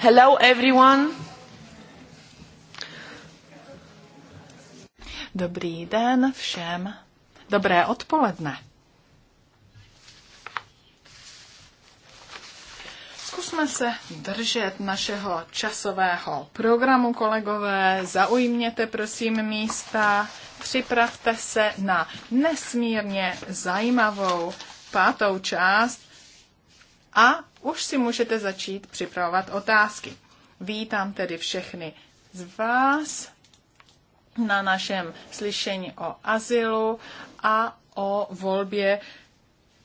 Hello everyone. Dobrý den všem. Dobré odpoledne. Zkusme se držet našeho časového programu, kolegové. Zaujměte prosím místa. Připravte se na nesmírně zajímavou pátou část a už si můžete začít připravovat otázky. Vítám tedy všechny z vás na našem slyšení o azylu a o volbě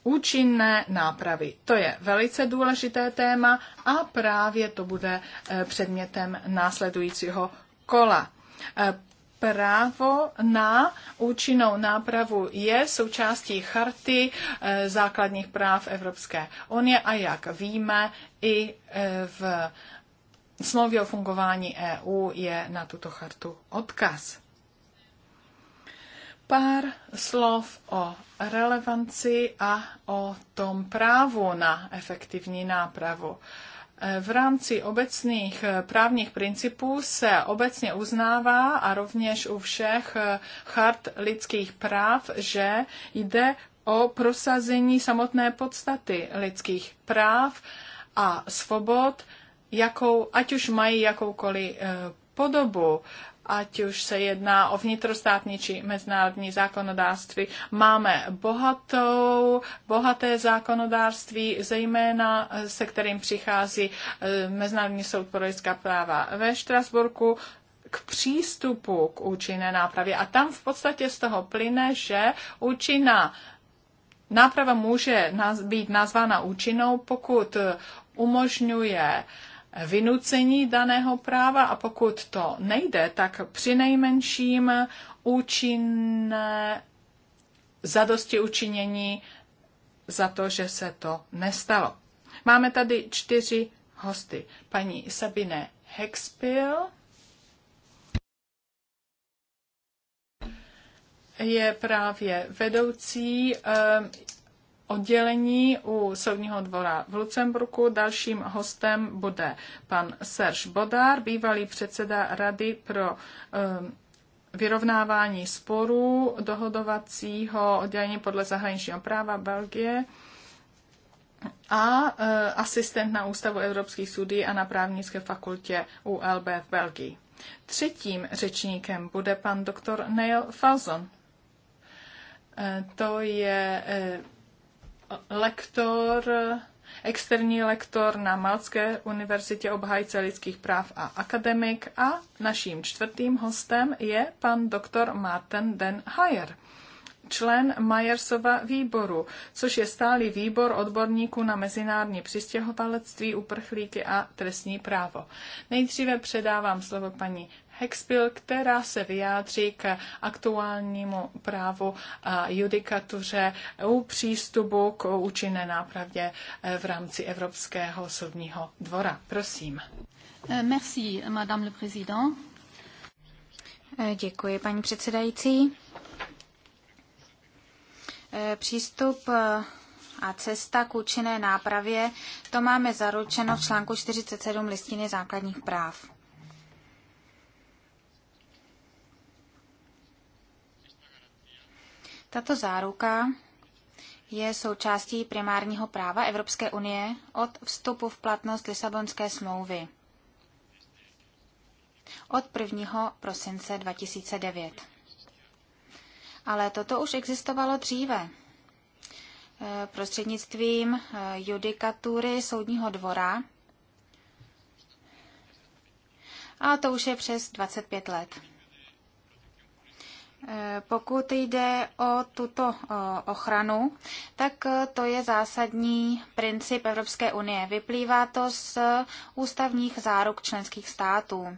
účinné nápravy. To je velice důležité téma a právě to bude eh, předmětem následujícího kola. Eh, právo na účinnou nápravu je součástí charty eh, základních práv Evropské unie a jak víme, i eh, v smlouvě o fungování EU je na tuto chartu odkaz. Pár slov o relevanci a o tom právu na efektivní nápravu. V rámci obecných eh, právních principů se obecně uznává a rovněž u všech eh, chart lidských práv, že jde o prosazení samotné podstaty lidských práv a svobod, jakou, ať už mají jakoukoliv eh, podobu, ať už se jedná o vnitrostátní či mezinárodní zákonodárství. Máme bohatou, bohaté zákonodárství, zejména eh, se kterým přichází eh, Mezinárodní soud pro lidská práva ve Štrasburku, k přístupu k účinné nápravě. A tam v podstatě z toho plyne, že účinná náprava může být nazvána účinnou, pokud umožňuje uh, vynucení daného práva a pokud to nejde, tak při nejmenším účinné zadosti učinění za to, že se to nestalo. Máme tady čtyři hosty. Paní Sabine Hexpil je právě vedoucí eh, oddělení u Soudního dvora v Lucemburku. Dalším hostem bude pan Serge Bodár, bývalý předseda Rady pro ehm, vyrovnávání sporů dohodovacího oddělení podle zahraničního práva Belgie a eh, asistent na Ústavu evropských studií a na právnické fakultě ULB v Belgii. Třetím řečníkem bude pan doktor Neil Falzon. Eh, to je eh, lektor, externí lektor na Malcké univerzitě obhájce lidských práv a akademik a naším čtvrtým hostem je pan doktor Martin Den Hayer člen Majersova výboru, což je stálý výbor odborníků na mezinárodní přistěhovalectví, uprchlíky a trestní právo. Nejdříve předávám slovo paní Hexbill, která se vyjádří k aktuálnímu právu a judikatuře u přístupu k účinné nápravě eh, v rámci Evropského soudního dvora. Prosím. Eh, merci, madame le président. Eh, děkuji, paní předsedající. Přístup a cesta k účinné nápravě, to máme zaručeno v článku 47 listiny základních práv. Tato záruka je součástí primárního práva Evropské unie od vstupu v platnost Lisabonské smlouvy od 1. prosince 2009. Ale toto už existovalo dříve e, prostřednictvím e, judikatury Soudního dvora. A to už je přes 25 let. Eh, pokud jde o tuto eh, ochranu, tak eh, to je zásadní princip Evropské unie. Vyplývá to z ústavních záruk členských států.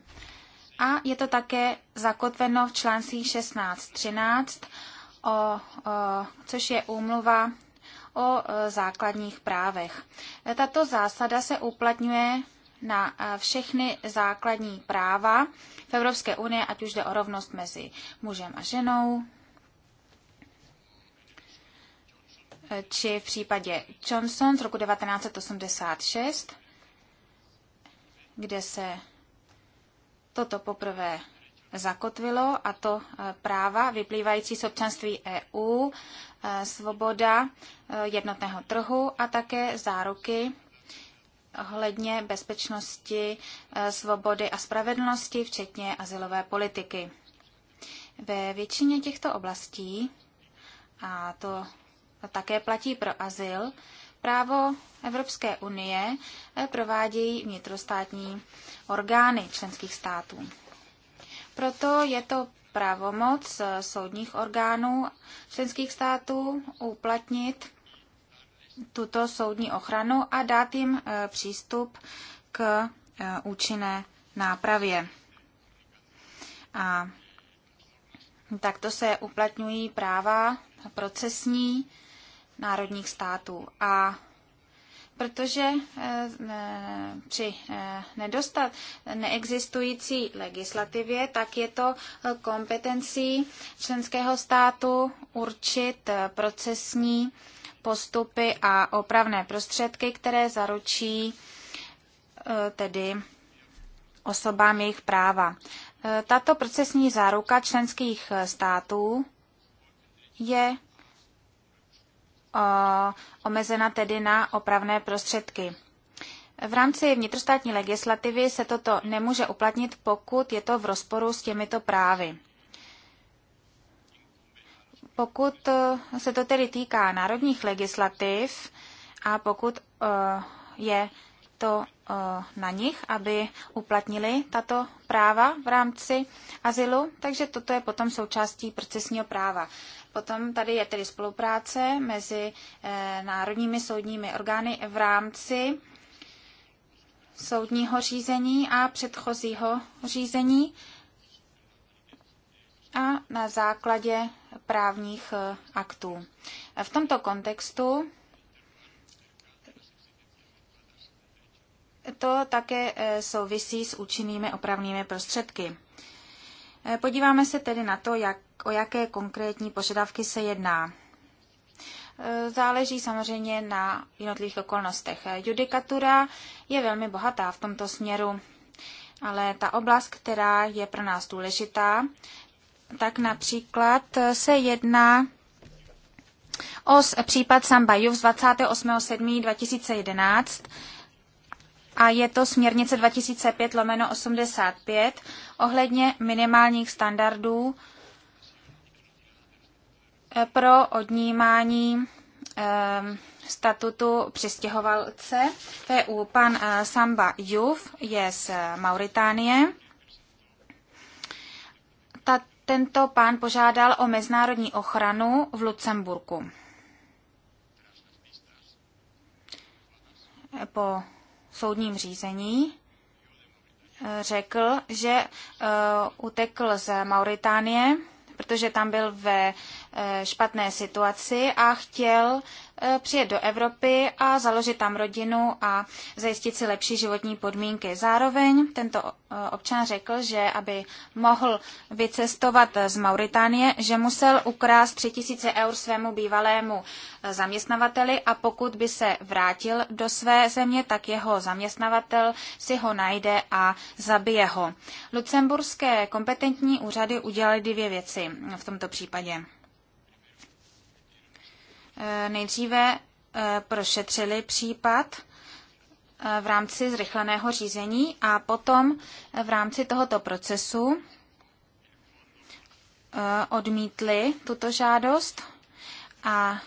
A je to také zakotveno v článcí 16.13, o, o, což je úmluva o základních právech. Tato zásada se uplatňuje na eh, všechny základní práva v Evropské unii, ať už jde o rovnost mezi mužem a ženou, eh, či v případě Johnson z roku 1986, kde se toto poprvé zakotvilo a to eh, práva vyplývající z občanství EU, svoboda jednotného trhu a také záruky ohledně bezpečnosti, eh, svobody a spravedlnosti, včetně asilové politiky. Ve většině těchto oblastí, a to také platí pro azyl, právo Evropské unie eh, provádějí vnitrostátní orgány členských států. Proto je to právomoc eh, soudních orgánů členských států uplatnit tuto soudní ochranu a dát jim e, přístup k e, účinné nápravě. A takto se uplatňují práva procesní národních států. A protože e, při nedostat neexistující legislativě, tak je to kompetencí členského státu určit procesní postupy a opravné prostředky, které zaručí e, tedy osobám jejich práva. E, tato procesní záruka členských států je e, omezena tedy na opravné prostředky. V rámci vnitrostátní legislativy se toto nemůže uplatnit, pokud je to v rozporu s těmito právy. Pokud eh, se to tedy týká národních legislativ a pokud eh, je to eh, na nich, aby uplatnili tato práva v rámci azylu, takže toto je potom součástí procesního práva. Potom tady je tedy spolupráce mezi národními soudními orgány v rámci soudního řízení a předchozího řízení a na základě právních eh, aktů. V tomto kontextu to také eh, souvisí s účinnými opravnými prostředky. Eh, podíváme se tedy na to, jak, o jaké konkrétní požadavky se jedná. Záleží samozřejmě na jednotlivých okolnostech. Judikatura je velmi bohatá v tomto směru, ale ta oblast, která je pro nás důležitá, tak například se jedná o případ Sambajův z 28.7.2011 a je to směrnice 2005 lomeno 85 ohledně minimálních standardů eh, pro odnímání ehm, statutu přistěhovalce e u Pan eh, Samba Juv je z eh, Mauritánie. Tato tento pán požádal o mezinárodní ochranu v Lucemburku. Po soudním řízení eh, řekl, že eh, utekl z Mauritánie, protože tam byl ve Eh, špatné situaci a chtěl eh, přijet do Evropy a založit tam rodinu a zajistit si lepší životní podmínky. Zároveň tento eh, občan řekl, že aby mohl vycestovat z Mauritánie, že musel ukrást 3000 eur svému bývalému zaměstnavateli a pokud by se vrátil do své země, tak jeho zaměstnavatel si ho najde a zabije ho. Lucemburské kompetentní úřady udělali dvě věci v tomto případě. Eh, nejdříve eh, prošetřili případ eh, v rámci zrychleného řízení a potom v rámci tohoto procesu odmítli tuto žádost a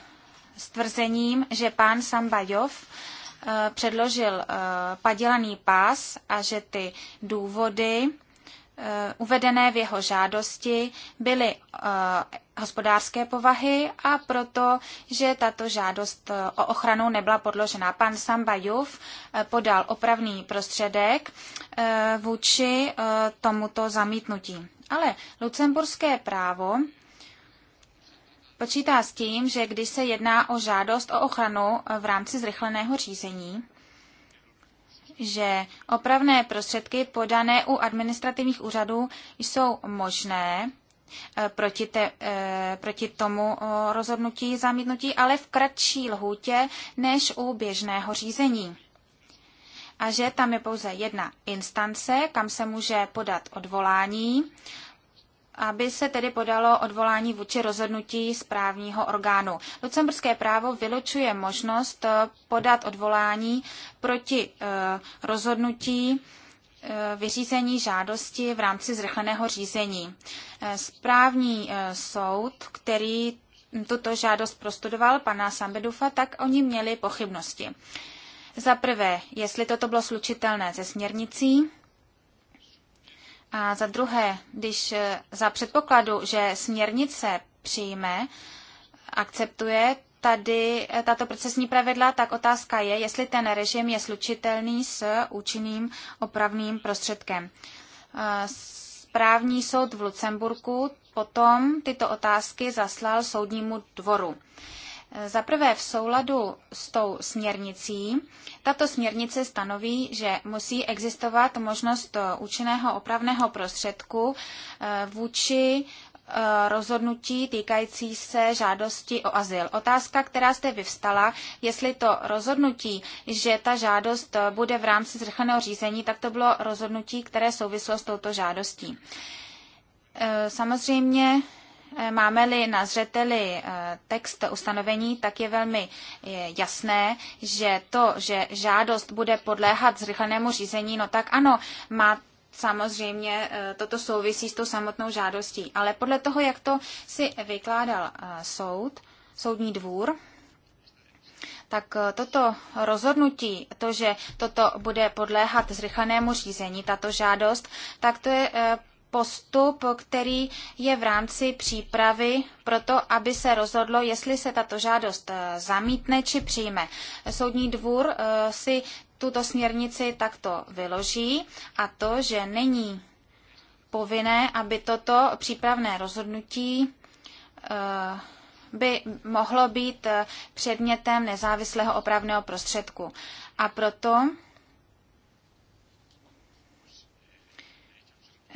s tvrzením, že pán Sambajov předložil padělaný pás a že ty důvody uvedené v jeho žádosti byly hospodářské povahy a proto, že tato žádost eh, o ochranu nebyla podložena. Pan Juf eh, podal opravný prostředek eh, vůči tomuto zamítnutí. Ale lucemburské právo počítá s tím, že když se jedná o žádost o ochranu v rámci zrychleného řízení, že opravné prostředky podané u administrativních úřadů jsou možné Eh, proti, te, eh, proti tomu eh, rozhodnutí zamítnutí, ale v kratší lhůtě než u běžného řízení. A že tam je pouze jedna instance, kam se může podat odvolání, aby se tedy podalo odvolání vůči rozhodnutí správního orgánu. Lucemburské právo vylučuje možnost podat odvolání proti rozhodnutí Eh, vyřízení žádosti v rámci zrychleného řízení. Eh, správní eh, soud, který tuto žádost prostudoval, pana Sambedufa, tak oni měli pochybnosti. Za prvé, jestli toto bylo slučitelné se směrnicí, a za druhé, když za předpokladu, že směrnice přijme, akceptuje, tady eh, tato procesní pravidla, tak otázka je, jestli ten režim je slučitelný s účinným opravným prostředkem. Eh, správní soud v Lucemburku potom tyto otázky zaslal soudnímu dvoru. Eh, za prvé v souladu s tou směrnicí. Tato směrnice stanoví, že musí existovat možnost účinného opravného prostředku vůči Eh, rozhodnutí týkající se žádosti o azyl. Otázka, která jste vyvstala, jestli to rozhodnutí, že ta žádost bude v rámci zrychleného řízení, tak to bylo rozhodnutí, které souvislo s touto žádostí. Eh, samozřejmě eh, Máme-li na zřeteli text ustanovení, tak je velmi jasné, že to, že žádost bude podléhat zrychlenému řízení, no tak ano, má samozřejmě eh, toto souvisí s tou samotnou žádostí. Ale podle toho, jak to si vykládal eh, soud, soudní dvůr, tak eh, toto rozhodnutí, to, že toto bude podléhat zrychlenému řízení, tato žádost, tak to je postup, který je v rámci přípravy pro to, aby se rozhodlo, jestli se tato žádost zamítne či přijme. Soudní dvůr si tuto směrnici takto vyloží a to, že není povinné, aby toto přípravné rozhodnutí eh, by mohlo být eh, předmětem nezávislého opravného prostředku. A proto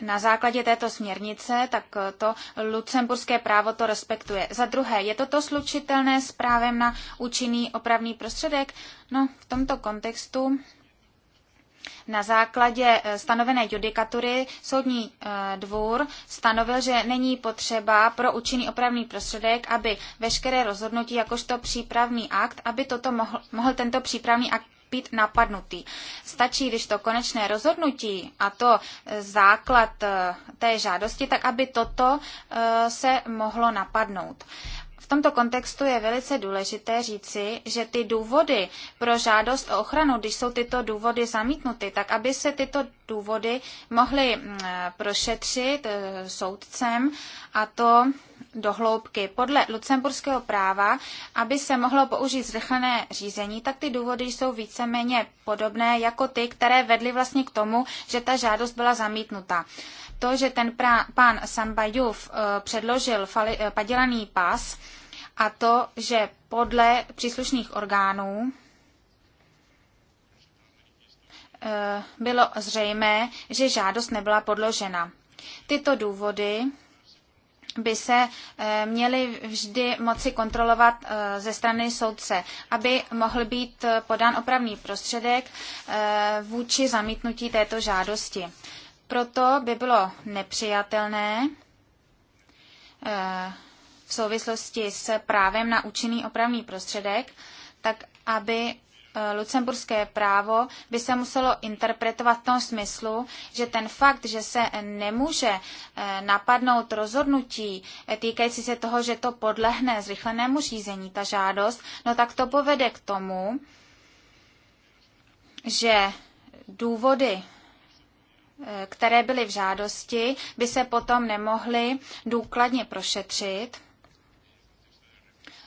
na základě této směrnice, tak to lucemburské právo to respektuje. Za druhé, je toto slučitelné s právem na účinný opravný prostředek? No, v tomto kontextu na základě eh, stanovené judikatury soudní eh, dvůr stanovil, že není potřeba pro účinný opravný prostředek, aby veškeré rozhodnutí jakožto přípravný akt, aby toto mohl, mohl tento přípravný akt být napadnutý. Stačí, když to konečné rozhodnutí a to e, základ e, té žádosti, tak aby toto e, se mohlo napadnout. V tomto kontextu je velice důležité říci, že ty důvody pro žádost o ochranu, když jsou tyto důvody zamítnuty, tak aby se tyto důvody mohly mm, prošetřit soudcem a to do hloubky Podle lucemburského práva, aby se mohlo použít zrychlené řízení, tak ty důvody jsou víceméně podobné jako ty, které vedly vlastně k tomu, že ta žádost byla zamítnuta. To, že ten pra, pán Sambajův uh, eh, předložil fali, uh, padělaný pas a to, že podle příslušných orgánů eh, bylo zřejmé, že žádost nebyla podložena. Tyto důvody by se eh, měly vždy moci kontrolovat eh, ze strany soudce, aby mohl být eh, podán opravný prostředek vůči zamítnutí této žádosti. Proto by bylo nepřijatelné v souvislosti s právem na účinný opravný prostředek, tak aby Eh, lucemburské právo by se muselo interpretovat v tom smyslu, že ten fakt, že se nemůže eh, napadnout rozhodnutí eh, týkající se toho, že to podlehne zrychlenému řízení, ta žádost, no tak to povede k tomu, že důvody které byly v žádosti, by se potom nemohly důkladně prošetřit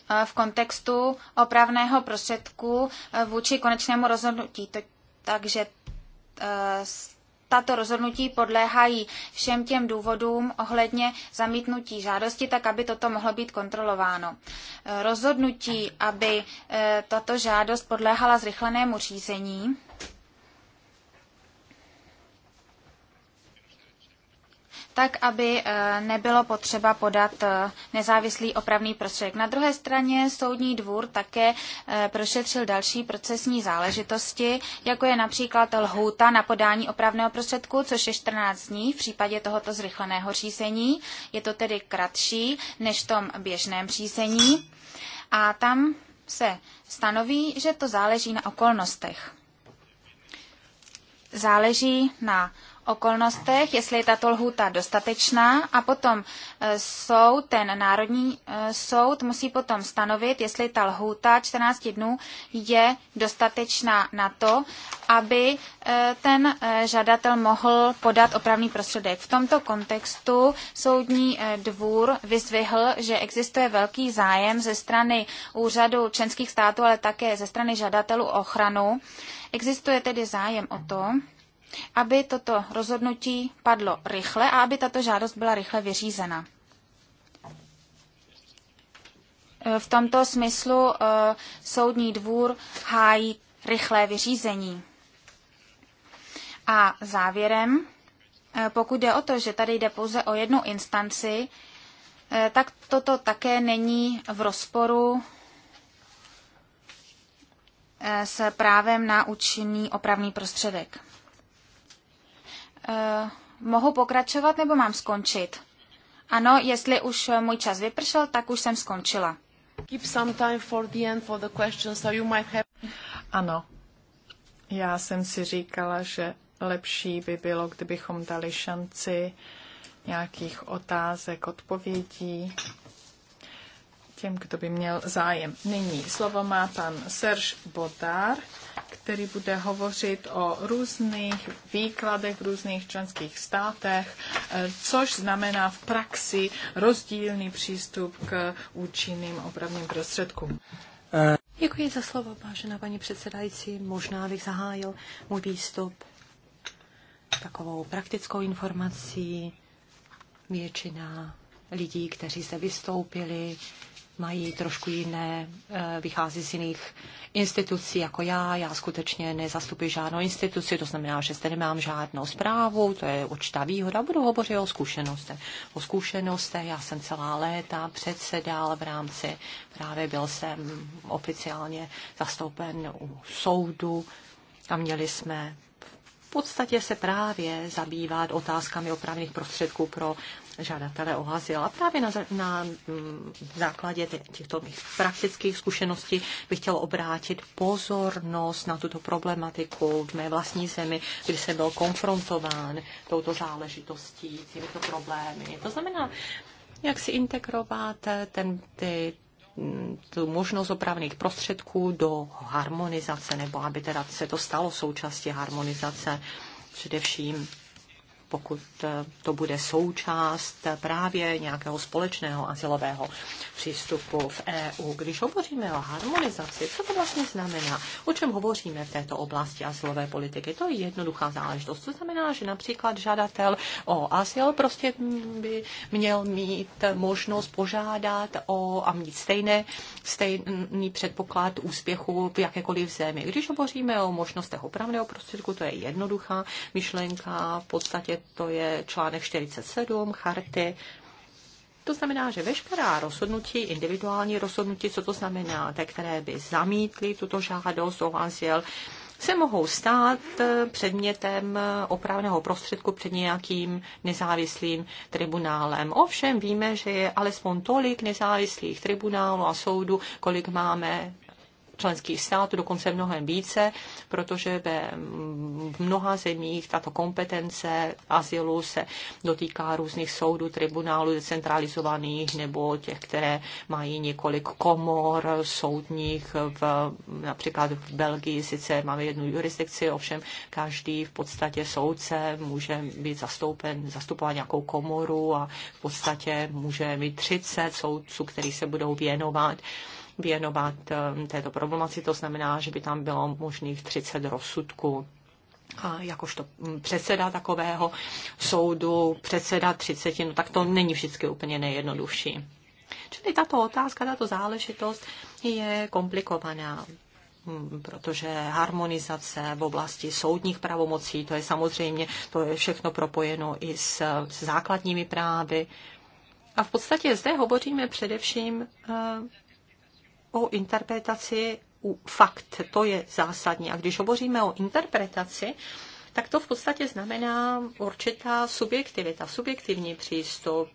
Eh, v kontextu opravného prostředku eh, vůči konečnému rozhodnutí. Takže eh, tato rozhodnutí podléhají všem těm důvodům ohledně zamítnutí žádosti, tak aby toto mohlo být kontrolováno. Rozhodnutí, aby tato žádost podléhala zrychlenému řízení, tak aby eh, nebylo potřeba podat eh, nezávislý opravný prostředek. Na druhé straně soudní dvůr také eh, prošetřil další procesní záležitosti, jako je například lhůta na podání opravného prostředku, což je 14 dní v případě tohoto zrychleného řízení. Je to tedy kratší než v tom běžném řízení. A tam se stanoví, že to záleží na okolnostech. Záleží na okolnostech, jestli je tato lhůta dostatečná a potom e, soud, ten národní e, soud musí potom stanovit, jestli ta lhůta 14 dnů je dostatečná na to, aby e, ten žadatel mohl podat opravný prostředek. V tomto kontextu soudní dvůr vyzvihl, že existuje velký zájem ze strany úřadu členských států, ale také ze strany žadatelů ochranu. Existuje tedy zájem o to, aby toto rozhodnutí padlo rychle a aby tato žádost byla rychle vyřízena. E, v tomto smyslu e, soudní dvůr hájí rychlé vyřízení. A závěrem, e, pokud jde o to, že tady jde pouze o jednu instanci, tak toto také není v rozporu s právem na účinný opravný prostředek. Eh, mohu pokračovat nebo mám skončit? Ano, jestli už eh, můj čas vypršel, tak už jsem skončila. Keep some time for the end for the questions, so you might have... Ano, já jsem si říkala, že lepší by bylo, kdybychom dali šanci nějakých otázek, odpovědí těm, kdo by měl zájem. Nyní slovo má pan Serge Bodár který bude hovořit o různých výkladech v různých členských státech, eh, což znamená v praxi rozdílný přístup k účinným opravným prostředkům. Eh. Děkuji za slovo, vážená paní předsedající. Možná bych zahájil můj výstup takovou praktickou informací. Většina lidí, kteří se vystoupili, mají trošku jiné, eh, vychází z jiných institucí jako já. Já skutečně nezastupuji žádnou instituci, to znamená, že zde nemám žádnou zprávu, to je určitá výhoda. Budu hovořit o zkušenostech. O zkušenostech já jsem celá léta předsedal v rámci, právě byl jsem oficiálně zastoupen u soudu a měli jsme v podstatě se právě zabývat otázkami opravných prostředků pro žadatele o azyl. A právě na, na mm, základě těchto mých praktických zkušeností bych chtěl obrátit pozornost na tuto problematiku v mé vlastní zemi, kdy jsem byl konfrontován touto záležitostí, těmito problémy. To znamená, jak si integrovat ten, ty, mm, tu možnost opravných prostředků do harmonizace, nebo aby teda se to stalo součástí harmonizace především pokud eh, to bude součást právě nějakého společného asilového přístupu v EU. Když hovoříme o harmonizaci, co to vlastně znamená? O čem hovoříme v této oblasti asilové politiky? To je jednoduchá záležitost. To znamená, že například žadatel o asil prostě by měl mít možnost požádat o a mít stejné, stejný předpoklad úspěchu v jakékoliv zemi. Když hovoříme o možnostech opravného prostředku, to je jednoduchá myšlenka. V podstatě prostě to je článek 47 charty. To znamená, že veškerá rozhodnutí, individuální rozhodnutí, co to znamená, te, které by zamítly tuto žádost o azyl, se mohou stát eh, předmětem eh, opravného prostředku před nějakým nezávislým tribunálem. Ovšem víme, že je alespoň tolik nezávislých tribunálů a soudů, kolik máme členských států, dokonce mnohem více, protože ve mnoha zemích tato kompetence asilu se dotýká různých soudů, tribunálů decentralizovaných nebo těch, které mají několik komor soudních. V, například v Belgii sice máme jednu jurisdikci, ovšem každý v podstatě soudce může být zastoupen, zastupovat nějakou komoru a v podstatě může mít 30 soudců, který se budou věnovat věnovat ehm, této problematice. To znamená, že by tam bylo možných 30 rozsudků a jakožto mm, předseda takového soudu, předseda třiceti, no tak to není vždycky úplně nejjednodušší. Čili tato otázka, tato záležitost je komplikovaná mm, protože harmonizace v oblasti soudních pravomocí, to je samozřejmě, to je všechno propojeno i s, s základními právy. A v podstatě zde hovoříme především ehm, o interpretaci u fakt. To je zásadní. A když hovoříme o interpretaci, tak to v podstatě znamená určitá subjektivita, subjektivní přístup,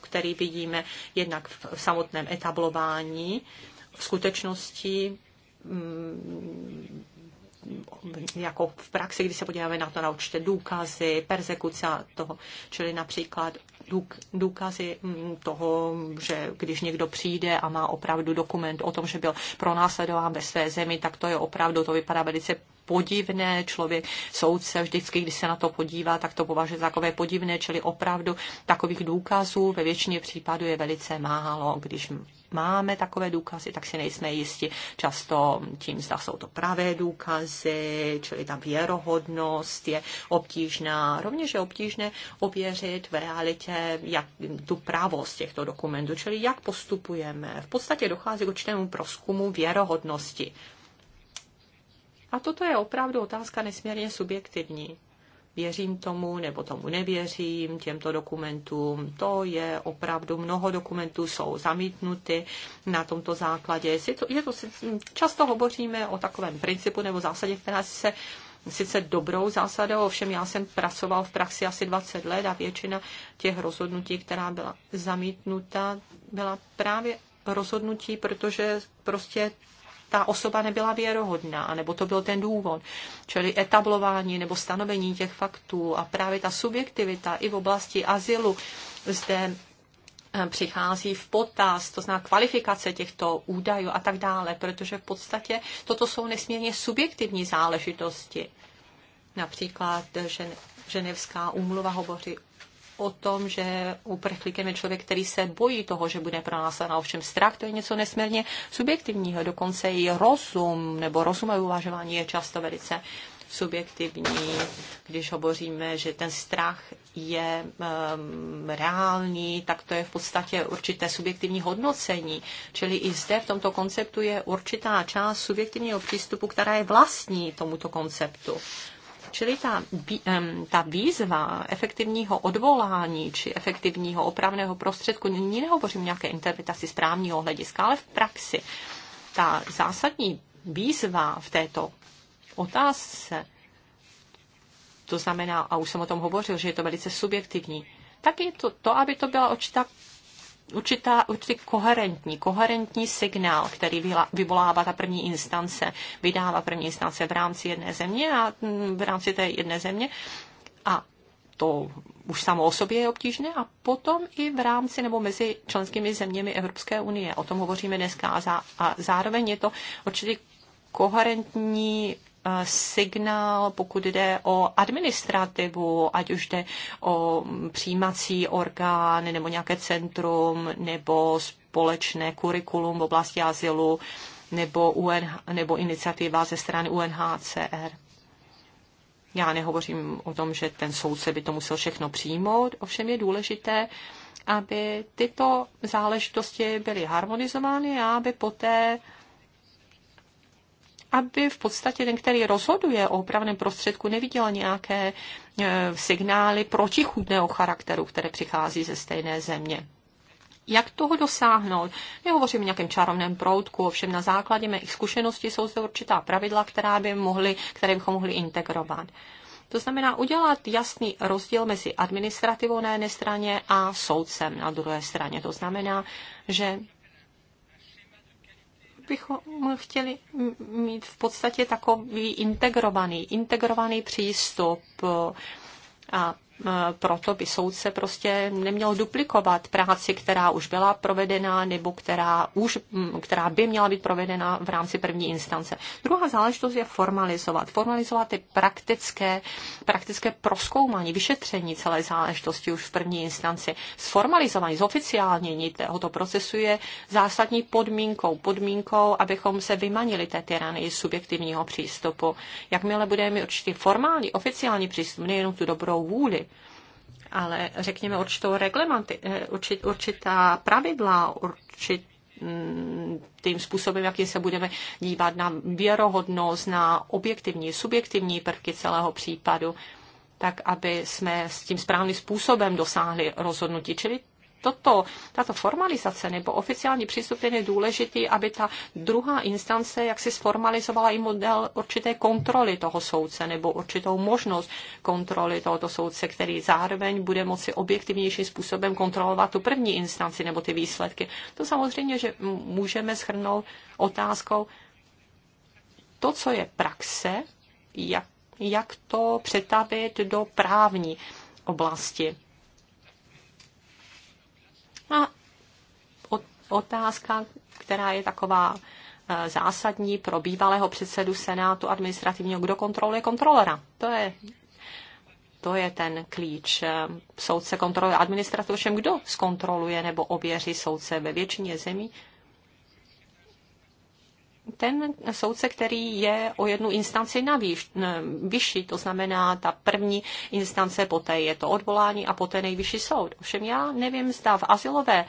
který vidíme jednak v samotném etablování v skutečnosti mm, jako v praxi, kdy se podíváme na to na určité důkazy, persekuce toho, čili například důkazy mm, toho, že když někdo přijde a má opravdu dokument o tom, že byl pronásledován ve své zemi, tak to je opravdu, to vypadá velice podivné. Člověk, soudce, vždycky, když se na to podívá, tak to považuje za takové podivné, čili opravdu takových důkazů ve většině případů je velice málo, když máme takové důkazy, tak si nejsme jisti často tím, zda jsou to pravé důkazy, čili ta věrohodnost je obtížná. Rovněž je obtížné ověřit v realitě jak, tu pravost těchto dokumentů, čili jak postupujeme. V podstatě dochází k určitému proskumu věrohodnosti. A toto je opravdu otázka nesmírně subjektivní věřím tomu nebo tomu nevěřím, těmto dokumentům. To je opravdu, mnoho dokumentů jsou zamítnuty na tomto základě. Je to, je to, často hovoříme o takovém principu nebo zásadě, která se sice dobrou zásadou, ovšem já jsem pracoval v praxi asi 20 let a většina těch rozhodnutí, která byla zamítnuta, byla právě rozhodnutí, protože prostě ta osoba nebyla věrohodná, nebo to byl ten důvod. Čili etablování nebo stanovení těch faktů a právě ta subjektivita i v oblasti azylu zde eh, přichází v potaz, to znamená kvalifikace těchto údajů a tak dále, protože v podstatě toto jsou nesmírně subjektivní záležitosti. Například, že Ženevská úmluva hovoří o tom, že uprchlíkem je člověk, který se bojí toho, že bude pronásledován. Ovšem strach to je něco nesmírně subjektivního. Dokonce i rozum nebo rozumové uvažování je často velice subjektivní, když hovoříme, že ten strach je um, reálný, tak to je v podstatě určité subjektivní hodnocení. Čili i zde v tomto konceptu je určitá část subjektivního přístupu, která je vlastní tomuto konceptu. Čili ta, ta výzva efektivního odvolání či efektivního opravného prostředku, nyní nehovořím nějaké interpretaci správního hlediska, ale v praxi. Ta zásadní výzva v této otázce, to znamená, a už jsem o tom hovořil, že je to velice subjektivní, tak je to to, aby to byla určitá určitá, určitý koherentní, koherentní signál, který vyvolává ta první instance, vydává první instance v rámci jedné země a mm, v rámci té jedné země. A to už samo o sobě je obtížné a potom i v rámci nebo mezi členskými zeměmi Evropské unie. O tom hovoříme dneska a, zá, a zároveň je to určitý koherentní Eh, signál, pokud jde o administrativu, ať už jde o přijímací orgán nebo nějaké centrum nebo společné kurikulum v oblasti azylu nebo, UN, nebo iniciativa ze strany UNHCR. Já nehovořím o tom, že ten soudce by to musel všechno přijmout, ovšem je důležité, aby tyto záležitosti byly harmonizovány a aby poté uh, aby v podstatě ten, který rozhoduje o opravném prostředku, neviděl nějaké e, signály protichudného charakteru, které přichází ze stejné země. Jak toho dosáhnout? Nehovořím o nějakém čarovném proutku, ovšem na základě mých zkušeností jsou zde určitá pravidla, která by mohli, které bychom mohli integrovat. To znamená udělat jasný rozdíl mezi administrativou na jedné straně a soudcem na druhé straně. To znamená, že bychom chtěli mít v podstatě takový integrovaný, integrovaný přístup a Eh, proto by soudce prostě neměl duplikovat práci, která už byla provedena nebo která, už, hm, která by měla být provedena v rámci první instance. Druhá záležitost je formalizovat. Formalizovat ty praktické, praktické proskoumání, vyšetření celé záležitosti už v první instanci. Sformalizování, zoficiálnění tohoto procesu je zásadní podmínkou, podmínkou, abychom se vymanili té tyranii subjektivního přístupu. Jakmile budeme mít určitý formální, oficiální přístup, nejenom tu dobrou vůli, ale řekněme určitou reglementy, eh, určit, určitá pravidla, určit, mm, tím způsobem, jakým se budeme dívat na věrohodnost, na objektivní, subjektivní prvky celého případu, tak aby jsme s tím správným způsobem dosáhli rozhodnutí. Čili toto, tato formalizace nebo oficiální přístup je důležitý, aby ta druhá instance si sformalizovala i model určité kontroly toho soudce nebo určitou možnost kontroly tohoto soudce, který zároveň bude moci objektivnějším způsobem kontrolovat tu první instanci nebo ty výsledky. To samozřejmě, že můžeme shrnout otázkou, to, co je praxe, jak, jak to přetavit do právní oblasti. A otázka, která je taková e, zásadní pro bývalého předsedu Senátu administrativního, kdo kontroluje kontrolera. To je to je ten klíč. E, soudce kontroluje administrativu, všem kdo zkontroluje nebo ověří soudce ve většině zemí ten soudce, který je o jednu instanci navíš, vyšší, to znamená ta první instance, poté je to odvolání a poté nejvyšší soud. Ovšem já nevím, zda v asilové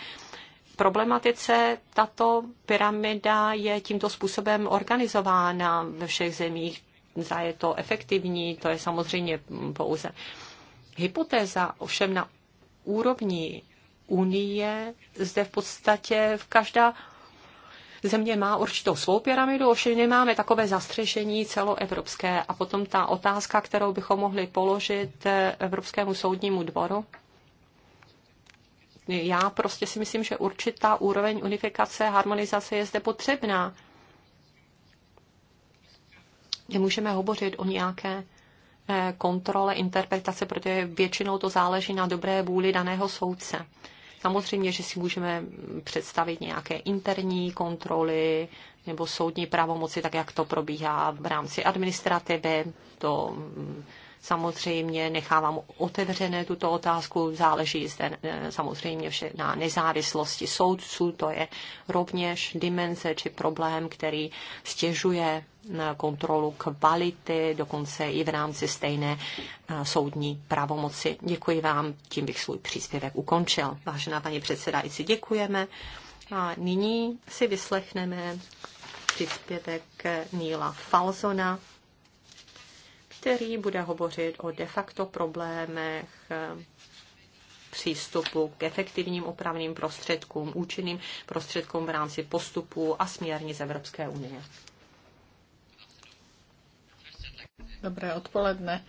problematice tato pyramida je tímto způsobem organizována ve všech zemích. Zda je to efektivní, to je samozřejmě pouze hypotéza. Ovšem na úrovni Unie zde v podstatě v každá země má určitou svou pyramidu, ovšem nemáme takové zastřešení celoevropské. A potom ta otázka, kterou bychom mohli položit eh, Evropskému soudnímu dvoru, já prostě si myslím, že určitá úroveň unifikace, harmonizace je zde potřebná. Nemůžeme hovořit o nějaké eh, kontrole interpretace, protože většinou to záleží na dobré vůli daného soudce. Samozřejmě, že si můžeme představit nějaké interní kontroly nebo soudní pravomoci, tak jak to probíhá v rámci administrativy. To mm, Samozřejmě nechávám otevřené tuto otázku, záleží zde eh, samozřejmě vše na nezávislosti soudců, to je rovněž dimenze či problém, který stěžuje na eh, kontrolu kvality, dokonce i v rámci stejné eh, soudní pravomoci. Děkuji vám, tím bych svůj příspěvek ukončil. Vážená paní předsedající, děkujeme. A nyní si vyslechneme příspěvek Níla Falzona který bude hovořit o de facto problémech eh, přístupu k efektivním opravným prostředkům, účinným prostředkům v rámci postupů a směrnic Evropské unie. Dobré odpoledne.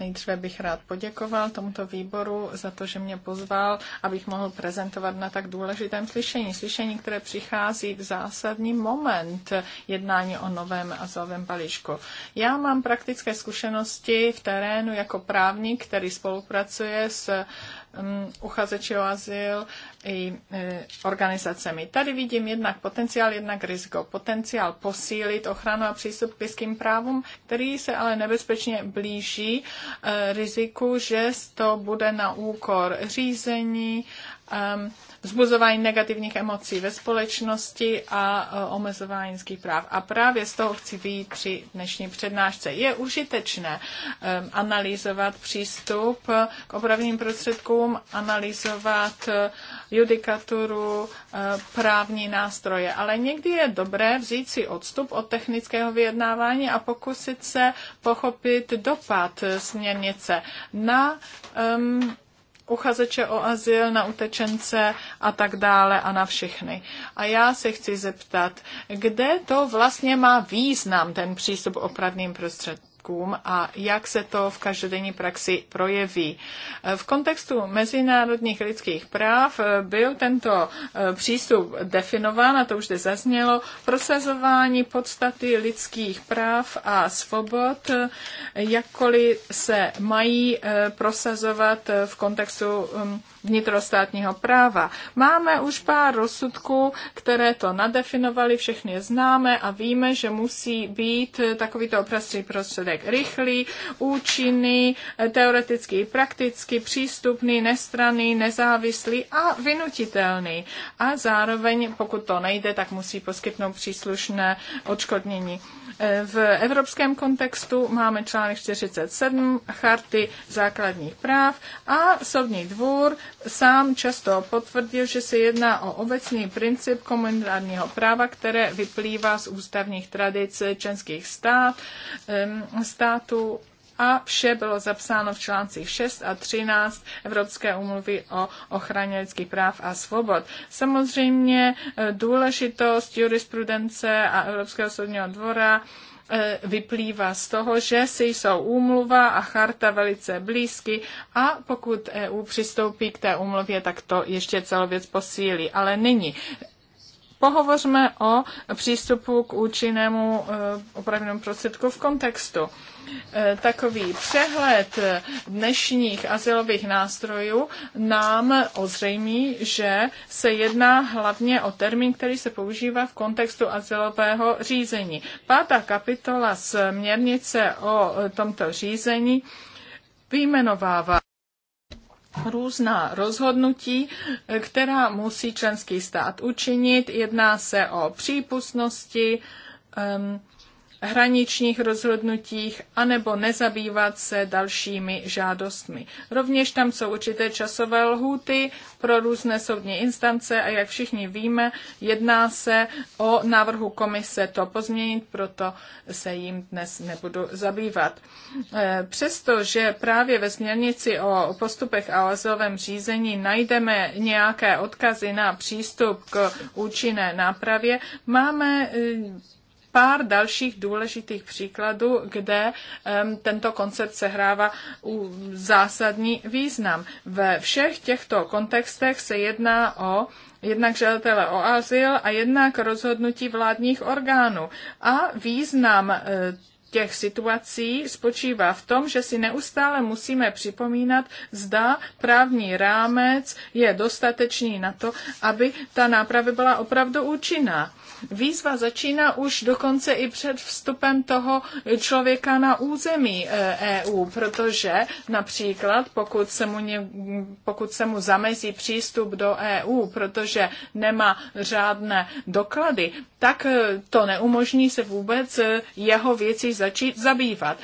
Nejdříve bych rád poděkoval tomuto výboru za to, že mě pozval, abych mohl prezentovat na tak důležitém slyšení. Slyšení, které přichází v zásadní moment jednání o novém azylovém balíčku. Já mám praktické zkušenosti v terénu jako právník, který spolupracuje s Um, uchazeči o azyl i e, organizacemi. Tady vidím jednak potenciál, jednak riziko. Potenciál posílit ochranu a přístup k lidským právům, který se ale nebezpečně blíží e, riziku, že to bude na úkor řízení, um, vzbuzování negativních emocí ve společnosti a e, omezování lidských práv. A právě z toho chci vyjít při dnešní přednášce. Je užitečné e, analyzovat přístup k opravným prostředkům, analyzovat e, judikaturu, právní nástroje, ale někdy je dobré vzít si odstup od technického vyjednávání a pokusit se pochopit dopad směrnice na um, uchazeče o azyl, na utečence a tak dále a na všechny. A já se chci zeptat, kde to vlastně má význam, ten přístup opravným prostředkům? rizikům a jak se to v každodenní praxi projeví. V kontextu mezinárodních lidských práv byl tento eh, přístup definován, a to už zde zaznělo, prosazování podstaty lidských práv a svobod, eh, jakkoliv se mají eh, prosazovat v kontextu hm, vnitrostátního práva. Máme už pár rozsudků, které to nadefinovali, všechny je známe a víme, že musí být takovýto opravství prostředek rychlý, účinný, teoreticky i prakticky, přístupný, nestraný, nezávislý a vynutitelný. A zároveň, pokud to nejde, tak musí poskytnout příslušné odškodnění. V evropském kontextu máme článek 47 Charty základních práv a Soudní dvůr sám často potvrdil, že se jedná o obecný princip komunitárního práva, které vyplývá z ústavních tradic členských stát, států a vše bylo zapsáno v článcích 6 a 13 Evropské umluvy o ochraně lidských práv a svobod. Samozřejmě eh, důležitost jurisprudence a Evropského soudního dvora eh, vyplývá z toho, že si jsou úmluva a charta velice blízky a pokud EU přistoupí k té úmluvě, tak to ještě celou věc posílí. Ale nyní Pohovořme o přístupu k účinnému eh, opravnému prostředku v kontextu. Eh, takový přehled dnešních asilových nástrojů nám ozřejmí, že se jedná hlavně o termín, který se používá v kontextu asilového řízení. Pátá kapitola směrnice o tomto řízení vyjmenovává různá rozhodnutí, která musí členský stát učinit. Jedná se o přípustnosti, um, hraničních rozhodnutích anebo nezabývat se dalšími žádostmi. Rovněž tam jsou určité časové lhůty pro různé soudní instance a jak všichni víme, jedná se o návrhu komise to pozměnit, proto se jim dnes nebudu zabývat. Eh, přestože právě ve směrnici o postupech a azylovém řízení najdeme nějaké odkazy na přístup k účinné nápravě, máme eh, pár dalších důležitých příkladů, kde tento koncept sehrává zásadní význam. Ve všech těchto kontextech se jedná o jednak žadatele o azyl a jednak rozhodnutí vládních orgánů. A význam e, těch situací spočívá v tom, že si neustále musíme připomínat, zda právní rámec je dostatečný na to, aby ta náprava byla opravdu účinná. Výzva začíná už dokonce i před vstupem toho člověka na území EU, eh, e protože například pokud se mu, ně, pokud se mu zamezí přístup do EU, protože nemá řádné doklady, tak eh, to neumožní se vůbec eh, jeho věci začít zabývat.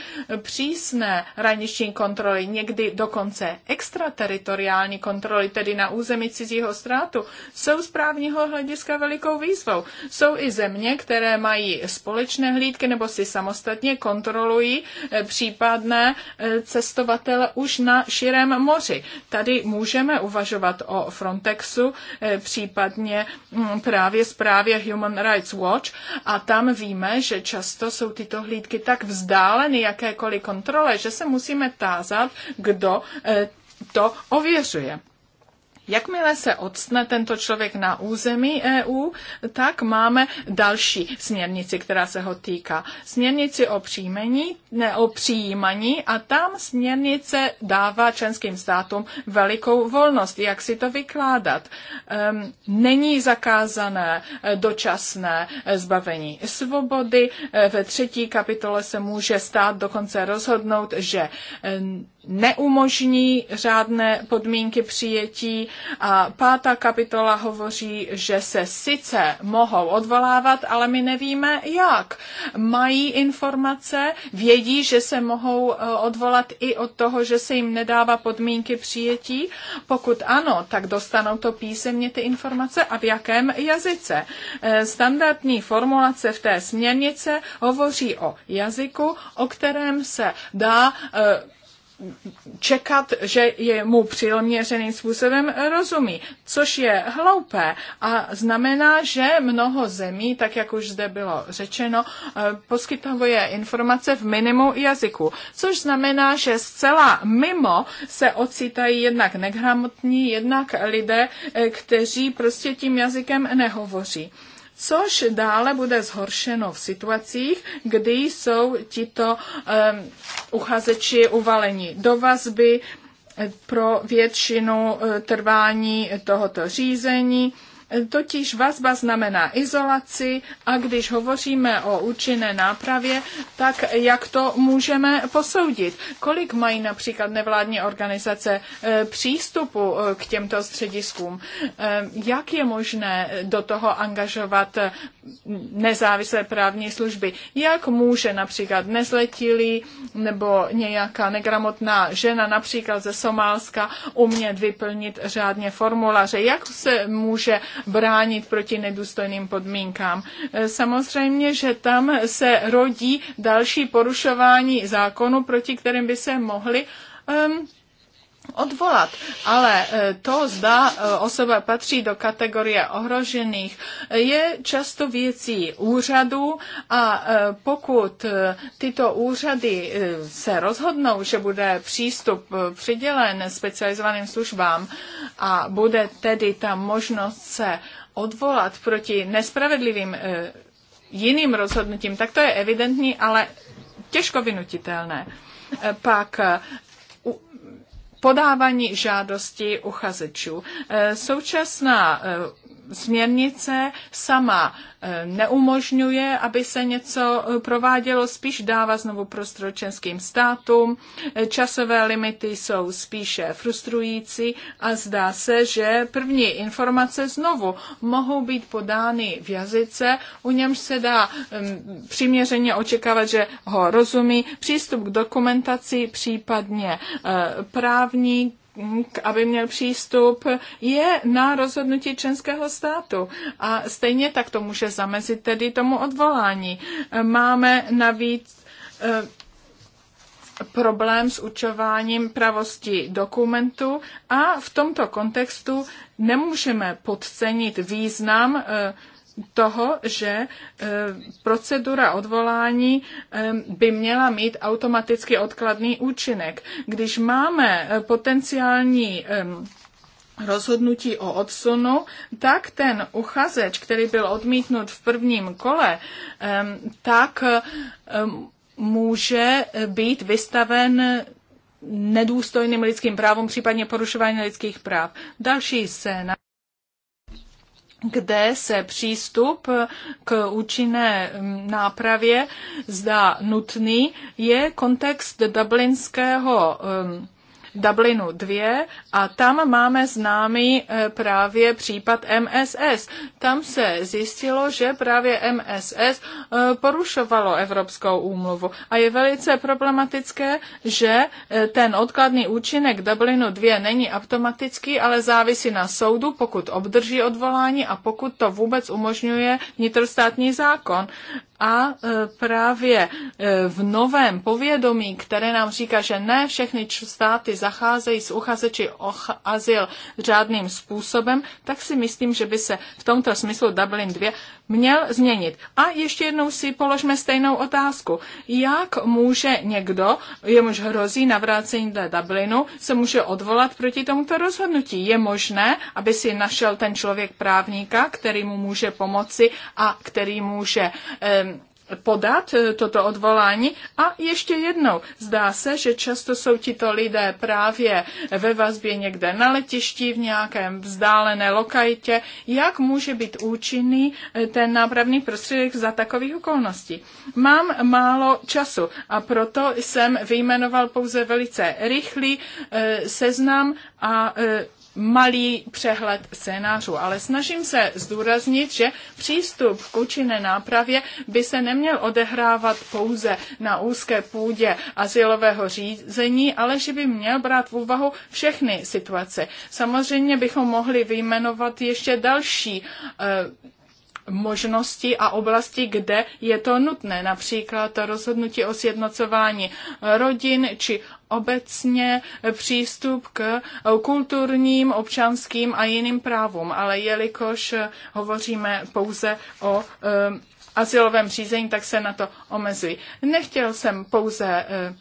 Přísné hraniční kontroly, někdy dokonce extrateritoriální kontroly, tedy na území cizího státu, jsou z právního hlediska velikou výzvou. Jsou i země, které mají společné hlídky nebo si samostatně kontrolují eh, případné eh, cestovatele už na širém moři. Tady můžeme uvažovat o Frontexu, eh, případně mm, právě zprávě Human Rights Watch a tam víme, že často jsou tyto hlídky tak vzdáleny jakékoliv kontrole, že se musíme tázat, kdo eh, to ověřuje. Jakmile se odstne tento člověk na území EU, tak máme další směrnici, která se ho týká. Směrnici o příjmení, ne o přijímaní a tam směrnice dává členským státům velikou volnost, jak si to vykládat. Um, není zakázané eh, dočasné eh, zbavení svobody. Eh, ve třetí kapitole se může stát dokonce rozhodnout, že um, neumožní řádné podmínky přijetí. A pátá kapitola hovoří, že se sice mohou odvolávat, ale my nevíme jak. Mají informace, vědí, že se mohou e, odvolat i od toho, že se jim nedává podmínky přijetí. Pokud ano, tak dostanou to písemně ty informace a v jakém jazyce. E, standardní formulace v té směrnice hovoří o jazyku, o kterém se dá e, čekat, že je mu přiměřeným způsobem rozumí, což je hloupé a znamená, že mnoho zemí, tak jak už zde bylo řečeno, eh, poskytuje informace v minimu jazyku, což znamená, že zcela mimo se ocitají jednak negramotní, jednak lidé, eh, kteří prostě tím jazykem nehovoří což dále bude zhoršeno v situacích, kdy jsou tito um, uchazeči uvaleni do vazby pro většinu e, trvání tohoto řízení Totiž vazba znamená izolaci a když hovoříme o účinné nápravě, tak jak to můžeme posoudit? Kolik mají například nevládní organizace eh, přístupu eh, k těmto střediskům? Eh, jak je možné do toho angažovat nezávislé právní služby. Jak může například nezletilý nebo nějaká negramotná žena, například ze Somálska, umět vyplnit řádně formuláře? Jak se může bránit proti nedůstojným podmínkám? Samozřejmě, že tam se rodí další porušování zákonu, proti kterým by se mohli um, odvolat. Ale e, to, zda e, osoba patří do kategorie ohrožených, je často věcí úřadu a e, pokud tyto úřady se rozhodnou, že bude přístup přidělen specializovaným službám a bude tedy ta možnost se odvolat proti nespravedlivým jiným rozhodnutím, tak to je evidentní, ale těžko vynutitelné. Pak podávání žádosti uchazečů. Eh, současná eh, směrnice sama eh, neumožňuje, aby se něco eh, provádělo, spíš dává znovu prostor českým státům. Eh, časové limity jsou spíše frustrující a zdá se, že první informace znovu mohou být podány v jazyce, u němž se dá přiměřeně očekávat, že ho rozumí. Přístup k dokumentaci, případně právník, aby měl přístup, je na rozhodnutí členského státu. A stejně tak to může zamezit tedy tomu odvolání. Máme navíc e, problém s učováním pravosti dokumentu a v tomto kontextu nemůžeme podcenit význam uh, toho, že eh, procedura odvolání eh, by měla mít automaticky odkladný účinek. Když máme eh, potenciální rozhodnutí o odsunu, tak ten uchazeč, který byl odmítnut v prvním kole, tak může být vystaven nedůstojným lidským právům, případně porušování lidských práv. Další scéna kde se přístup k účinné mm, nápravě zdá nutný, je kontext dublinského um, Dublinu 2 a tam máme známý e, právě případ MSS. Tam se zjistilo, že právě MSS e, porušovalo Evropskou úmluvu a je velice problematické, že e, ten odkladný účinek Dublinu 2 není automatický, ale závisí na soudu, pokud obdrží odvolání a pokud to vůbec umožňuje vnitrostátní zákon. A e, právě e, v novém povědomí, které nám říká, že ne všechny státy zacházejí s uchazeči o azyl řádným způsobem, tak si myslím, že by se v tomto smyslu Dublin 2 měl změnit. A ještě jednou si položme stejnou otázku. Jak může někdo, jemuž hrozí navrácení do Dublinu, se může odvolat proti tomuto rozhodnutí? Je možné, aby si našel ten člověk právníka, který mu může pomoci a který může um, podat eh, toto odvolání. A ještě jednou, zdá se, že často jsou tito lidé právě ve vazbě někde na letišti, v nějakém vzdálené lokalitě. Jak může být účinný eh, ten nápravný prostředek za takových okolností? Mám málo času a proto jsem vyjmenoval pouze velice rychlý eh, seznam a malý přehled scénářů, ale snažím se zdůraznit, že přístup k účinné nápravě by se neměl odehrávat pouze na úzké půdě asilového řízení, ale že by měl brát v úvahu všechny situace. Samozřejmě bychom mohli vyjmenovat ještě další eh, možnosti a oblasti, kde je to nutné, například rozhodnutí o sjednocování rodin či obecně přístup k kulturním, občanským a jiným právům, ale jelikož hovoříme pouze o eh, asilovém řízení, tak se na to omezují. Nechtěl jsem pouze eh,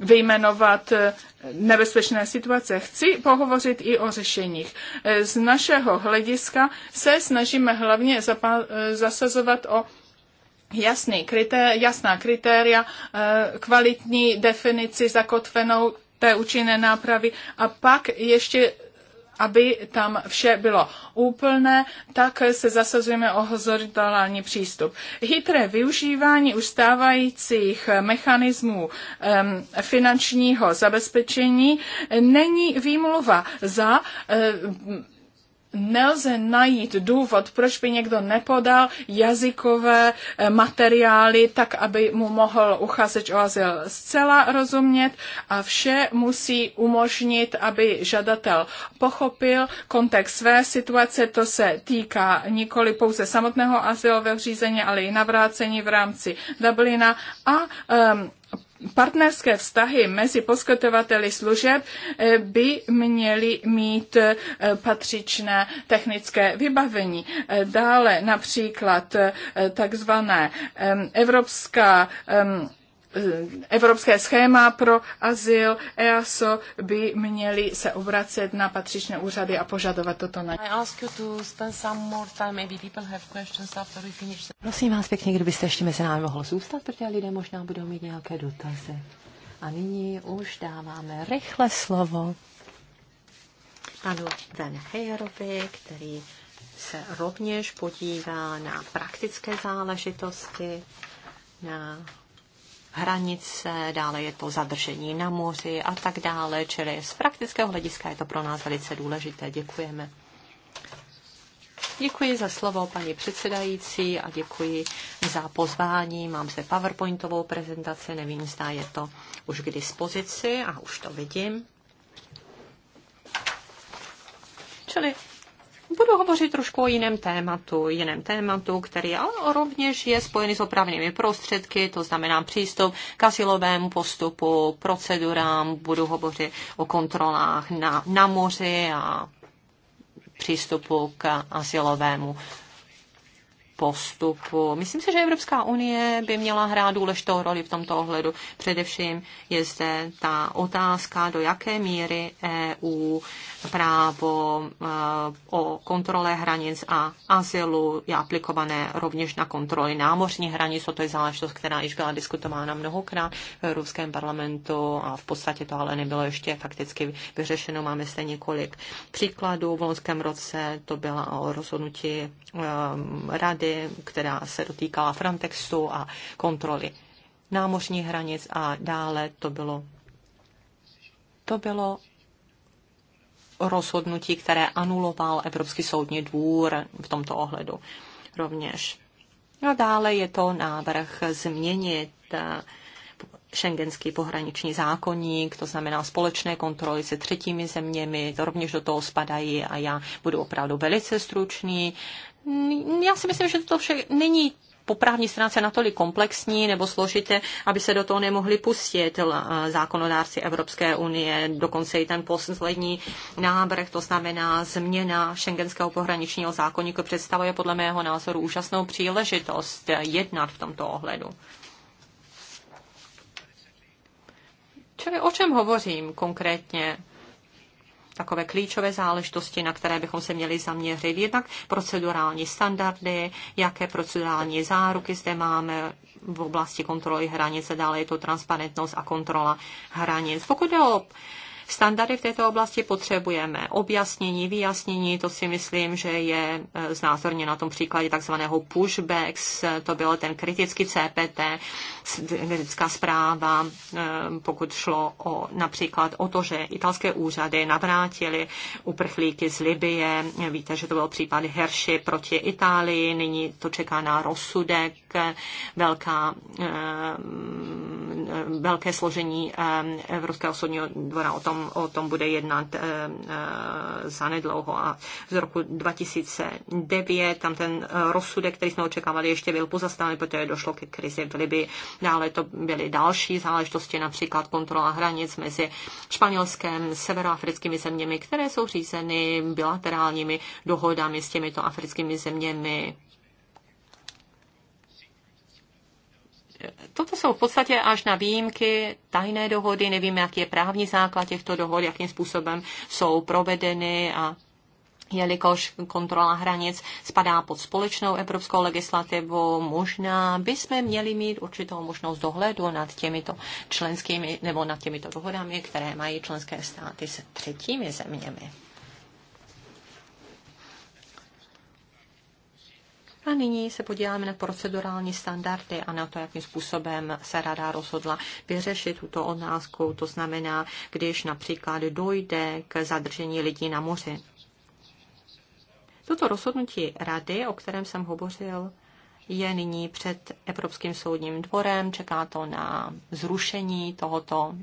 vyjmenovat eh, nebezpečné situace. Chci pohovořit i o řešeních. Z našeho hlediska se snažíme hlavně zasazovat o jasný kritér, jasná kritéria, eh, kvalitní definici zakotvenou té účinné nápravy a pak ještě aby tam vše bylo úplné, tak se zasazujeme o horizontální přístup. Chytré využívání už stávajících mechanismů um, finančního zabezpečení není výmluva za um, nelze najít důvod, proč by někdo nepodal jazykové eh, materiály tak, aby mu mohl uchazeč o azyl zcela rozumět a vše musí umožnit, aby žadatel pochopil kontext své situace. To se týká nikoli pouze samotného azylového řízení, ale i navrácení v rámci Dublina a um, partnerské vztahy mezi poskytovateli služeb eh, by měly mít eh, patřičné technické vybavení. Eh, dále například takzvané evropská Eh, evropské schéma pro azyl, EASO by měli se obracet na patřičné úřady a požadovat toto na Prosím vás pěkně, kdybyste ještě mezi námi mohl zůstat, protože lidé možná budou mít nějaké dotazy. A nyní už dáváme rychle slovo panu Dan Heyerovi, který se rovněž podívá na praktické záležitosti, na hranice, dále je to zadržení na moři a tak dále, čili z praktického hlediska je to pro nás velice důležité. Děkujeme. Děkuji za slovo, paní předsedající, a děkuji za pozvání. Mám se PowerPointovou prezentaci, nevím, zda je to už k dispozici a už to vidím. Čili Budu hovořit trošku o jiném tématu, jiném tématu, který ale rovněž je spojený s opravnými prostředky, to znamená přístup k asilovému postupu, procedurám, budu hovořit o kontrolách na, na moři a přístupu k asilovému postupu. Myslím si, že Evropská unie by měla hrát důležitou roli v tomto ohledu. Především je zde ta otázka, do jaké míry EU právo eh, o kontrole hranic a azylu je aplikované rovněž na kontroly námořní hranic. To je záležitost, která již byla diskutována mnohokrát v Evropském parlamentu a v podstatě to ale nebylo ještě fakticky vyřešeno. Máme zde několik příkladů. V loňském roce to byla o rozhodnutí eh, rady debaty, která se dotýkala Frontexu a kontroly námořních hranic a dále to bylo, to bylo rozhodnutí, které anuloval Evropský soudní dvůr v tomto ohledu rovněž. No a dále je to návrh změnit eh, šengenský pohraniční zákonník, to znamená společné kontroly se třetími zeměmi, to rovněž do toho spadají a já budu opravdu velice stručný já si myslím, že to vše není po právní stránce natolik komplexní nebo složité, aby se do toho nemohli pustit zákonodárci Evropské unie, dokonce i ten poslední návrh, to znamená změna šengenského pohraničního zákonníku, představuje podle mého názoru úžasnou příležitost jednat v tomto ohledu. Čili o čem hovořím konkrétně? takové klíčové záležitosti, na které bychom se měli zaměřit. Jednak procedurální standardy, jaké procedurální záruky zde máme v oblasti kontroly hranice, dále je to transparentnost a kontrola hranic. Pokud jde o Standardy v této oblasti potřebujeme. Objasnění, vyjasnění, to si myslím, že je e, znázorně na tom příkladě takzvaného pushbacks, to byl ten kritický CPT, kritická zpráva, e, pokud šlo o, například o to, že italské úřady navrátili uprchlíky z Libie. Víte, že to byl případ Herši proti Itálii, nyní to čeká na rozsudek, velká, e, velké složení Evropského soudního dvora o tom tom, o tom bude jednat eh, eh, zanedlouho. A z roku 2009 tam ten rozsudek, který jsme očekávali, ještě byl pozastaven, protože došlo ke krizi v Libii. Dále to byly další záležitosti, například kontrola hranic mezi Španělskem, severoafrickými zeměmi, které jsou řízeny bilaterálními dohodami s těmito africkými zeměmi toto jsou v podstatě až na výjimky tajné dohody, nevím, jaký je právní základ těchto dohod, jakým způsobem jsou provedeny a jelikož kontrola hranic spadá pod společnou evropskou legislativu, možná bychom měli mít určitou možnost dohledu nad těmito členskými nebo nad těmito dohodami, které mají členské státy se třetími zeměmi. A nyní se podíváme na procedurální standardy a na to, jakým způsobem se rada rozhodla vyřešit tuto otázku. To znamená, když například dojde k zadržení lidí na moři. Toto rozhodnutí rady, o kterém jsem hovořil, je nyní před Evropským soudním dvorem, čeká to na zrušení tohoto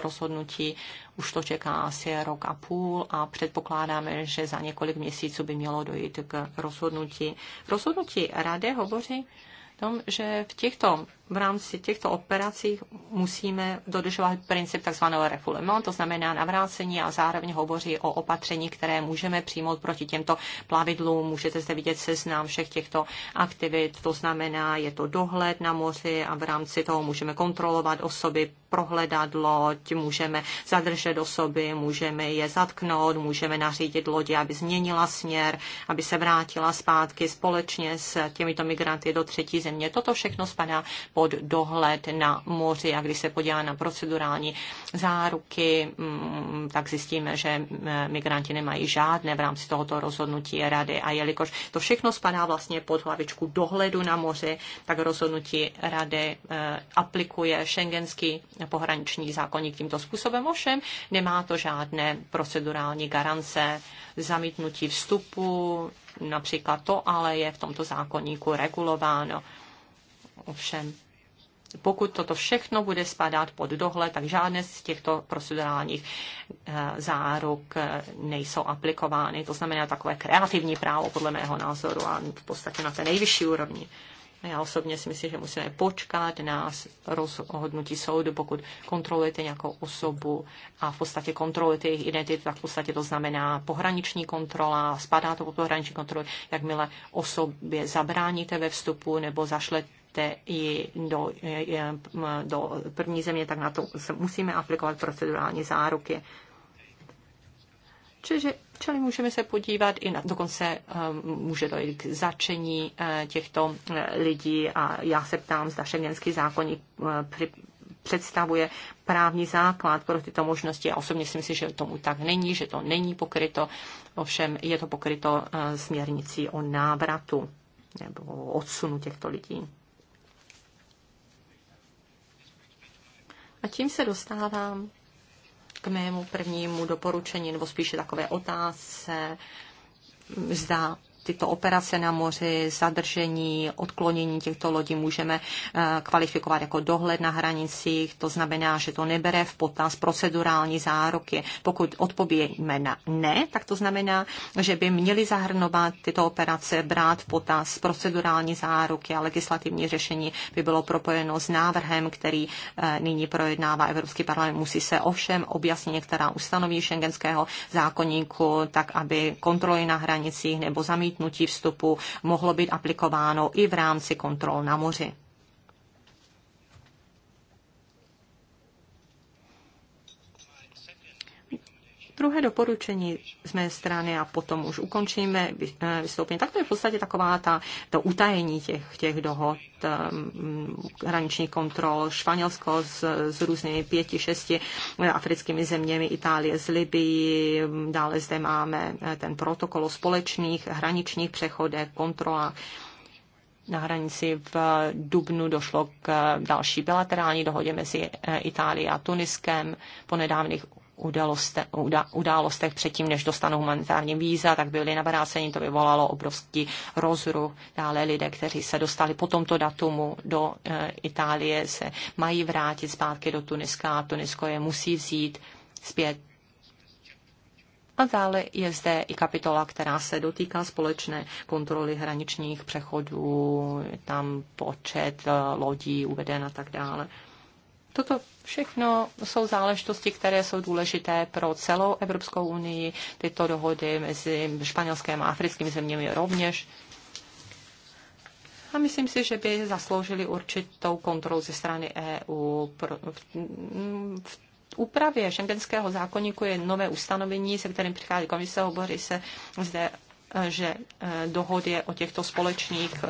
rozhodnutí. Už to čeká asi rok a půl a předpokládáme, že za několik měsíců by mělo dojít k rozhodnutí. Rozhodnutí rady hovoří tom, že v těchto v rámci těchto operací musíme dodržovat princip tzv. refoulement, to znamená navrácení a zároveň hovoří o opatření, které můžeme přijmout proti těmto plavidlům. Můžete zde vidět seznam všech těchto aktivit, to znamená, je to dohled na moři a v rámci toho můžeme kontrolovat osoby, prohledat loď, můžeme zadržet osoby, můžeme je zatknout, můžeme nařídit lodi, aby změnila směr, aby se vrátila zpátky společně s těmito migranty do třetí země. Toto všechno spadá po pod dohled na moři a když se podívá na procedurální záruky, mm, tak zjistíme, že mm, migranti nemají žádné v rámci tohoto rozhodnutí rady. A jelikož to všechno spadá vlastně pod hlavičku dohledu na moři, tak rozhodnutí rady eh, aplikuje šengenský pohraniční zákonník tímto způsobem. Ovšem nemá to žádné procedurální garance zamítnutí vstupu, například to ale je v tomto zákonníku regulováno. Ovšem pokud toto všechno bude spadat pod dohled, tak žádné z těchto procedurálních eh, záruk eh, nejsou aplikovány. To znamená takové kreativní právo, podle mého názoru, a v podstatě na té nejvyšší úrovni. Já osobně si myslím, že musíme počkat na rozhodnutí soudu, pokud kontrolujete nějakou osobu a v podstatě kontrolujete jejich identitu, tak v podstatě to znamená pohraniční kontrola, spadá to pod pohraniční kontrolu, jakmile osobě zabráníte ve vstupu nebo zašlete jdete i do, do první země, tak na to musíme aplikovat procedurální záruky. Čiže čili můžeme se podívat i na, dokonce um, může dojít k začení uh, těchto uh, lidí a já se ptám, zda šengenský zákonník uh, představuje právní základ pro tyto možnosti. Já osobně si myslím, že tomu tak není, že to není pokryto, ovšem je to pokryto směrnicí o návratu nebo odsunu těchto lidí. A tím se dostávám k mému prvnímu doporučení, nebo spíše takové otázce, zda tyto operace na moři, zadržení, odklonění těchto lodí můžeme eh, kvalifikovat jako dohled na hranicích. To znamená, že to nebere v potaz procedurální zároky. Pokud odpovíme na ne, tak to znamená, že by měly zahrnovat tyto operace, brát v potaz procedurální záruky a legislativní řešení by bylo propojeno s návrhem, který eh, nyní projednává Evropský parlament. Musí se ovšem objasnit některá ustanoví šengenského zákoníku, tak aby kontroly na hranicích nebo zamítnutí odmítnutí vstupu mohlo být aplikováno i v rámci kontrol na moři. Druhé doporučení z mé strany a potom už ukončíme eh, vystoupení. Tak to je v podstatě taková ta, to utajení těch, těch dohod, eh, hraniční kontrol, Španělsko s, s různými pěti, šesti africkými zeměmi, Itálie z Libii, dále zde máme eh, ten protokol o společných hraničních přechodech, kontrolách na hranici v Dubnu došlo k další bilaterální dohodě mezi Itálií a Tuniskem po nedávných udaloste, uda, událostech předtím, než dostanou humanitární víza, tak byly navráceni, to vyvolalo obrovský rozruch. Dále lidé, kteří se dostali po tomto datumu do e, Itálie, se mají vrátit zpátky do Tuniska a Tunisko je musí vzít zpět. A dále je zde i kapitola, která se dotýká společné kontroly hraničních přechodů, tam počet eh, lodí uveden a tak dále. Toto všechno jsou záležitosti, které jsou důležité pro celou Evropskou unii. Tyto dohody mezi španělským a africkými zeměmi rovněž. A myslím si, že by zasloužili určitou kontrolu ze strany EU. V úpravě šengenského zákonníku je nové ustanovení, se kterým přichází komise, hovoří se zde že eh, dohody o těchto společných eh,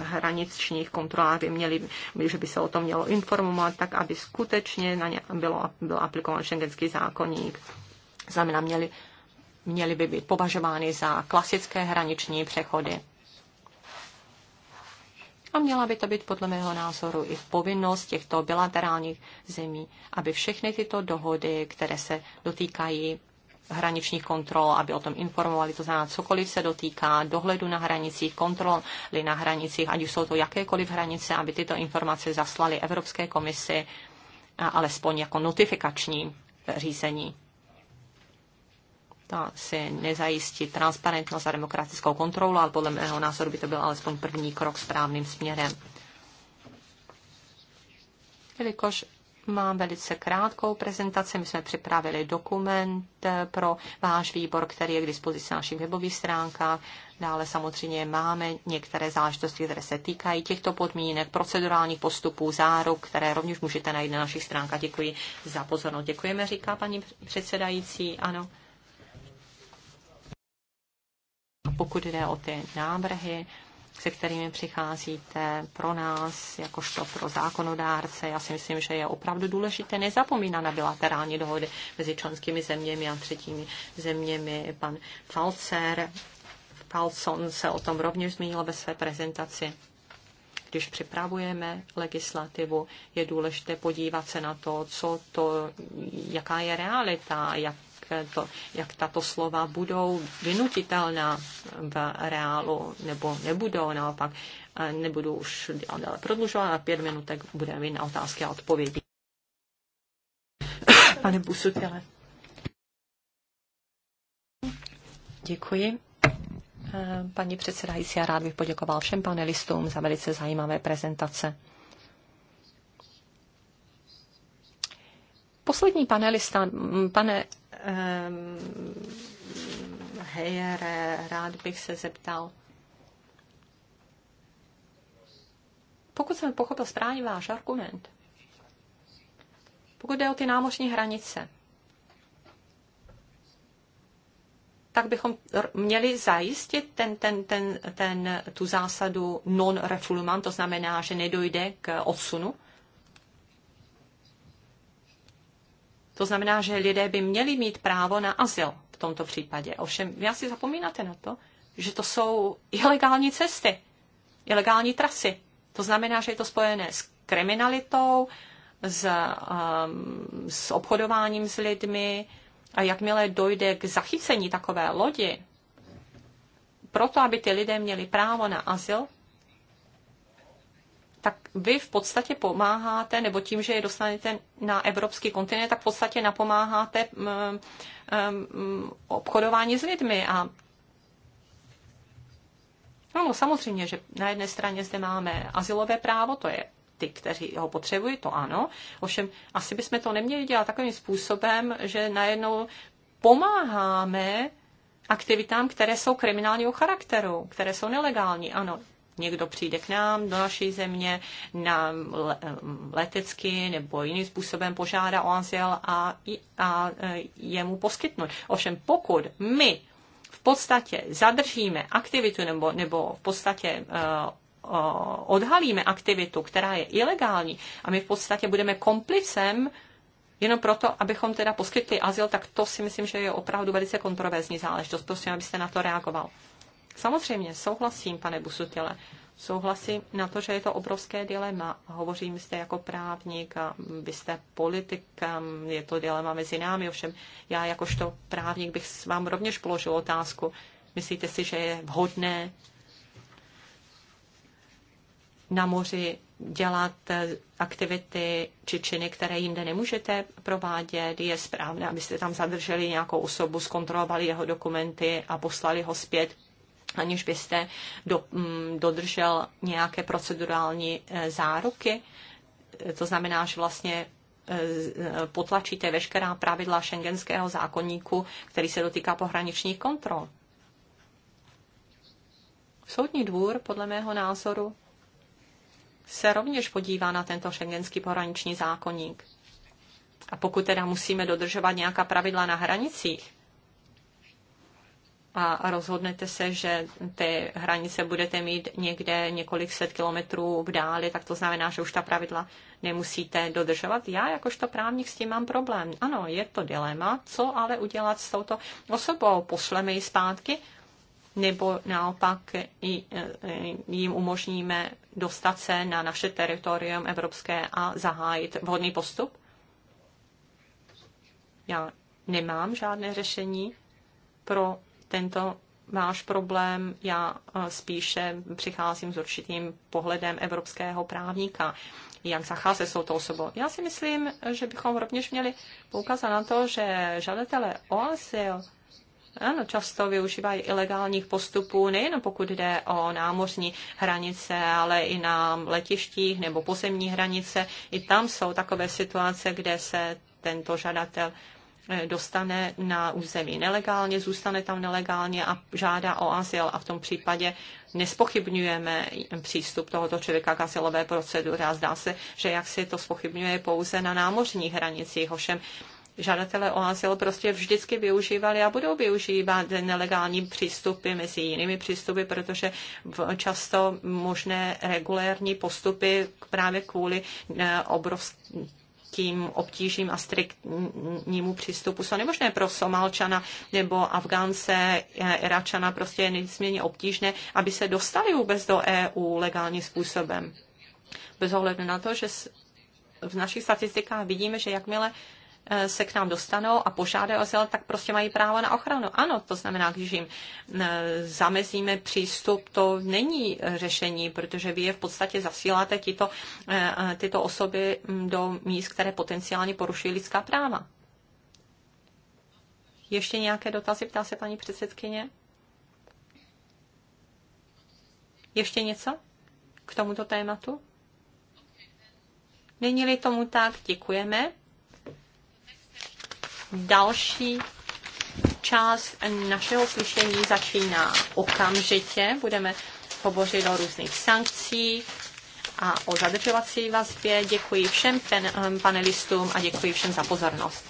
hraničních kontrolách by měly, že by se o tom mělo informovat, tak aby skutečně na ně bylo, byl aplikován šengenský zákonník. Znamená, měli, měly by být považovány za klasické hraniční přechody. A měla by to být podle mého názoru i povinnost těchto bilaterálních zemí, aby všechny tyto dohody, které se dotýkají hraničních kontrol, aby o tom informovali. To znamená, cokoliv se dotýká dohledu na hranicích, kontroly na hranicích, ať už jsou to jakékoliv hranice, aby tyto informace zaslali Evropské komisi, alespoň jako notifikační eh, řízení. To si nezajistí transparentnost a demokratickou kontrolu, ale podle mého názoru by to byl alespoň první krok správným směrem. Jelikož Mám velice krátkou prezentaci. My jsme připravili dokument eh, pro váš výbor, který je k dispozici na našich webových stránkách. Dále samozřejmě máme některé záležitosti, které se týkají těchto podmínek, procedurálních postupů, záruk, které rovněž můžete najít na našich stránkách. Děkuji za pozornost. Děkujeme, říká paní předsedající. Ano. pokud jde o ty návrhy, se kterými přicházíte pro nás, jakožto pro zákonodárce. Já si myslím, že je opravdu důležité nezapomínat na bilaterální dohody mezi členskými zeměmi a třetími zeměmi. Pan Falcer, Falson se o tom rovněž zmínil ve své prezentaci když připravujeme legislativu, je důležité podívat se na to, co to, jaká je realita, jak to, jak tato slova budou vynutitelná v reálu nebo nebudou, naopak eh, nebudu už dále prodlužovat, na pět minutek budeme mít na otázky a odpovědi. Pane Busutele. Děkuji. Eh, paní předsedající, já rád bych poděkoval všem panelistům za velice zajímavé prezentace. Poslední panelista, pane Ehm, hejere, rád bych se zeptal. Pokud jsem pochopil správně váš argument, pokud jde o ty námořní hranice, tak bychom měli zajistit ten, ten, ten, ten, tu zásadu non-refoulement, to znamená, že nedojde k odsunu To znamená, že lidé by měli mít právo na azyl v tomto případě. Ovšem, vy asi zapomínáte na to, že to jsou ilegální cesty, ilegální trasy. To znamená, že je to spojené s kriminalitou, s, um, s obchodováním s lidmi a jakmile dojde k zachycení takové lodi, proto, aby ty lidé měli právo na azyl, tak vy v podstatě pomáháte, nebo tím, že je dostanete na evropský kontinent, tak v podstatě napomáháte mm, mm, obchodování s lidmi. A no, no, samozřejmě, že na jedné straně zde máme asilové právo, to je ty, kteří ho potřebují, to ano. Ovšem, asi bychom to neměli dělat takovým způsobem, že najednou pomáháme aktivitám, které jsou kriminálního charakteru, které jsou nelegální, ano někdo přijde k nám do naší země na letecky nebo jiným způsobem požádá o azyl a, a je mu poskytnut. Ovšem pokud my v podstatě zadržíme aktivitu nebo, nebo v podstatě uh, odhalíme aktivitu, která je ilegální a my v podstatě budeme komplicem jenom proto, abychom teda poskytli azyl, tak to si myslím, že je opravdu velice kontroverzní záležitost. Prosím, abyste na to reagoval. Samozřejmě, souhlasím, pane Busutile. Souhlasím na to, že je to obrovské dilema. Hovořím jste jako právník a vy jste politik, je to dilema mezi námi, ovšem já jakožto právník bych vám rovněž položil otázku. Myslíte si, že je vhodné na moři dělat eh, aktivity či činy, které jinde nemůžete provádět, je správné, abyste tam zadrželi nějakou osobu, zkontrolovali jeho dokumenty a poslali ho zpět aniž byste do, mm, dodržel nějaké procedurální e, záruky. E, to znamená, že vlastně e, potlačíte veškerá pravidla šengenského zákonníku, který se dotýká pohraničních kontrol. Soudní dvůr, podle mého názoru, se rovněž podívá na tento šengenský pohraniční zákonník. A pokud teda musíme dodržovat nějaká pravidla na hranicích, a rozhodnete se, že ty hranice budete mít někde několik set kilometrů v dáli, tak to znamená, že už ta pravidla nemusíte dodržovat. Já jakožto právník s tím mám problém. Ano, je to dilema, co ale udělat s touto osobou. Pošleme ji zpátky, nebo naopak e, jim umožníme dostat se na naše teritorium evropské a zahájit vhodný postup? Já nemám žádné řešení pro tento váš problém. Já eh, spíše přicházím s určitým pohledem evropského právníka, jak zacházet s touto osobou. Já si myslím, že bychom rovněž měli poukázat na to, že žadatelé o azyl ano, často využívají ilegálních postupů, nejen pokud jde o námořní hranice, ale i na letištích nebo pozemní hranice. I tam jsou takové situace, kde se tento žadatel Eh, dostane na území nelegálně, zůstane tam nelegálně a žádá o azyl a v tom případě nespochybňujeme přístup tohoto člověka k asilové proceduře a zdá se, že jak si to spochybňuje pouze na námořních hranicích, ovšem žadatelé o azyl prostě vždycky využívali a budou využívat nelegální přístupy mezi jinými přístupy, protože často možné regulérní postupy právě kvůli eh, obrovské tím obtížím a striktnímu přístupu. To nemožné pro Somalčana nebo Afgánce, Iračana, prostě je nicméně obtížné, aby se dostali vůbec do EU legálním způsobem. Bez ohledu na to, že v našich statistikách vidíme, že jakmile Eh, se k nám dostanou a požádají o azyl, tak prostě mají právo na ochranu. Ano, to znamená, když jim eh, zamezíme přístup, to není eh, řešení, protože vy je v podstatě zasíláte tyto, tyto osoby mm, do míst, které potenciálně porušují lidská práva. Ještě nějaké dotazy, ptá se paní předsedkyně? Ještě něco k tomuto tématu? Není-li tomu tak, děkujeme. Další část našeho slyšení začíná okamžitě. Budeme hovořit o různých sankcích a o zadržovací vazbě. Děkuji všem panelistům a děkuji všem za pozornost.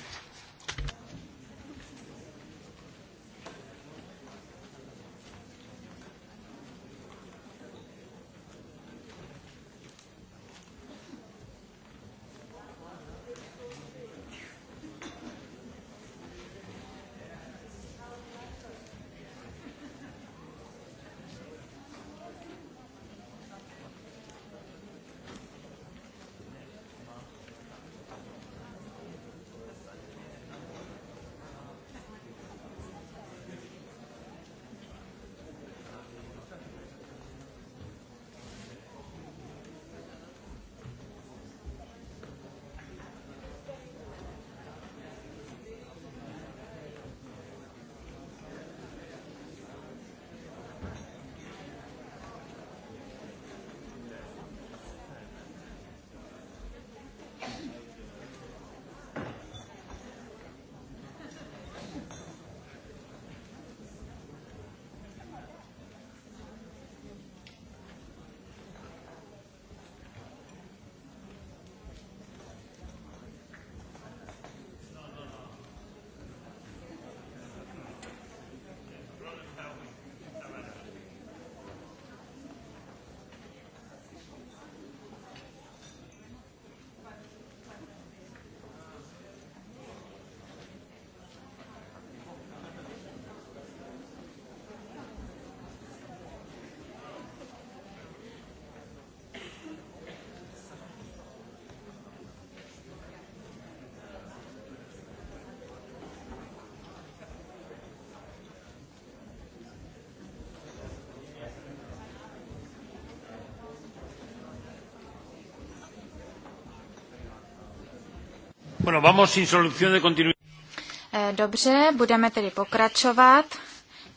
Eh, dobře, budeme tedy pokračovat.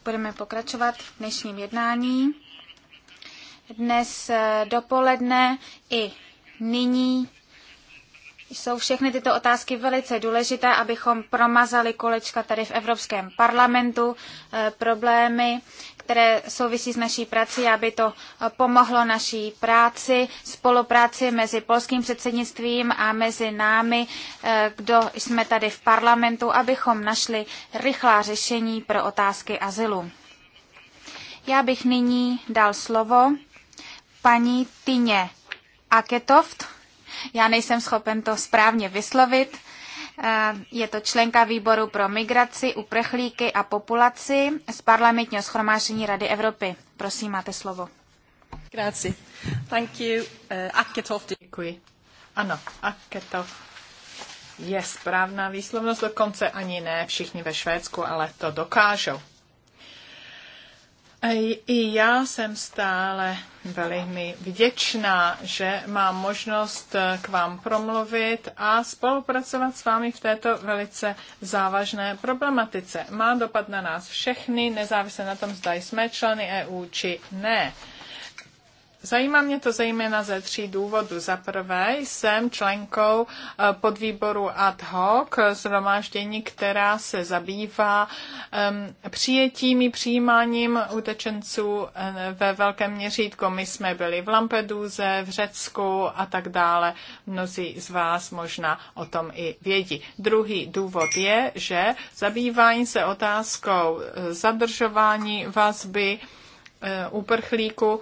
Budeme pokračovat v dnešním jednání. Dnes eh, dopoledne i nyní jsou všechny tyto otázky velice důležité, abychom promazali kolečka tady v Evropském parlamentu, eh, problémy, které souvisí s naší prací, aby to eh, pomohlo naší práci, spolupráci mezi polským předsednictvím a mezi námi, eh, kdo jsme tady v parlamentu, abychom našli rychlá řešení pro otázky azylu. Já bych nyní dal slovo paní Tyně Aketoft. Já nejsem schopen to správně vyslovit. Eh, je to členka výboru pro migraci, uprchlíky a populaci z parlamentního schromáždění Rady Evropy. Prosím, máte slovo. Grazie. Thank you. Uh, Děkuji. Ano, Aketov je správná výslovnost, dokonce ani ne všichni ve Švédsku, ale to dokážou. I já jsem stále velmi vděčná, že mám možnost eh, k vám promluvit a spolupracovat s vámi v této velice závažné problematice. Má dopad na nás všechny, nezávisle na tom, zda jsme členy EU či ne. Zajímá mě to zejména ze tří důvodů. Za prvé jsem členkou eh, podvýboru ad hoc zhromáždění, eh, která se zabývá um, přijetím i přijímáním utečenců eh, ve velkém měřítku. My jsme byli v Lampeduze, v Řecku a tak dále. Mnozí z vás možná o tom i vědí. Druhý důvod je, že zabývání se otázkou zadržování vazby uprchlíku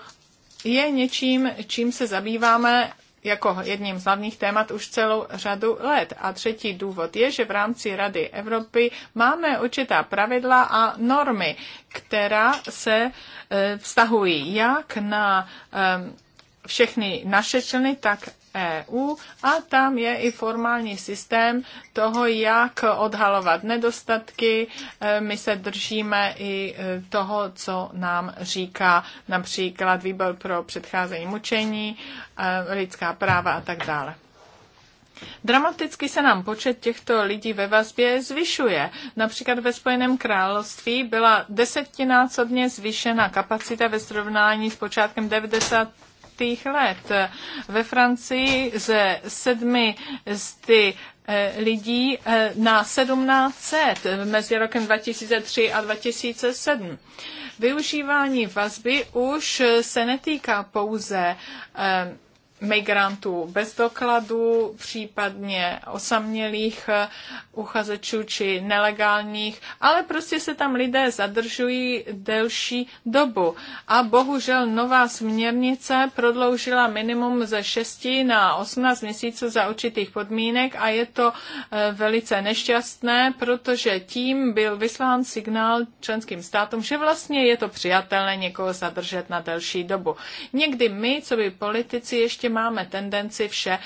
je něčím, čím se zabýváme jako jedním z hlavních témat už celou řadu let. A třetí důvod je, že v rámci Rady Evropy máme určitá pravidla a normy, která se e, vztahují jak na e, všechny naše členy, tak EU a tam je i formální systém toho, jak odhalovat nedostatky. Eh, my se držíme i eh, toho, co nám říká například výbor pro předcházení mučení, eh, lidská práva a tak dále. Dramaticky se nám počet těchto lidí ve vazbě zvyšuje. Například ve Spojeném království byla desetinásobně zvýšena kapacita ve srovnání s počátkem 90 let. Ve Francii ze sedmi z ty eh, lidí eh, na 1700 mezi rokem 2003 a 2007. Využívání vazby už se netýká pouze eh, migrantů bez dokladů, případně osamělých eh, uchazečů či nelegálních, ale prostě se tam lidé zadržují delší dobu. A bohužel nová směrnice prodloužila minimum ze 6 na 18 měsíců za určitých podmínek a je to eh, velice nešťastné, protože tím byl vyslán signál členským státům, že vlastně je to přijatelné někoho zadržet na delší dobu. Někdy my, co by politici, ještě máme tendenci vše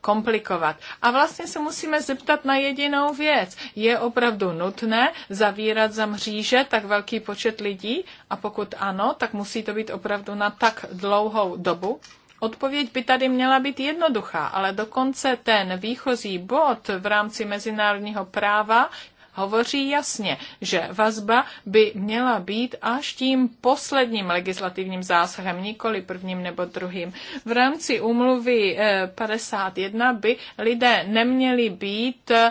komplikovat. A vlastně se musíme zeptat na jedinou věc. Je opravdu nutné zavírat za mříže tak velký počet lidí? A pokud ano, tak musí to být opravdu na tak dlouhou dobu? Odpověď by tady měla být jednoduchá, ale dokonce ten výchozí bod v rámci mezinárodního práva hovoří jasně, že vazba by měla být až tím posledním legislativním zásahem, nikoli prvním nebo druhým. V rámci úmluvy 51 eh, by lidé neměli být eh,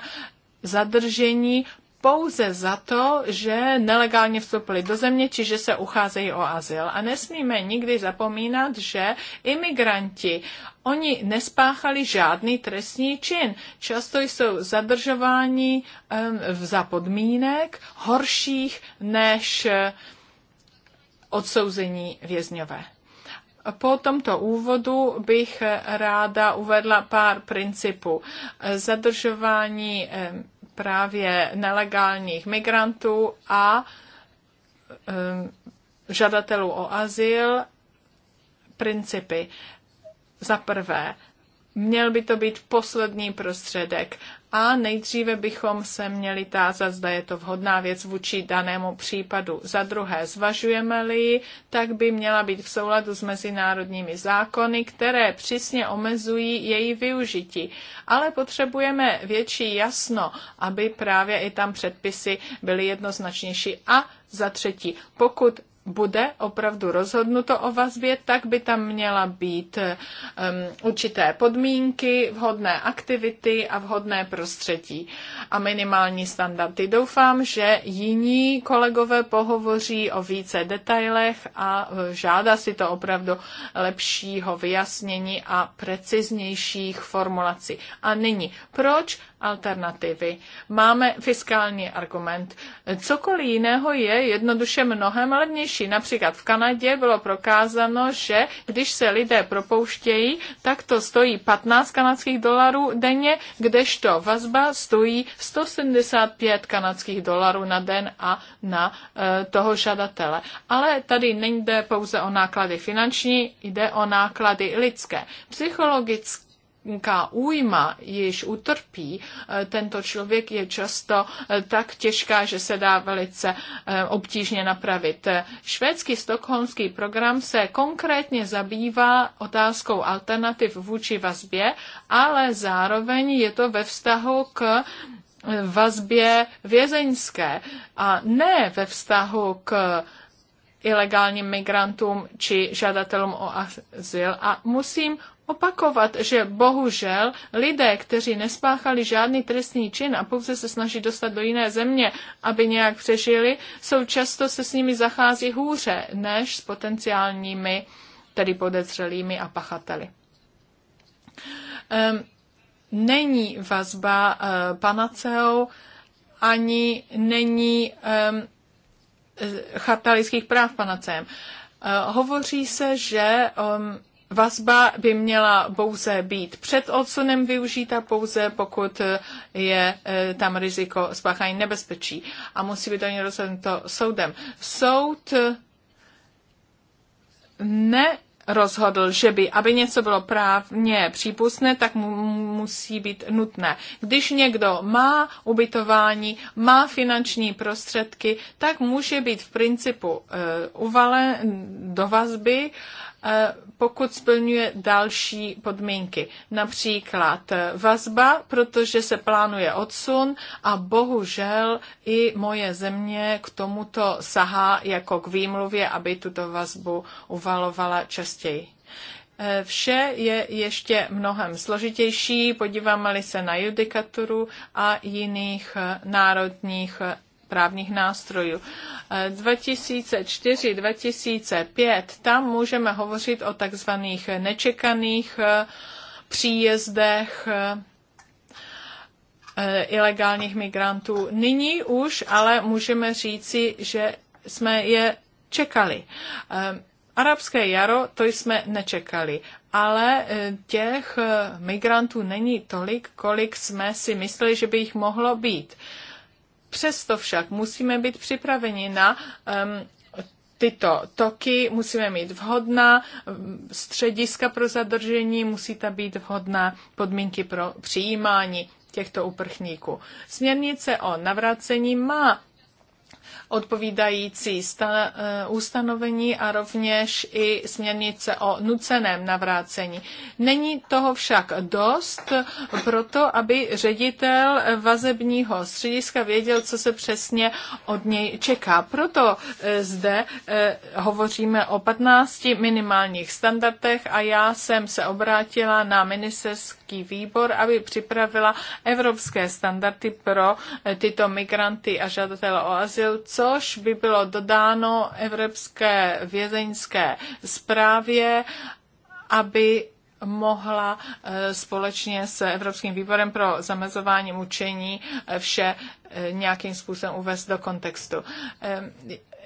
zadržení pouze za to, že nelegálně vstoupili do země, či že se ucházejí o azyl. A nesmíme nikdy zapomínat, že imigranti Oni nespáchali žádný trestní čin. Často jsou zadržováni za podmínek horších než eh, odsouzení vězňové. Po tomto úvodu bych eh, ráda uvedla pár principů. Eh, zadržování právě nelegálních migrantů a žadatelů o azyl principy. Za prvé, měl by to být poslední prostředek a nejdříve bychom se měli tázat, zda je to vhodná věc vůči danému případu. Za druhé, zvažujeme-li ji, tak by měla být v souladu s mezinárodními zákony, které přísně omezují její využití. Ale potřebujeme větší jasno, aby právě i tam předpisy byly jednoznačnější. A za třetí, pokud bude opravdu rozhodnuto o vazbě, tak by tam měla být um, určité podmínky, vhodné aktivity a vhodné prostředí a minimální standardy. Doufám, že jiní kolegové pohovoří o více detailech a uh, žádá si to opravdu lepšího vyjasnění a preciznějších formulací. A nyní, proč alternativy. Máme fiskální argument. Cokoliv jiného je jednoduše mnohem levnější. Například v Kanadě bylo prokázáno, že když se lidé propouštějí, tak to stojí 15 kanadských dolarů denně, kdežto vazba stojí 175 kanadských dolarů na den a na e, toho žadatele. Ale tady nejde pouze o náklady finanční, jde o náklady lidské, psychologické, jaká újma již utrpí eh, tento člověk, je často eh, tak těžká, že se dá velice eh, obtížně napravit. Švédský stokholmský program se konkrétně zabývá otázkou alternativ vůči vazbě, ale zároveň je to ve vztahu k vazbě vězeňské a ne ve vztahu k ilegálním migrantům či žadatelům o azyl. A musím opakovat, že bohužel lidé, kteří nespáchali žádný trestný čin a pouze se snaží dostat do jiné země, aby nějak přežili, jsou často se s nimi zachází hůře než s potenciálními, tedy podezřelými a pachateli. Um, není vazba uh, eh, panaceu, ani není um, charta lidských práv panacem. Uh, eh, hovoří se, že um, vazba by měla pouze být před odsunem využita pouze, pokud je e, tam riziko spáchání nebezpečí a musí být o ně rozhodnuto soudem. Soud e, ne rozhodl, že by, aby něco bylo právně přípustné, tak mu musí být nutné. Když někdo má ubytování, má finanční prostředky, tak může být v principu uh, uvalen do vazby uh, Eh, pokud splňuje další podmínky, například eh, vazba, protože se plánuje odsun a bohužel i moje země k tomuto sahá jako k výmluvě, aby tuto vazbu uvalovala častěji. Eh, vše je ještě mnohem složitější, podíváme-li se na judikaturu a jiných národních právních nástrojů. 2004-2005, eh, tam můžeme hovořit o takzvaných nečekaných eh, příjezdech eh, ilegálních migrantů. Nyní už ale můžeme říci, že jsme je čekali. Arabské jaro, to jsme nečekali, ale těch migrantů není tolik, kolik jsme si mysleli, že by jich mohlo být. Přesto však musíme být připraveni na um, tyto toky, musíme mít vhodná střediska pro zadržení, musí tam být vhodná podmínky pro přijímání těchto uprchníků. Směrnice o navracení má odpovídající eh, ustanovení a rovněž i směrnice o nuceném navrácení. Není toho však dost proto, aby ředitel vazebního střediska věděl, co se přesně od něj čeká. Proto eh, zde eh, hovoříme o 15 minimálních standardech a já jsem se obrátila na ministerstvo Evropský výbor, aby připravila evropské standardy pro eh, tyto migranty a žadatele o azyl, což by bylo dodáno Evropské vězeňské zprávě, aby mohla eh, společně s Evropským výborem pro zamezování mučení eh, vše nějakým způsobem uvést do kontextu.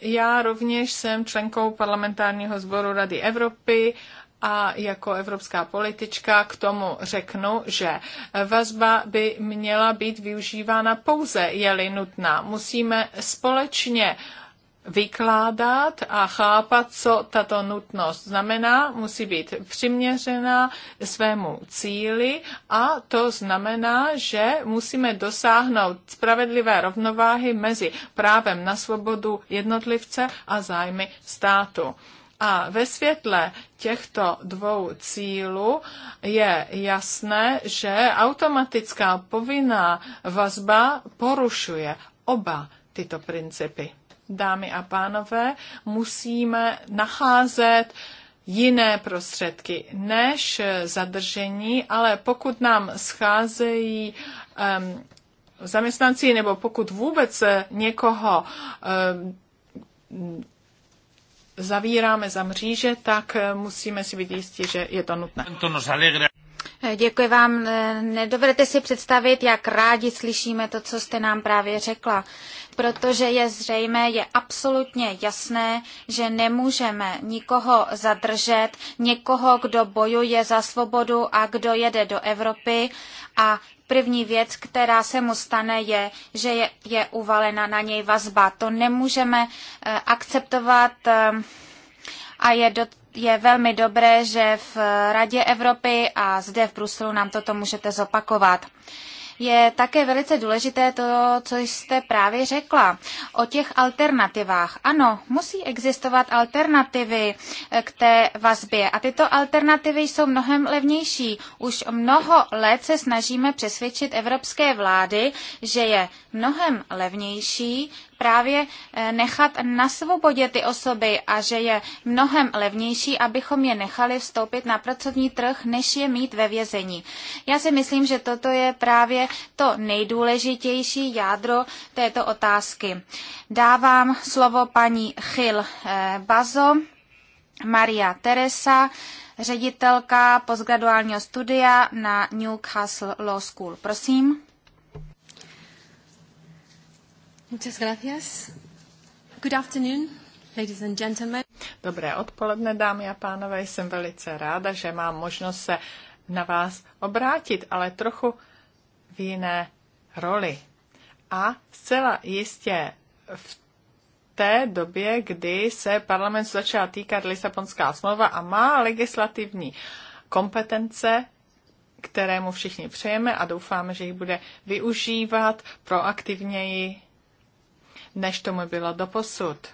Já rovněž jsem členkou parlamentárního sboru Rady Evropy a jako evropská politička k tomu řeknu, že vazba by měla být využívána pouze, je-li nutná. Musíme společně vykládat a chápat, co tato nutnost znamená, musí být přiměřená svému cíli a to znamená, že musíme dosáhnout spravedlivé rovnováhy mezi právem na svobodu jednotlivce a zájmy státu. A ve světle těchto dvou cílů je jasné, že automatická povinná vazba porušuje oba tyto principy. Dámy a pánové, musíme nacházet jiné prostředky než zadržení, ale pokud nám scházejí um, zaměstnanci nebo pokud vůbec někoho um, zavíráme za mříže, tak eh, musíme si být jistí, že je to nutné. Eh, děkuji vám. Eh, nedovedete si představit, jak rádi slyšíme to, co jste nám právě řekla, protože je zřejmé, je absolutně jasné, že nemůžeme nikoho zadržet, někoho, kdo bojuje za svobodu a kdo jede do Evropy a První věc, která se mu stane, je, že je, je uvalena na něj vazba. To nemůžeme eh, akceptovat eh, a je, do, je velmi dobré, že v Radě Evropy a zde v Bruselu nám toto můžete zopakovat je také velice důležité to, co jste právě řekla o těch alternativách. Ano, musí existovat alternativy eh, k té vazbě a tyto alternativy jsou mnohem levnější. Už mnoho let se snažíme přesvědčit evropské vlády, že je mnohem levnější právě eh, nechat na svobodě ty osoby a že je mnohem levnější, abychom je nechali vstoupit na pracovní trh, než je mít ve vězení. Já si myslím, že toto je právě to nejdůležitější jádro této otázky. Dávám slovo paní Chil eh, Bazo, Maria Teresa, ředitelka postgraduálního studia na Newcastle Law School. Prosím. Muchas gracias. Good afternoon, ladies and gentlemen. Dobré odpoledne, dámy a pánové. Jsem velice ráda, že mám možnost se na vás obrátit, ale trochu v jiné roli. A zcela jistě v té době, kdy se parlament začala týkat Lisabonská smlouva a má legislativní kompetence, kterému všichni přejeme a doufáme, že ji bude využívat proaktivněji než tomu bylo doposud.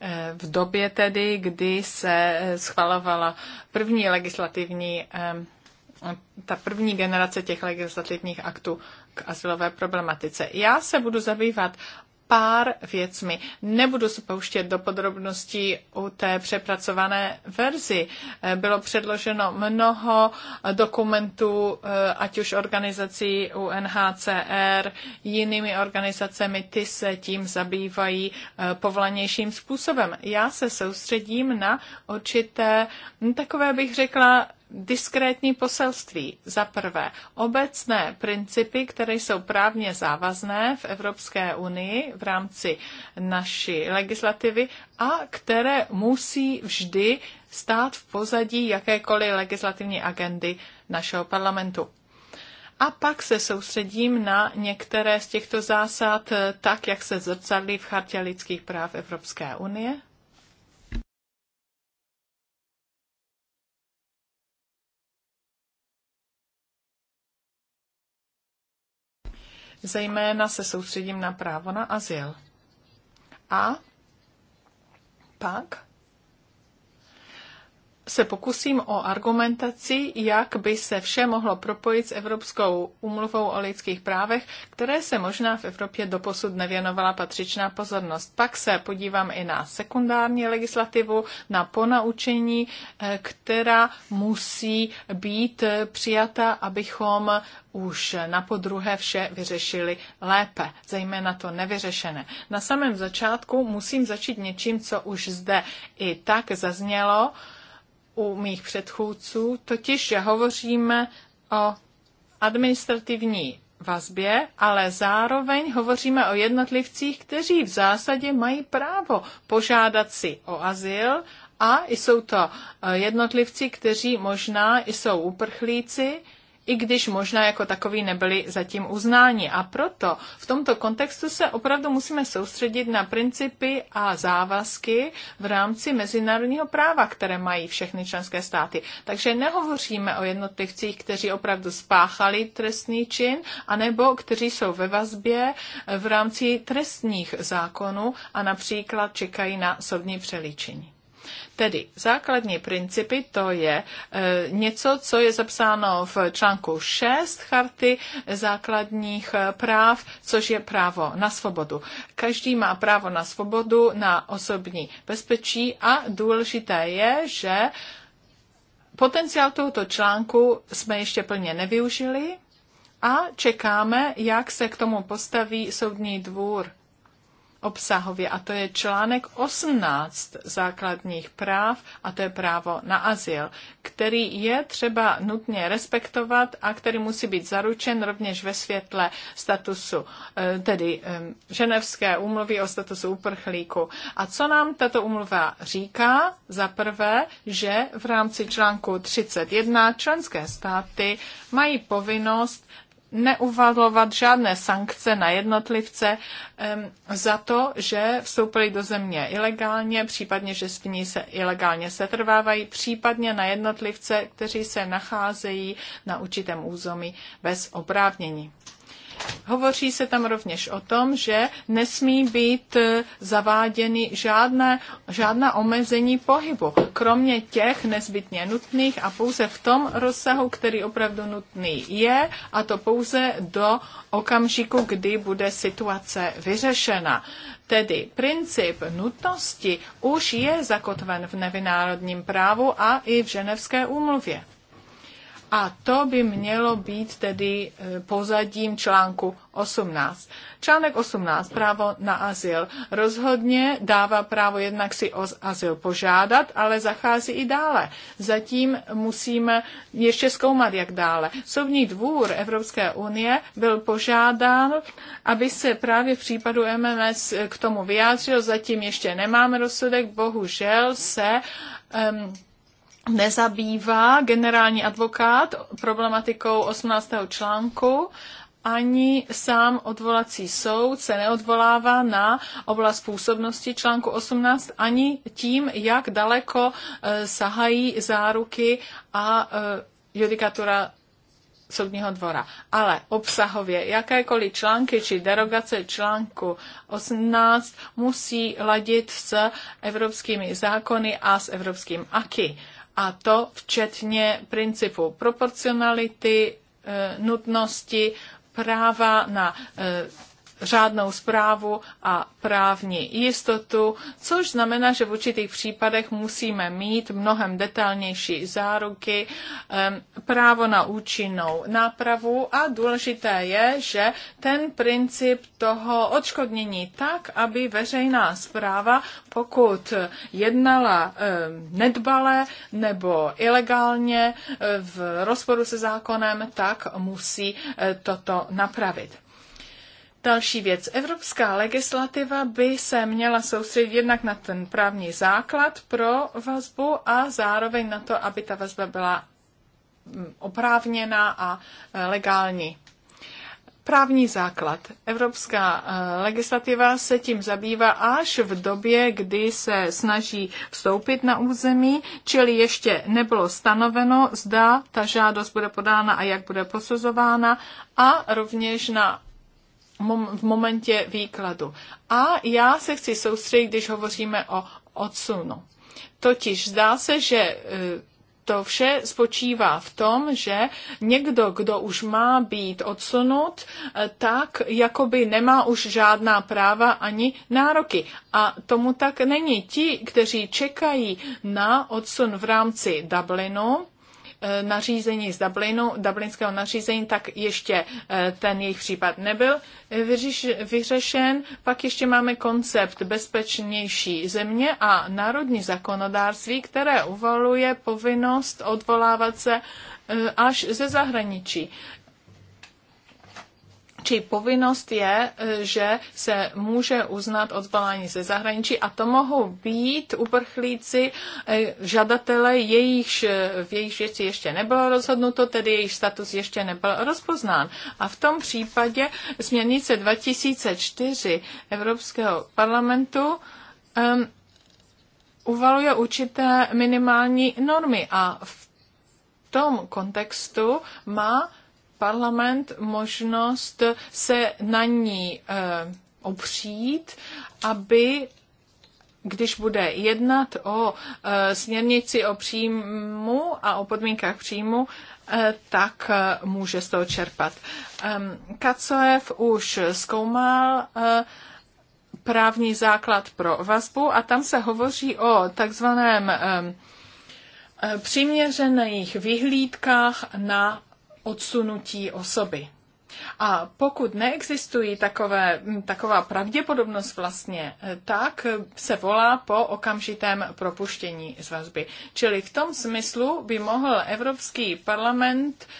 Eh, v době tedy, kdy se eh, schvalovala první legislativní, eh, ta první generace těch legislativních aktů k asilové problematice. Já se budu zabývat pár věcmi. Nebudu se pouštět do podrobností u té přepracované verzi. Eh, bylo předloženo mnoho dokumentů, eh, ať už organizací UNHCR, jinými organizacemi, ty se tím zabývají eh, povolanějším způsobem. Já se soustředím na určité, hm, takové bych řekla, diskrétní poselství. Za prvé, obecné principy, které jsou právně závazné v Evropské unii v rámci naší legislativy a které musí vždy stát v pozadí jakékoliv legislativní agendy našeho parlamentu. A pak se soustředím na některé z těchto zásad, eh, tak jak se zrcadlí v chartě lidských práv Evropské unie Zejména se soustředím na právo na azyl. A pak se pokusím o argumentaci, jak by se vše mohlo propojit s Evropskou umluvou o lidských právech, které se možná v Evropě doposud nevěnovala patřičná pozornost. Pak se podívám i na sekundární legislativu, na ponaučení, eh, která musí být přijata, abychom už na podruhé vše vyřešili lépe, zejména to nevyřešené. Na samém začátku musím začít něčím, co už zde i tak zaznělo, u mých předchůdců, totiž, že hovoříme o administrativní vazbě, ale zároveň hovoříme o jednotlivcích, kteří v zásadě mají právo požádat si o azyl a jsou to eh, jednotlivci, kteří možná jsou uprchlíci, i když možná jako takový nebyli zatím uznáni. A proto v tomto kontextu se opravdu musíme soustředit na principy a závazky v rámci mezinárodního práva, které mají všechny členské státy. Takže nehovoříme o jednotlivcích, kteří opravdu spáchali trestný čin, anebo kteří jsou ve vazbě v rámci trestních zákonů a například čekají na soudní přelíčení. Tedy základní principy to je e, něco, co je zapsáno v článku 6 charty základních e, práv, což je právo na svobodu. Každý má právo na svobodu, na osobní bezpečí a důležité je, že potenciál tohoto článku jsme ještě plně nevyužili a čekáme, jak se k tomu postaví soudní dvůr obsahově a to je článek 18 základních práv a to je právo na azyl, který je třeba nutně respektovat a který musí být zaručen rovněž ve světle statusu, eh, tedy ženevské úmluvy o statusu uprchlíku. A co nám tato úmluva říká? Za prvé, že v rámci článku 31 členské státy mají povinnost neuvalovat žádné sankce na jednotlivce za to, že vstoupili do země ilegálně, případně, že v ní se ilegálně setrvávají, případně na jednotlivce, kteří se nacházejí na určitém území bez oprávnění. Hovoří se tam rovněž o tom, že nesmí být e, zaváděny žádné, žádná omezení pohybu, kromě těch nezbytně nutných a pouze v tom rozsahu, který opravdu nutný je, a to pouze do okamžiku, kdy bude situace vyřešena. Tedy princip nutnosti už je zakotven v nevinárodním právu a i v ženevské úmluvě. A to by mělo být tedy e, pozadím článku 18. Článek 18, právo na azyl, rozhodně dává právo jednak si o azyl požádat, ale zachází i dále. Zatím musíme ještě zkoumat, jak dále. Soudní dvůr Evropské unie byl požádán, aby se právě v případu MMS k tomu vyjádřil. Zatím ještě nemáme rozsudek, bohužel se um, nezabývá generální advokát problematikou 18. článku, ani sám odvolací soud se neodvolává na oblast působnosti článku 18, ani tím, jak daleko e, sahají záruky a e, judikatura soudního dvora. Ale obsahově jakékoliv články či derogace článku 18 musí ladit s evropskými zákony a s evropským AKI. A to včetně principu proporcionality, eh, nutnosti, práva na eh, řádnou zprávu a právní jistotu, což znamená, že v určitých případech musíme mít mnohem detailnější záruky, právo na účinnou nápravu a důležité je, že ten princip toho odškodnění tak, aby veřejná zpráva, pokud jednala nedbale nebo ilegálně v rozporu se zákonem, tak musí e, toto napravit. Další věc. Evropská legislativa by se měla soustředit jednak na ten právní základ pro vazbu a zároveň na to, aby ta vazba byla mm, oprávněná a e, legální. Právní základ. Evropská e, legislativa se tím zabývá až v době, kdy se snaží vstoupit na území, čili ještě nebylo stanoveno, zda ta žádost bude podána a jak bude posuzována a rovněž na v momentě výkladu. A já se chci soustředit, když hovoříme o odsunu. Totiž zdá se, že e, to vše spočívá v tom, že někdo, kdo už má být odsunut, e, tak jakoby nemá už žádná práva ani nároky. A tomu tak není. Ti, kteří čekají na odsun v rámci Dublinu, Eh, nařízení z Dublinu, dublinského nařízení, tak ještě eh, ten jejich případ nebyl vyřešen. Pak ještě máme koncept bezpečnější země a národní zakonodárství, které uvaluje povinnost odvolávat se eh, až ze zahraničí či povinnost je, eh, že se může uznat odvolání ze zahraničí a to mohou být uprchlíci, eh, žadatele, jejichž, eh, v jejich věci ještě nebylo rozhodnuto, tedy jejich status ještě nebyl rozpoznán. A v tom případě směrnice 2004 Evropského parlamentu um, uvaluje určité minimální normy a v tom kontextu má parlament možnost se na ní eh, opřít, aby když bude jednat o eh, směrnici o příjmu a o podmínkách příjmu, eh, tak může z toho čerpat. Ehm, Kacoev už zkoumal právní základ pro vazbu a tam se hovoří o takzvaném ehm, přiměřených vyhlídkách na odsunutí osoby. A pokud neexistují takové, hm, taková pravděpodobnost vlastně, eh, tak se volá po okamžitém propuštění z vazby. Čili v tom smyslu by mohl Evropský parlament uh,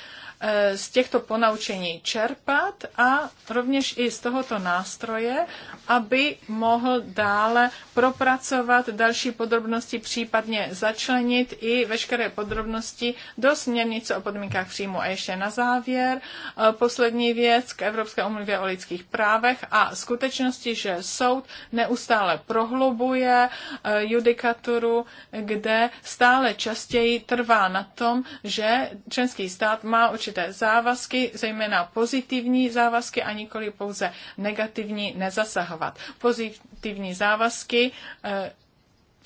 Eh, z těchto ponaučení čerpat a rovněž i z tohoto nástroje, aby mohl dále propracovat další podrobnosti, případně začlenit i veškeré podrobnosti do směrnice o podmínkách příjmu. A ještě na závěr eh, poslední věc k Evropské umluvě o lidských právech a skutečnosti, že soud neustále prohlubuje eh, judikaturu, kde stále častěji trvá na tom, že členský stát má určitě určité závazky, zejména pozitivní závazky a nikoli pouze negativní nezasahovat. Pozitivní závazky eh,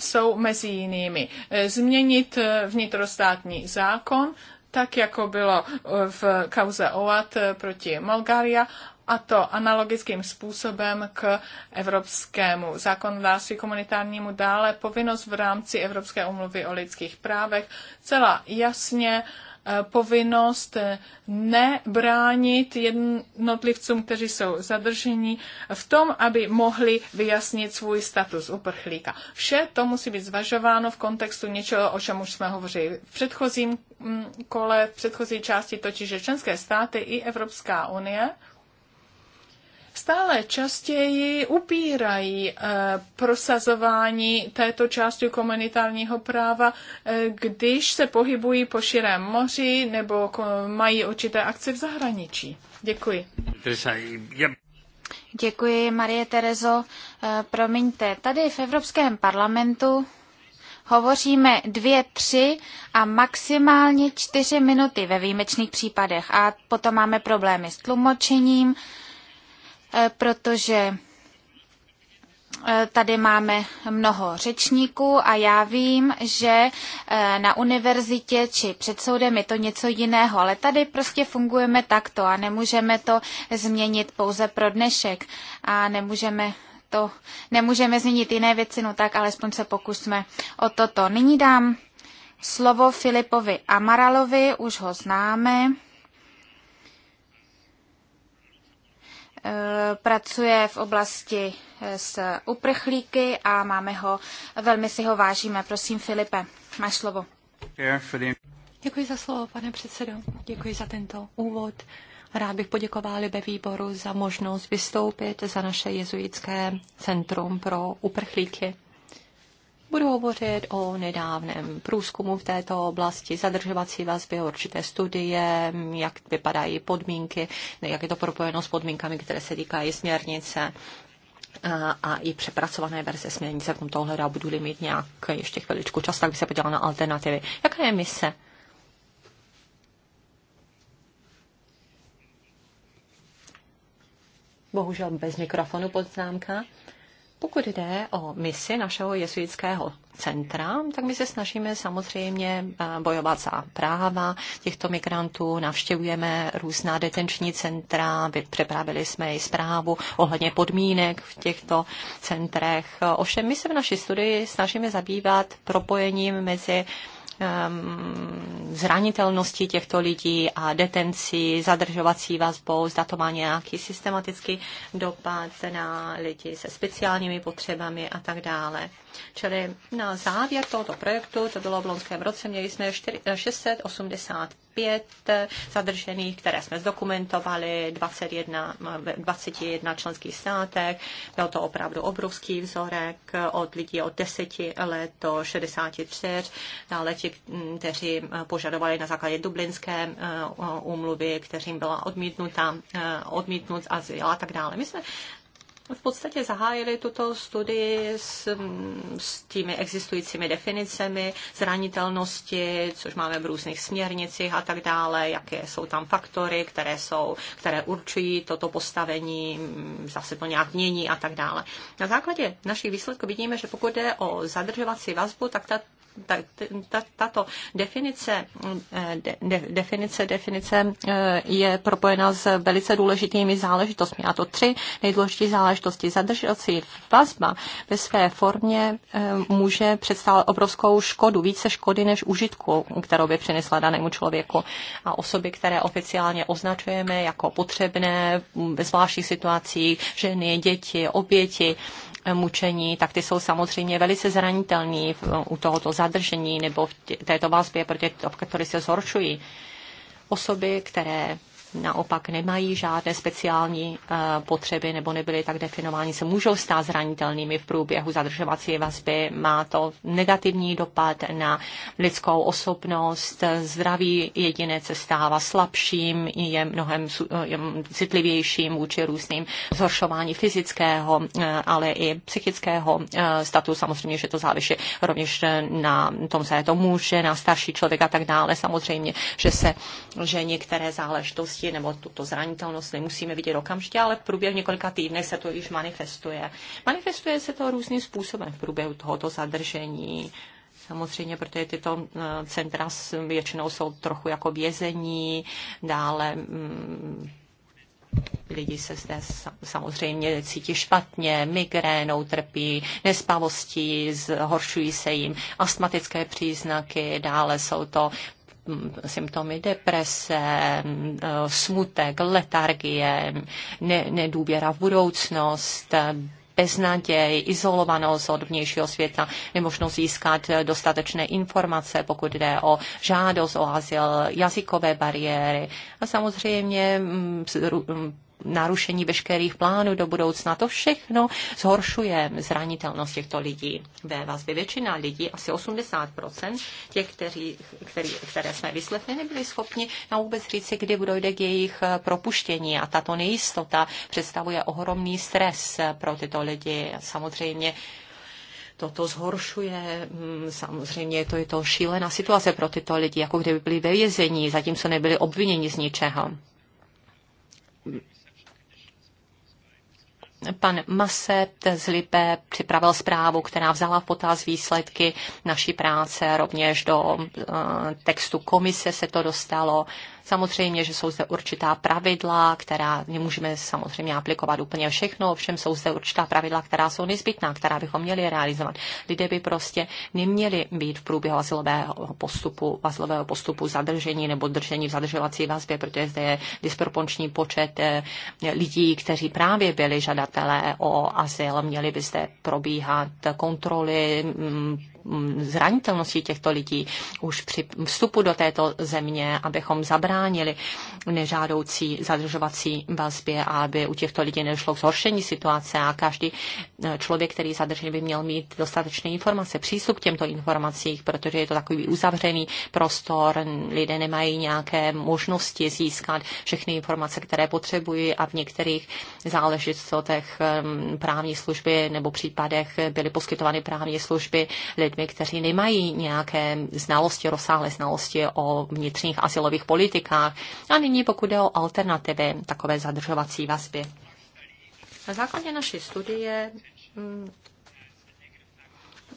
jsou mezi jinými eh, změnit eh, vnitrostátní zákon, tak jako bylo v kauze OAT proti Molgária, a to analogickým způsobem k evropskému zákonodárství komunitárnímu dále povinnost v rámci Evropské umluvy o lidských právech celá jasně uh, Eh, povinnost eh, nebránit jednotlivcům, kteří jsou zadrženi, v tom, aby mohli vyjasnit svůj status uprchlíka. Vše to musí být zvažováno v kontextu něčeho, o čem už jsme hovořili v předchozím mm, kole, v předchozí části, totiž že členské státy i Evropská unie stále častěji upírají eh, prosazování této části komunitárního práva, eh, když se pohybují po širém moři nebo mají určité akce v zahraničí. Děkuji. Děkuji, Marie Terezo. Eh, promiňte, tady v Evropském parlamentu hovoříme dvě, tři a maximálně čtyři minuty ve výjimečných případech a potom máme problémy s tlumočením, Eh, protože eh, tady máme mnoho řečníků a já vím, že eh, na univerzitě či před soudem je to něco jiného, ale tady prostě fungujeme takto a nemůžeme to změnit pouze pro dnešek a nemůžeme to, nemůžeme změnit jiné věci, no tak alespoň se pokusme o toto. Nyní dám slovo Filipovi Amaralovi, už ho známe. Eh, pracuje v oblasti eh, s uprchlíky a máme ho, velmi si ho vážíme. Prosím, Filipe, máš slovo. Děkuji za slovo, pane předsedo. Děkuji za tento úvod. Rád bych poděkoval Libe výboru za možnost vystoupit za naše jezuitské centrum pro uprchlíky. Budu hovořit o nedávném průzkumu v této oblasti, zadržovací vazby, určité studie, jak vypadají podmínky, jak je to propojeno s podmínkami, které se týkají směrnice a i přepracované verze směrnice v tomto ohledu a budu-li mít nějak ještě chviličku čas, tak bych se podívala na alternativy. Jaká je mise? Bohužel bez mikrofonu poznámka. Pokud jde o misi našeho jesuitského centra, tak my se snažíme samozřejmě eh, bojovat za práva těchto migrantů, navštěvujeme různá detenční centra, připravili jsme i zprávu ohledně podmínek v těchto centrech. Ovšem my se v naší studii snažíme zabývat propojením mezi Ehm, zranitelnosti těchto lidí a detenci, zadržovací vazbou, zda to má nějaký systematický dopad na lidi se speciálními potřebami a tak dále. Čili na závěr tohoto projektu, to bylo v loňském roce, měli jsme 4, 680 pět zadržených, které jsme zdokumentovali, 21, 21 členských státech. Byl to opravdu obrovský vzorek od lidí od 10 let do 63, dále ti, kteří požadovali na základě dublinské eh, úmluvy, kterým byla odmítnuta, eh, odmítnut azyl a tak dále. My jsme v podstatě zahájili tuto studii s, s těmi existujícími definicemi zranitelnosti, což máme v různých směrnicích a tak dále, jaké jsou tam faktory, které, jsou, které určují toto postavení, zase to nějak mění a tak dále. Na základě našich výsledků vidíme, že pokud jde o zadržovací vazbu, tak ta tato definice, eh, de, de, definice, definice eh, je propojena s velice důležitými záležitostmi. A to tři nejdůležitější záležitosti. Zadržovací vazba ve své formě eh, může představovat obrovskou škodu, více škody než užitku, kterou by přinesla danému člověku. A osoby, které oficiálně označujeme jako potřebné ve zvláštních situacích, ženy, děti, oběti, mučení, tak ty jsou samozřejmě velice zranitelní u tohoto zadržení nebo v této vazbě, protože ty které se zhoršují. Osoby, které naopak nemají žádné speciální eh, potřeby nebo nebyly tak definováni, se můžou stát zranitelnými v průběhu zadržovací vazby. Má to negativní dopad na lidskou osobnost, zdraví jedinec se stává slabším, je mnohem eh, je citlivějším vůči různým zhoršování fyzického, eh, ale i psychického statu. Samozřejmě, že to závisí rovněž na tom, co je to může na starší člověk a tak dále. Samozřejmě, že se, že některé záležitosti bolesti nebo tuto zranitelnost nemusíme vidět okamžitě, ale v průběhu několika týdnů se to již manifestuje. Manifestuje se to různým způsobem v průběhu tohoto zadržení, samozřejmě, protože tyto eh, centra většinou jsou trochu jako vězení, dále mm, lidi se zde samozřejmě cítí špatně, migrénou trpí, nespavostí, zhoršují se jim astmatické příznaky, dále jsou to symptomy deprese, smutek, letargie, ne, nedůvěra v budoucnost, beznaděj, izolovanost od vnějšího světa, nemožnost získat dostatečné informace, pokud jde o žádost o azyl, jazykové bariéry a samozřejmě mm, narušení veškerých plánů do budoucna. To všechno zhoršuje zranitelnost těchto lidí ve vazbě. Většina lidí, asi 80% těch, kteří, který, které jsme vyslechli, nebyli schopni na vůbec říci, kdy dojde k jejich eh, propuštění. A tato nejistota představuje ohromný stres eh, pro tyto lidi. Samozřejmě toto zhoršuje. Mm, samozřejmě to je to šílená situace pro tyto lidi, jako kdyby byli ve vězení, zatímco nebyli obviněni z ničeho pan Mase z Lipe připravil zprávu, která vzala v potaz výsledky naší práce, rovněž do eh, textu komise se to dostalo. Samozřejmě, že jsou zde určitá pravidla, která nemůžeme samozřejmě aplikovat úplně všechno, ovšem jsou zde určitá pravidla, která jsou nezbytná, která bychom měli realizovat. Lidé by prostě neměli být v průběhu asilového postupu, asilového postupu zadržení nebo držení v zadržovací vazbě, protože zde je disproporční počet eh, lidí, kteří právě byli žadatelé o azyl. Měli by zde probíhat kontroly, mm, Mm, zranitelnosti těchto lidí už při vstupu do této země, abychom zabránili nežádoucí zadržovací vazbě a aby u těchto lidí nešlo k zhoršení situace a každý eh, člověk, který je zadržený, by měl mít dostatečné informace, přístup k těmto informacím, protože je to takový uzavřený prostor, lidé nemají nějaké možnosti získat všechny informace, které potřebují a v některých záležitostech ehm, právní služby nebo případech byly poskytovány právní služby lid, lidmi, kteří nemají nějaké znalosti, rozsáhlé znalosti o vnitřních asilových politikách. A nyní pokud jde o alternativy takové zadržovací vazby. Na základě naší studie mm,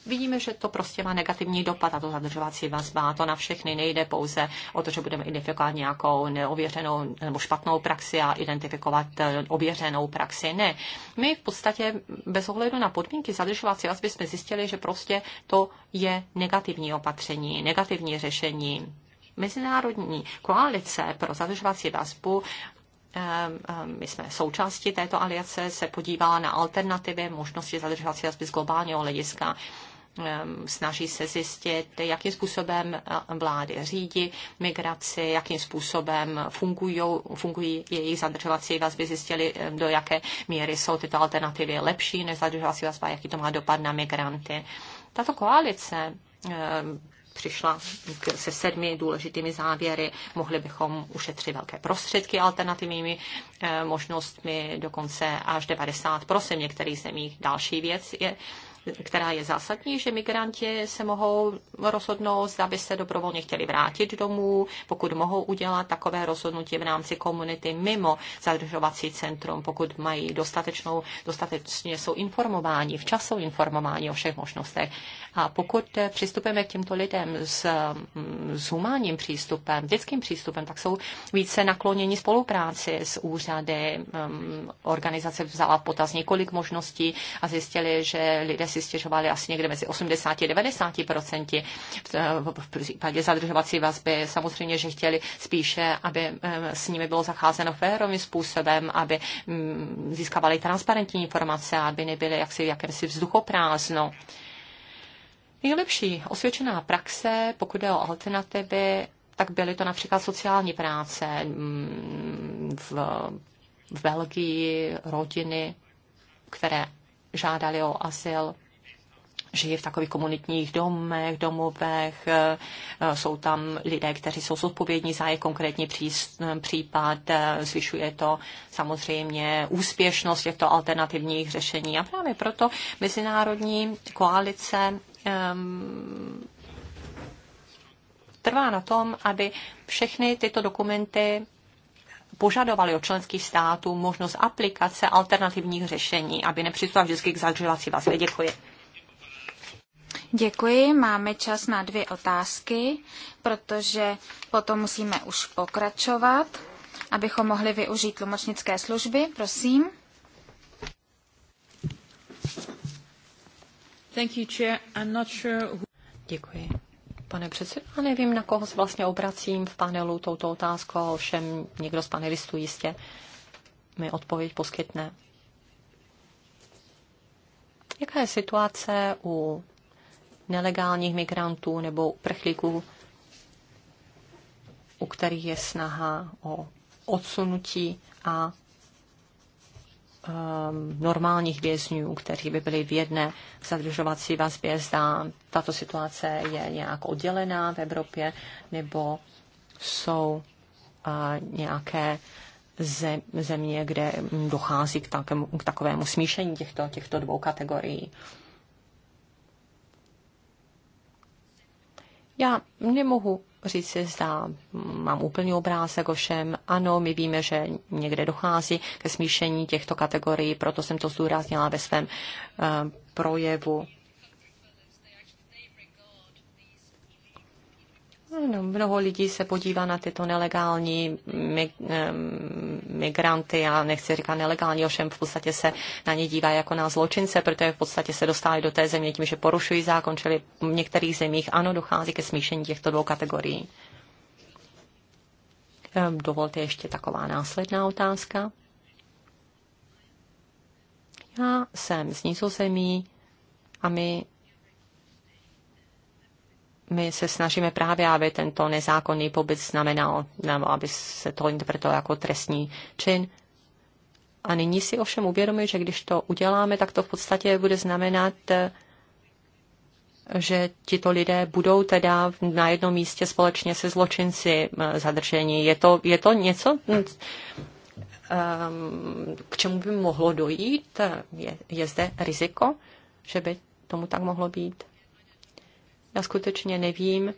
vidíme, že to prostě má negativní dopad a to zadržovací vazba a to na všechny nejde pouze o to, že budeme identifikovat nějakou neověřenou nebo špatnou praxi a identifikovat eh, ověřenou praxi. Ne. My v podstatě bez ohledu na podmínky zadržovací vazby jsme zjistili, že prostě to je negativní opatření, negativní řešení. Mezinárodní koalice pro zadržovací vazbu ehm, ehm, my jsme součástí této aliance, se podívala na alternativy možnosti zadržovací vazby z globálního hlediska. Ehm, snaží se zjistit, jakým způsobem eh, vlády řídí migraci, jakým způsobem fungují, fungují jejich zadržovací vazby, zjistili, eh, do jaké míry jsou tyto alternativy lepší než zadržovací vazba, jaký to má dopad na migranty. Tato koalice ehm, přišla se sedmi důležitými závěry. Mohli bychom ušetřit velké prostředky alternativními eh, možnostmi, dokonce až 90 v některých zemích. Další věc je která je zásadní, že migranti se mohou rozhodnout, zda by se dobrovolně chtěli vrátit domů, pokud mohou udělat takové rozhodnutí v rámci komunity mimo zadržovací centrum, pokud mají dostatečnou, dostatečně jsou informováni, včas jsou informováni o všech možnostech a pokud eh, přistupujeme k těmto lidem s, mm, s humánním přístupem, dětským přístupem, tak jsou více nakloněni spolupráci s úřady. Mm, organizace vzala v potaz několik možností a zjistili, že lidé si stěžovali asi někde mezi 80 a 90 procenty eh, v případě zadržovací vazby. Samozřejmě, že chtěli spíše, aby eh, s nimi bylo zacházeno férovým způsobem, aby mm, získávali transparentní informace, aby nebyly jaksi v jakémsi vzduchoprázdno. Nejlepší osvědčená praxe, pokud jde o alternativy, tak byly to například sociální práce mm, v, v Belgii, rodiny, které žádali o azyl, žijí v takových komunitních domech, domovech, eh, eh, jsou tam lidé, kteří jsou zodpovědní za jejich konkrétní eh, případ, zvyšuje to samozřejmě úspěšnost těchto alternativních řešení. A právě proto mezinárodní koalice um, trvá na tom, aby všechny tyto dokumenty požadovali od členských států možnost aplikace alternativních řešení, aby nepřistoupila vždycky k zadřilací vazbě. Děkuji. Děkuji, máme čas na dvě otázky, protože potom musíme už pokračovat, abychom mohli využít tlumočnické služby. Prosím. Děkuji. Pane předsedo, já nevím, na koho se vlastně obracím v panelu touto otázkou, ovšem někdo z panelistů jistě mi odpověď poskytne. Jaká je situace u nelegálních migrantů nebo prchlíků, u kterých je snaha o odsunutí a Um, normálních vězňů, kteří by byli v jedné zadržovací vazbě. Zda tato situace je nějak oddělená v Evropě, nebo jsou uh, nějaké země, kde dochází k, k takovému smíšení těchto, těchto dvou kategorií. Já nemohu říct že zda mám úplný obrázek ovšem. Ano, my víme, že někde dochází ke smíšení těchto kategorií, proto jsem to zdůraznila ve svém uh, projevu. No, mnoho lidí se podívá na tyto nelegální migranty, já nechci říkat nelegální, ovšem v podstatě se na ně dívá jako na zločince, protože v podstatě se dostali do té země tím, že porušují zákon, čili v některých zemích ano, dochází ke smíšení těchto dvou kategorií. Dovolte ještě taková následná otázka. Já jsem z Nízozemí a my my se snažíme právě, aby tento nezákonný pobyt znamenal, nebo aby se to interpretovalo jako trestní čin. A nyní si ovšem uvědomuji, že když to uděláme, tak to v podstatě bude znamenat, že tito lidé budou teda na jednom místě společně se zločinci eh, zadrženi. Je to, je to něco, hm, eh, k čemu by mohlo dojít? Je, je zde riziko, že by tomu tak mohlo být? Já skutečně nevím,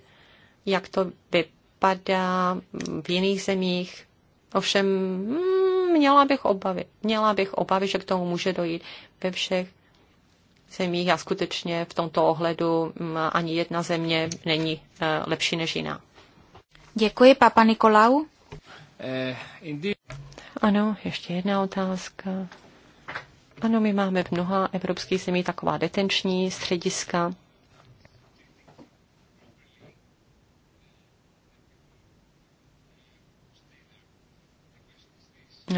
jak to vypadá v jiných zemích. Ovšem, mm, měla bych obavy. Měla bych obavy, že k tomu může dojít ve všech zemích a skutečně v tomto ohledu mm, ani jedna země není eh, lepší než jiná. Děkuji, papa Nikolau. Eh, ano, ještě jedna otázka. Ano, my máme v mnoha evropských zemích taková detenční střediska,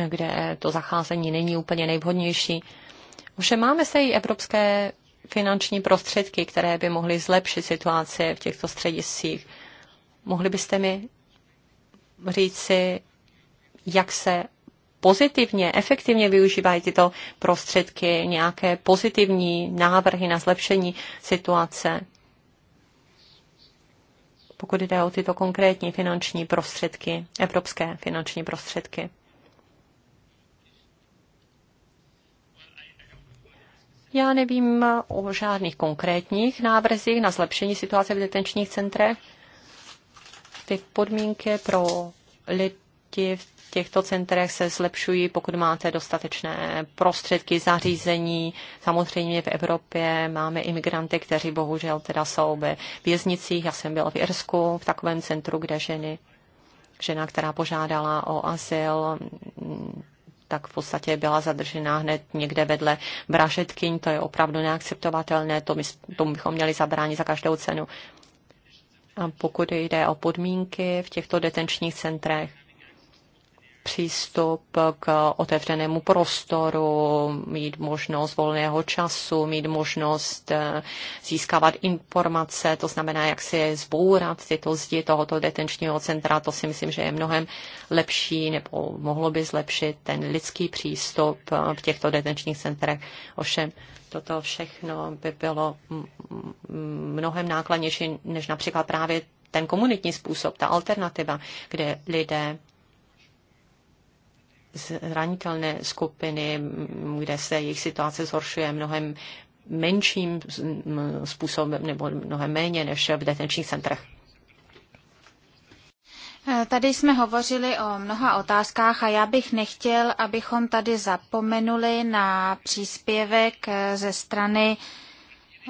kde to zacházení není úplně nejvhodnější. Že máme se i evropské finanční prostředky, které by mohly zlepšit situaci v těchto střediscích. Mohli byste mi říci, jak se pozitivně, efektivně využívají tyto prostředky, nějaké pozitivní návrhy na zlepšení situace, pokud jde o tyto konkrétní finanční prostředky, evropské finanční prostředky. Já nevím o žádných konkrétních návrzích na zlepšení situace v detenčních centrech. Ty podmínky pro lidi v těchto centrech se zlepšují, pokud máte dostatečné prostředky, zařízení. Samozřejmě v Evropě máme imigranty, kteří bohužel teda jsou ve věznicích. Já jsem byla v Irsku, v takovém centru, kde ženy, žena, která požádala o azyl, tak v podstatě byla zadržená hned někde vedle vražetkyň. To je opravdu neakceptovatelné, to my, tomu bychom měli zabránit za každou cenu. A pokud jde o podmínky v těchto detenčních centrech, přístup k otevřenému prostoru, mít možnost volného času, mít možnost eh, získávat informace, to znamená, jak si zbourat tyto zdi tohoto detenčního centra, to si myslím, že je mnohem lepší nebo mohlo by zlepšit ten lidský přístup eh, v těchto detenčních centrech. Ovšem, toto všechno by bylo mnohem nákladnější než například právě ten komunitní způsob, ta alternativa, kde lidé zranitelné skupiny, kde se jejich situace zhoršuje mnohem menším způsobem nebo mnohem méně než v detenčních centrech. Eh, tady jsme hovořili o mnoha otázkách a já bych nechtěl, abychom tady zapomenuli na příspěvek eh, ze strany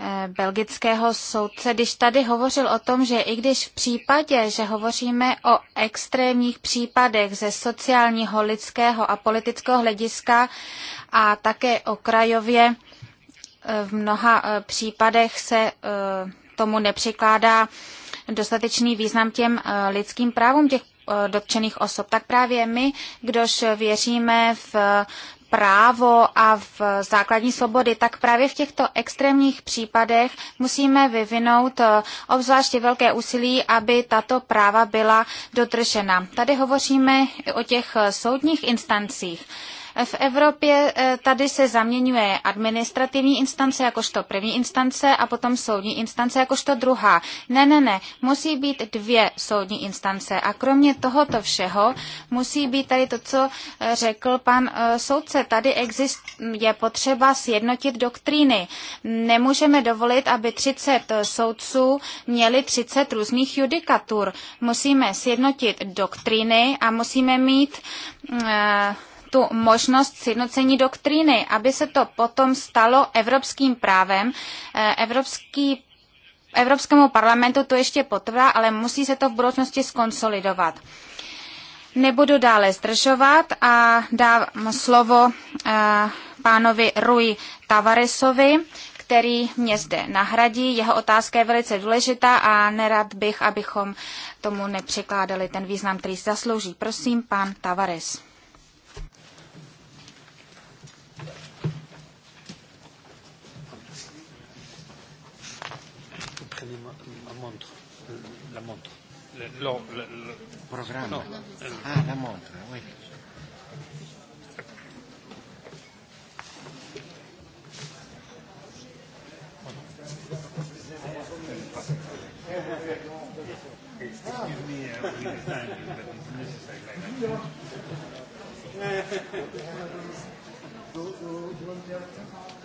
Eh, belgického soudce, když tady hovořil o tom, že i když v případě, že hovoříme o extrémních případech ze sociálního, lidského a politického hlediska a také o krajově, eh, v mnoha eh, případech se tomu nepřikládá dostatečný význam těm lidským právům těch dotčených osob. Tak právě my, kdož věříme v právo a v základní svobody, tak právě v těchto extrémních případech musíme vyvinout eh, obzvláště velké úsilí, aby tato práva byla dotržena. Tady hovoříme o těch eh, soudních instancích. V Evropě eh, tady se zaměňuje administrativní instance jakožto první instance a potom soudní instance jakožto druhá. Ne, ne, ne, musí být dvě soudní instance a kromě tohoto všeho musí být tady to, co eh, řekl pan eh, soudce. Tady exist, je potřeba sjednotit doktríny. Nemůžeme dovolit, aby 30 soudců měli 30 různých judikatur. Musíme sjednotit doktríny a musíme mít uh, tu možnost sjednocení doktríny, aby se to potom stalo evropským právem. Eh, evropský Evropskému parlamentu to ještě potvrdá, ale musí se to v budoucnosti skonsolidovat. Nebudu dále zdržovat a dám slovo eh, pánovi Rui Tavaresovi, který mě zde nahradí. Jeho otázka je velice důležitá a nerad bych, abychom tomu nepřikládali ten význam, který zaslouží. Prosím, pan Tavares. lo, lo, lo programma. No, Ah, la montra, oui. Excuse me, you, but it's necessary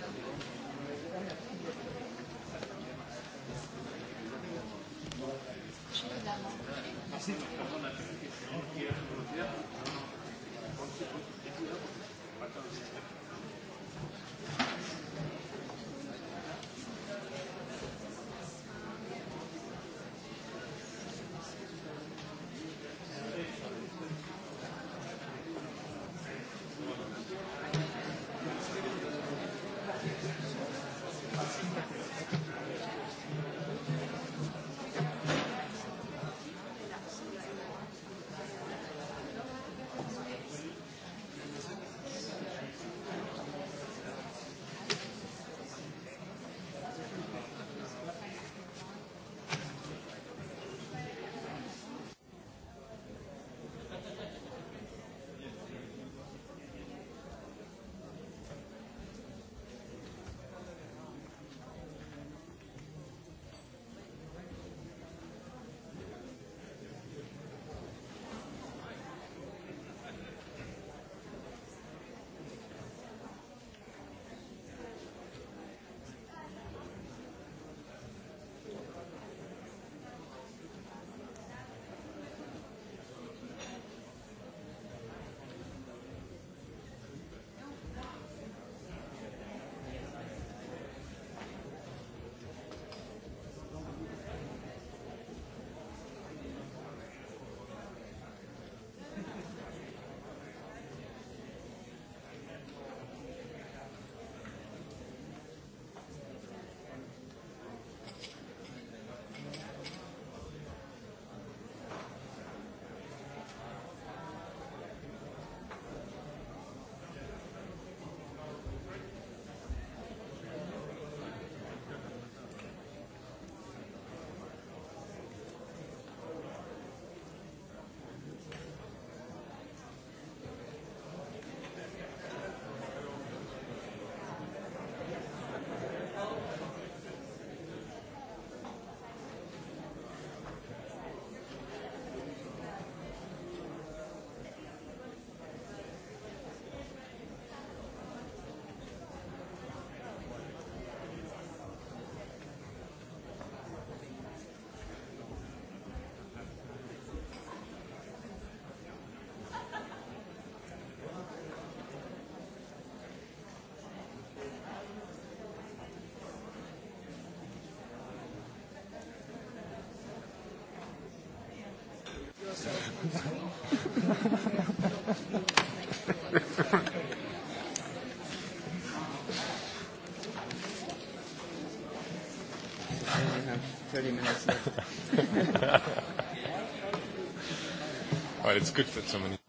Sí, perdona, pero es que si no quiero Well, it's good that somebody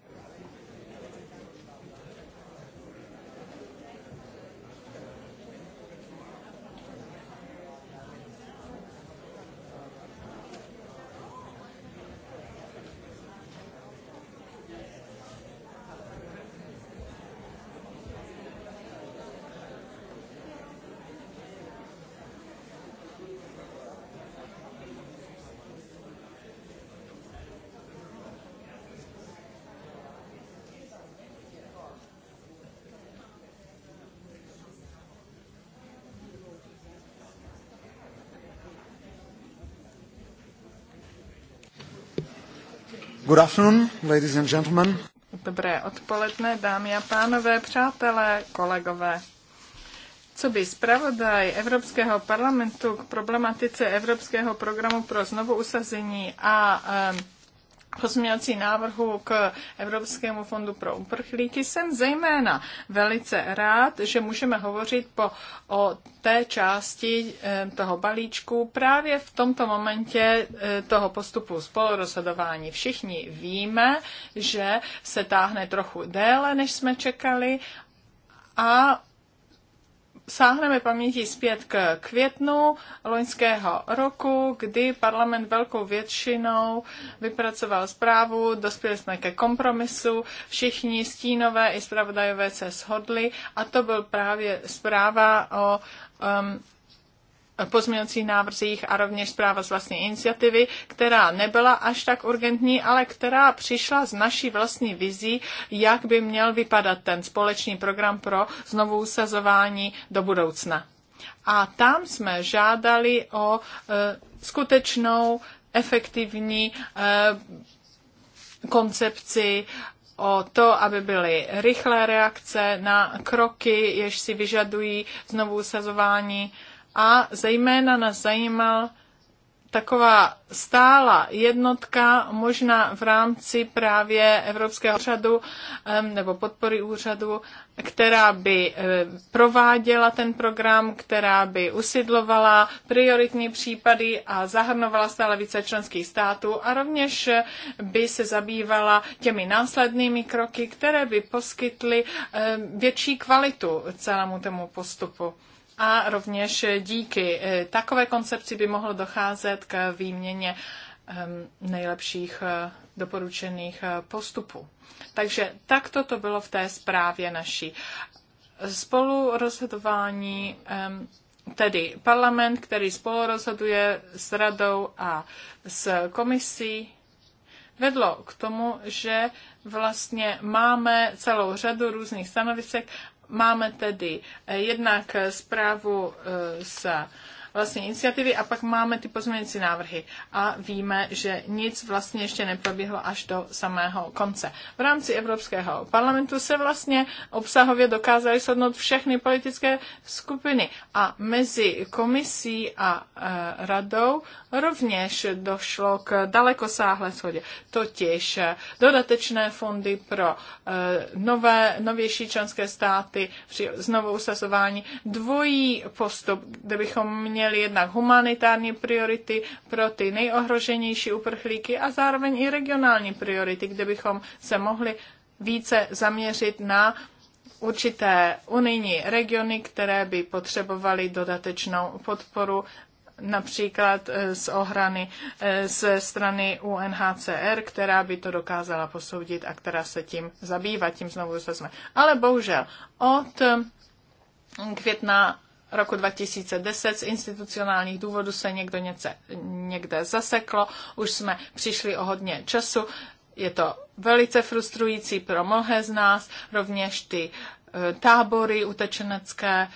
Good afternoon, ladies and gentlemen. Dobré odpoledne, dámy a pánové, přátelé, kolegové. Co by zpravodaj Evropského parlamentu k problematice Evropského programu pro znovu usazení a pozměňovací návrhu k Evropskému fondu pro uprchlíky jsem zejména velice rád, že můžeme hovořit po, o té části eh, toho balíčku právě v tomto momentě eh, toho postupu spolurozhodování. Všichni víme, že se táhne trochu déle, než jsme čekali a sáhneme paměti zpět k květnu loňského roku, kdy parlament velkou většinou vypracoval zprávu, dospěli jsme ke kompromisu, všichni stínové i zpravodajové se shodli a to byl právě zpráva o um, pozměňovacích návrzích a rovněž zpráva z vlastní iniciativy, která nebyla až tak urgentní, ale která přišla z naší vlastní vizí, jak by měl vypadat ten společný program pro znovu usazování do budoucna. A tam jsme žádali o e, skutečnou efektivní e, koncepci o to, aby byly rychlé reakce na kroky, jež si vyžadují znovu usazování a zejména nás zajímal taková stála jednotka, možná v rámci právě Evropského úřadu nebo podpory úřadu, která by eh, prováděla ten program, která by usidlovala prioritní případy a zahrnovala stále více členských států a rovněž eh, by se zabývala těmi následnými kroky, které by poskytly větší kvalitu celému tomu postupu. A rovněž díky takové koncepci by mohlo docházet k výměně nejlepších eh, doporučených eh, postupů. Takže takto to bylo v té zprávě naší. Spolu rozhodování, tedy parlament, který spolu rozhoduje s radou a s komisí, vedlo k tomu, že vlastně máme celou řadu různých stanovisek Máme tedy eh, jednak eh, zprávu eh, z Vlastně iniciativy a pak máme ty pozměňující návrhy. A víme, že nic vlastně ještě neproběhlo až do samého konce. V rámci Evropského parlamentu se vlastně obsahově dokázaly shodnout všechny politické skupiny a mezi komisí a e, radou rovněž došlo k dalekosáhlé shodě. Totiž e, dodatečné fondy pro e, nové, novější členské státy při znovu usazování, dvojí postup, kde bychom měli měli jednak humanitární priority pro ty nejohroženější uprchlíky a zároveň i regionální priority, kde bychom se mohli více zaměřit na určité unijní regiony, které by potřebovaly dodatečnou podporu například eh, z ohrany eh, ze strany UNHCR, která by to dokázala posoudit a která se tím zabývá, tím znovu jsme. Ale bohužel od května roku 2010 z institucionálních důvodů se někdo něce, někde zaseklo, už jsme přišli o hodně času. Je to velice frustrující pro mnohé z nás, rovněž ty e, tábory utečenecké,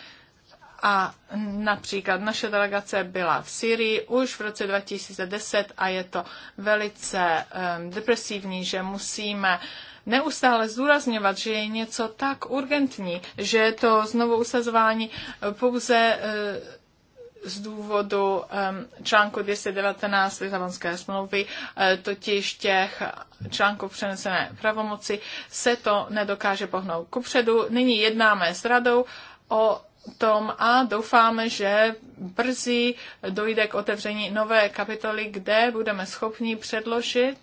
a například naše delegace byla v Syrii už v roce 2010 a je to velice um, depresivní, že musíme neustále zdůrazňovat, že je něco tak urgentní, že je to znovu usazování pouze uh, z důvodu um, článku 219 Lisabonské smlouvy, uh, totiž těch článků přenesené pravomoci, se to nedokáže pohnout kupředu. Nyní jednáme s radou o tom a doufáme, že brzy dojde k otevření nové kapitoly, kde budeme schopni předložit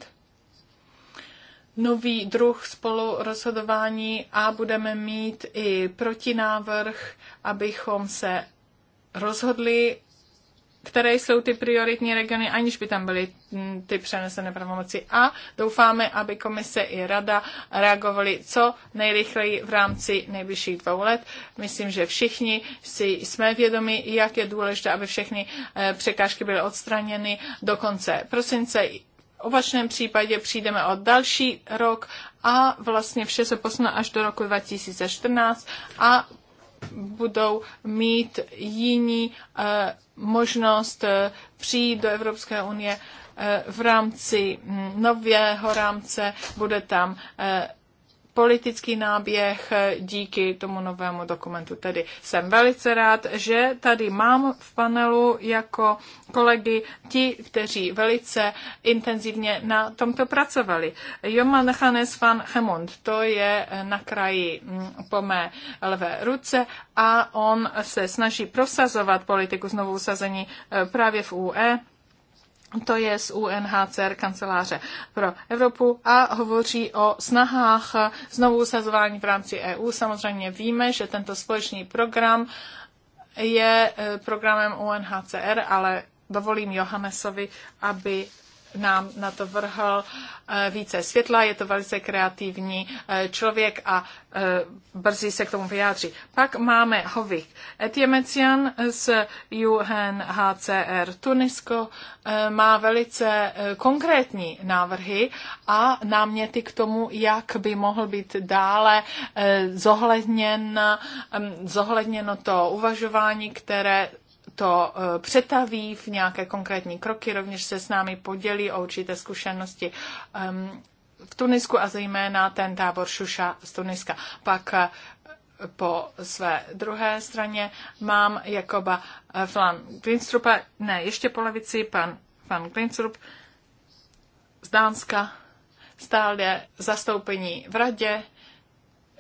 nový druh spolurozhodování a budeme mít i protinávrh, abychom se rozhodli které jsou ty prioritní regiony, aniž by tam byly mm, ty přenesené pravomoci. A doufáme, aby komise i rada reagovali co nejrychleji v rámci nejbližších dvou let. Myslím, že všichni si jsme vědomi, jak je důležité, aby všechny eh, překážky byly odstraněny do konce prosince. V opačném případě přijdeme o další rok a vlastně vše se posune až do roku 2014 a budou mít jiní eh, možnost eh, přijít do Evropské unie eh, v rámci mm, nového rámce, bude tam politický náběh díky tomu novému dokumentu. Tedy jsem velice rád, že tady mám v panelu jako kolegy ti, kteří velice intenzivně na tomto pracovali. Joman Hannes van Hemond, to je na kraji mm, po mé levé ruce a on se snaží prosazovat politiku znovu usazení e, právě v UE to je z UNHCR kanceláře pro Evropu a hovoří o snahách znovu usazování v rámci EU. Samozřejmě víme, že tento společný program je eh, programem UNHCR, ale dovolím Johannesovi, aby nám na to vrhl eh, více světla, je to velice kreativní eh, člověk a eh, brzy se k tomu vyjádří. Pak máme Hovik Etiemecian z UNHCR Tunisko, má velice konkrétní návrhy a náměty k tomu, jak by mohl být dále zohledněn, zohledněno to uvažování, které to eh, přetaví v nějaké konkrétní kroky, rovněž se s námi podělí o určité zkušenosti ehm, v Tunisku a zejména ten tábor Šuša z Tuniska. Pak eh, po své druhé straně mám Jakoba eh, Flan Grinstrupa, ne, ještě po levici pan Van Grinstrup z Dánska, stále zastoupení v radě,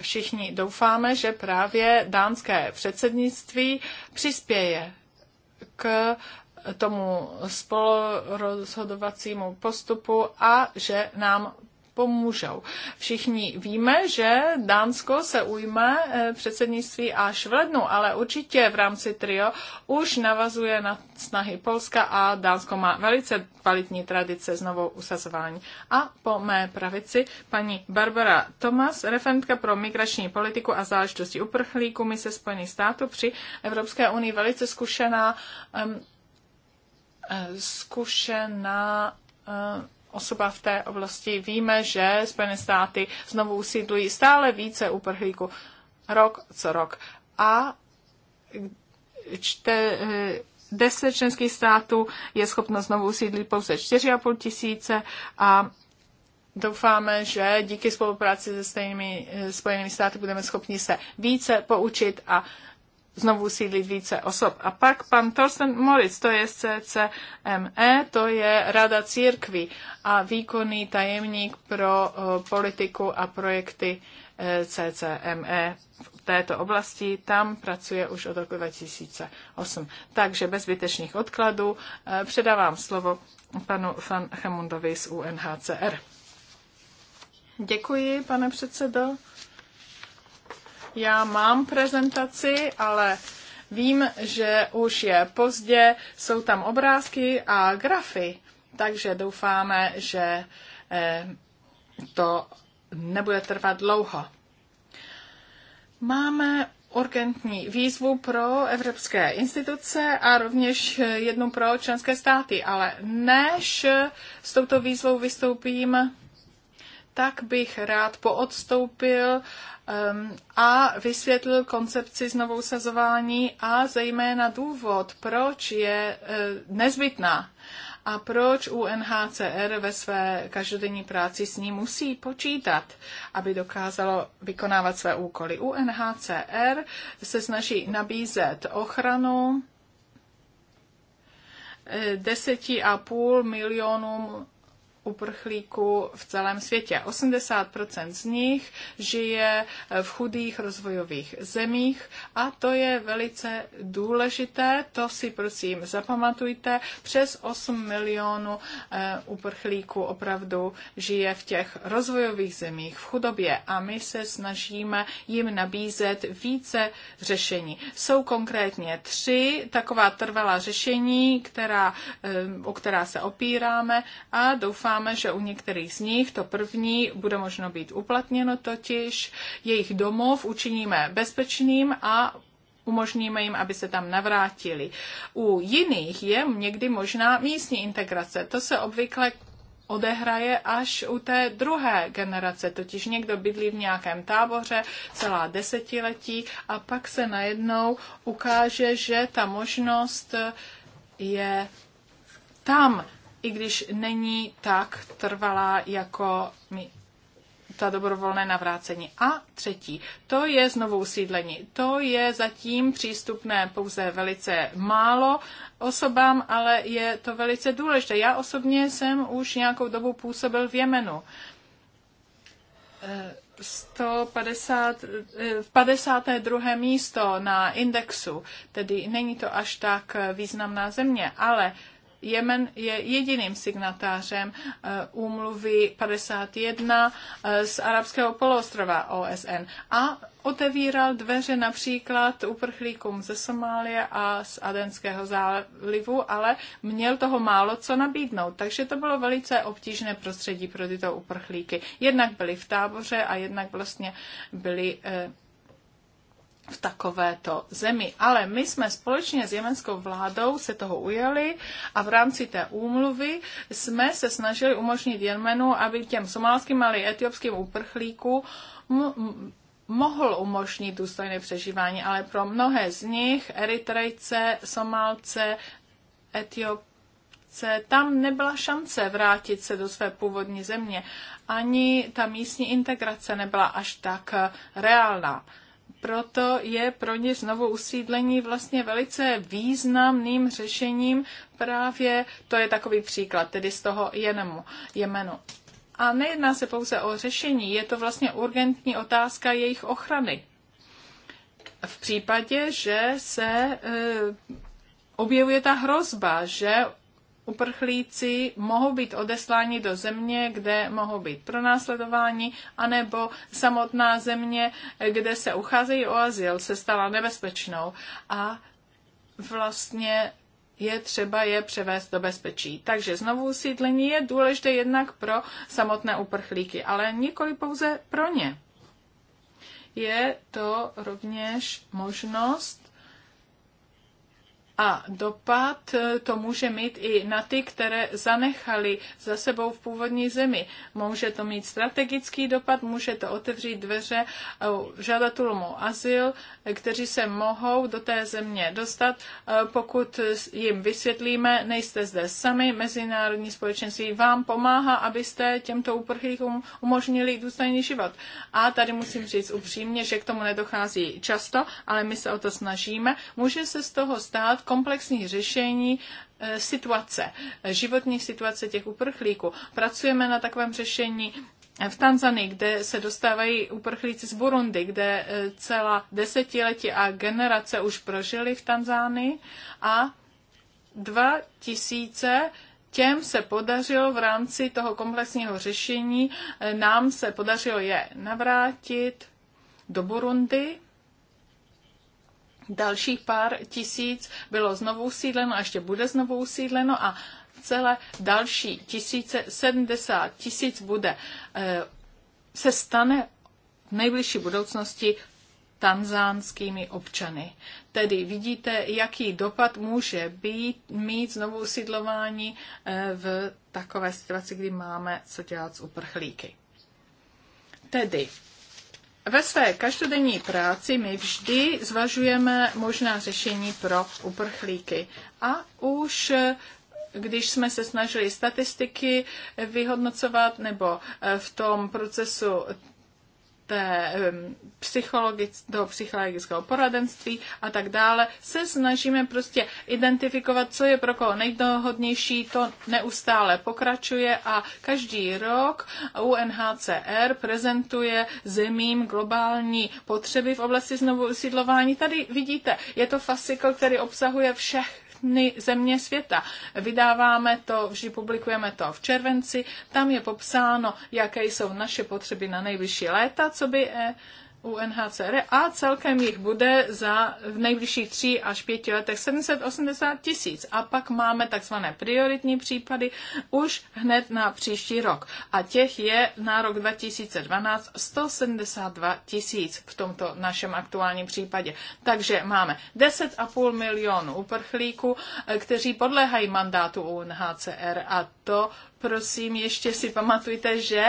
všichni doufáme, že právě dánské předsednictví přispěje k tomu spolurozhodovacímu postupu a že nám pomůžou. Všichni víme, že Dánsko se ujme eh, předsednictví až v lednu, ale určitě v rámci trio už navazuje na snahy Polska a Dánsko má velice kvalitní tradice znovu usazování. A po mé pravici paní Barbara Thomas, referentka pro migrační politiku a záležitosti uprchlíků Mise Spojených států při Evropské unii velice zkušená um, zkušená um, osoba v té oblasti. Víme, že Spojené státy znovu usídlují stále více uprchlíků rok co rok. A čte, eh, deset členských států je schopno znovu usídlit pouze 4,5 tisíce a Doufáme, že díky spolupráci se stejnými eh, Spojenými státy budeme schopni se více poučit a znovu sídlit více osob. A pak pan Thorsten Moritz, to je CCME, to je Rada církví a výkonný tajemník pro eh, politiku a projekty eh, CCME v této oblasti, tam pracuje už od roku 2008. Takže bez zbytečných odkladů eh, předávám slovo panu Van Hemundovi z UNHCR. Děkuji, pane předsedo. Já mám prezentaci, ale vím, že už je pozdě, jsou tam obrázky a grafy, takže doufáme, že eh, to nebude trvat dlouho. Máme urgentní výzvu pro evropské instituce a rovněž jednu pro členské státy, ale než s touto výzvou vystoupím, tak bych rád poodstoupil Ehm, a vysvětlil koncepci znovu sazování a zejména důvod, proč je eh, nezbytná a proč UNHCR ve své každodenní práci s ní musí počítat, aby dokázalo vykonávat své úkoly. UNHCR se snaží nabízet ochranu eh, deseti a půl milionům uprchlíků v celém světě. 80% z nich žije v chudých rozvojových zemích a to je velice důležité, to si prosím zapamatujte, přes 8 milionů eh, uprchlíků opravdu žije v těch rozvojových zemích v chudobě a my se snažíme jim nabízet více řešení. Jsou konkrétně tři taková trvalá řešení, která, eh, o která se opíráme a doufám, doufáme, že u některých z nich to první bude možno být uplatněno, totiž jejich domov učiníme bezpečným a umožníme jim, aby se tam navrátili. U jiných je někdy možná místní integrace. To se obvykle odehraje až u té druhé generace, totiž někdo bydlí v nějakém táboře celá desetiletí a pak se najednou ukáže, že ta možnost je tam i když není tak trvalá jako my ta dobrovolné navrácení. A třetí, to je znovu usídlení. To je zatím přístupné pouze velice málo osobám, ale je to velice důležité. Já osobně jsem už nějakou dobu působil v Jemenu. 150, 52. Eh, místo na indexu, tedy není to až tak významná země, ale Jemen je jediným signatářem eh, úmluvy 51 eh, z arabského poloostrova OSN a otevíral dveře například uprchlíkům ze Somálie a z Adenského zálivu, ale měl toho málo co nabídnout, takže to bylo velice obtížné prostředí pro tyto uprchlíky. Jednak byli v táboře a jednak vlastně byli eh, v takovéto zemi. Ale my jsme společně s jemenskou vládou se toho ujeli a v rámci té úmluvy jsme se snažili umožnit Jemenu, aby těm somálským, ale i etiopským uprchlíkům mohl umožnit důstojné přežívání, ale pro mnohé z nich, Eritrejce, Somálce, Etiopce, tam nebyla šance vrátit se do své původní země. Ani ta místní integrace nebyla až tak reálná proto je pro ně znovu usídlení vlastně velice významným řešením právě, to je takový příklad, tedy z toho jenemu, Jemenu. A nejedná se pouze o řešení, je to vlastně urgentní otázka jejich ochrany. V případě, že se e, objevuje ta hrozba, že uprchlíci mohou být odesláni do země, kde mohou být pronásledováni, anebo samotná země, kde se ucházejí o azyl, se stala nebezpečnou a vlastně je třeba je převést do bezpečí. Takže znovu usídlení je důležité jednak pro samotné uprchlíky, ale nikoli pouze pro ně. Je to rovněž možnost a dopad eh, to může mít i na ty, které zanechali za sebou v původní zemi. Může to mít strategický dopad, může to otevřít dveře eh, žadatelům o azyl, eh, kteří se mohou do té země dostat, pokud jim vysvětlíme, nejste zde sami, mezinárodní společenství vám pomáhá, abyste těmto uprchlíkům umožnili důstojný život. A tady musím říct upřímně, že k tomu nedochází často, ale my se o to snažíme. Může se z toho stát komplexních komplexní řešení eh, situace, životní situace těch uprchlíků. Pracujeme na takovém řešení v Tanzanii, kde se dostávají uprchlíci z Burundi, kde eh, celá desetiletí a generace už prožili v Tanzánii a dva tisíce těm se podařilo v rámci toho komplexního řešení, eh, nám se podařilo je navrátit do Burundi dalších pár tisíc bylo znovu usídleno a ještě bude znovu usídleno a celé další tisíce, 70 tisíc bude, eh, se stane v nejbližší budoucnosti tanzánskými občany. Tedy vidíte, jaký dopad může být, mít znovu usídlování eh, v takové situaci, kdy máme co dělat s uprchlíky. Tedy ve své každodenní práci my vždy zvažujeme možná řešení pro uprchlíky. A už eh, když jsme se snažili statistiky vyhodnocovat nebo eh, v tom procesu té psychologic, toho psychologického poradenství a tak dále, se snažíme prostě identifikovat, co je pro koho nejdohodnější, to neustále pokračuje a každý rok UNHCR prezentuje zemím globální potřeby v oblasti znovu usídlování. Tady vidíte, je to fascikl, který obsahuje všech všechny země světa. Vydáváme to, vždy publikujeme to v červenci, tam je popsáno, jaké jsou naše potřeby na nejbližší léta, co by eh, UNHCR a celkem jich bude za v nejbližších 3 až 5 letech 780 tisíc. A pak máme takzvané prioritní případy už hned na příští rok. A těch je na rok 2012 172 tisíc v tomto našem aktuálním případě. Takže máme 10,5 milionů uprchlíků, eh, kteří podléhají mandátu UNHCR a to prosím, ještě si pamatujte, že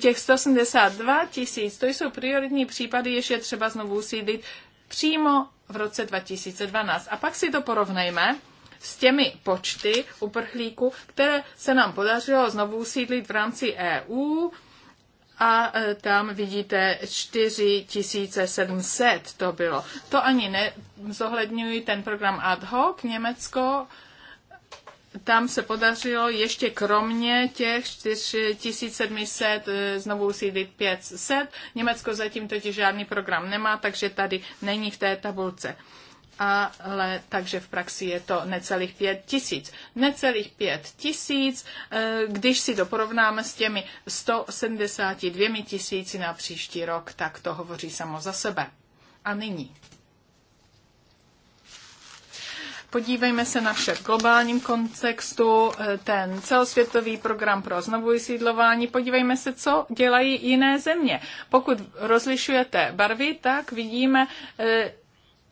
těch 182 tisíc, to jsou prioritní případy, ještě je třeba znovu sídlit přímo v roce 2012. A pak si to porovnejme s těmi počty uprchlíků, které se nám podařilo znovu usídlit v rámci EU a e, tam vidíte 4700 to bylo. To ani nezohledňují ten program ad hoc Německo, tam se podařilo ještě kromě těch 4700 eh, znovu usídlit 500. Německo zatím totiž žádný program nemá, takže tady není v té tabulce. Ale takže v praxi je to necelých pět tisíc. Necelých pět tisíc, eh, když si to porovnáme s těmi 172 tisíci na příští rok, tak to hovoří samo za sebe. A nyní Podívejme se na vše v globálním kontextu, eh, ten celosvětový program pro znovu vysídlování. Podívejme se, co dělají jiné země. Pokud rozlišujete barvy, tak vidíme, eh,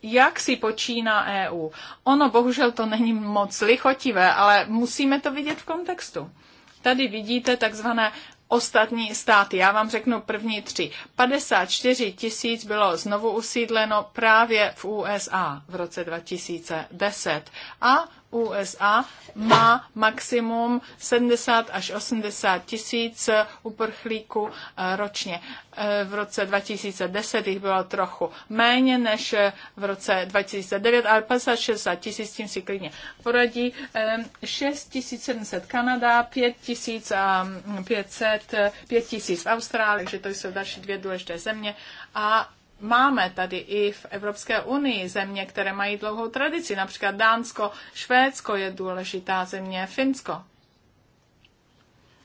jak si počíná EU. Ono bohužel to není moc lichotivé, ale musíme to vidět v kontextu. Tady vidíte takzvané ostatní státy. Já vám řeknu první tři. 54 tisíc bylo znovu usídleno právě v USA v roce 2010 a USA má maximum 70 až 80 tisíc uprchlíků eh, ročně. Eh, v roce 2010 jich bylo trochu méně než eh, v roce 2009, ale 50-60 tisíc tím si klidně poradí. 6700 Kanada, 5 5000 v Austrálii, takže to jsou další dvě důležité země a máme tady i v Evropské unii země, které mají dlouhou tradici, například Dánsko, Švédsko je důležitá země, Finsko.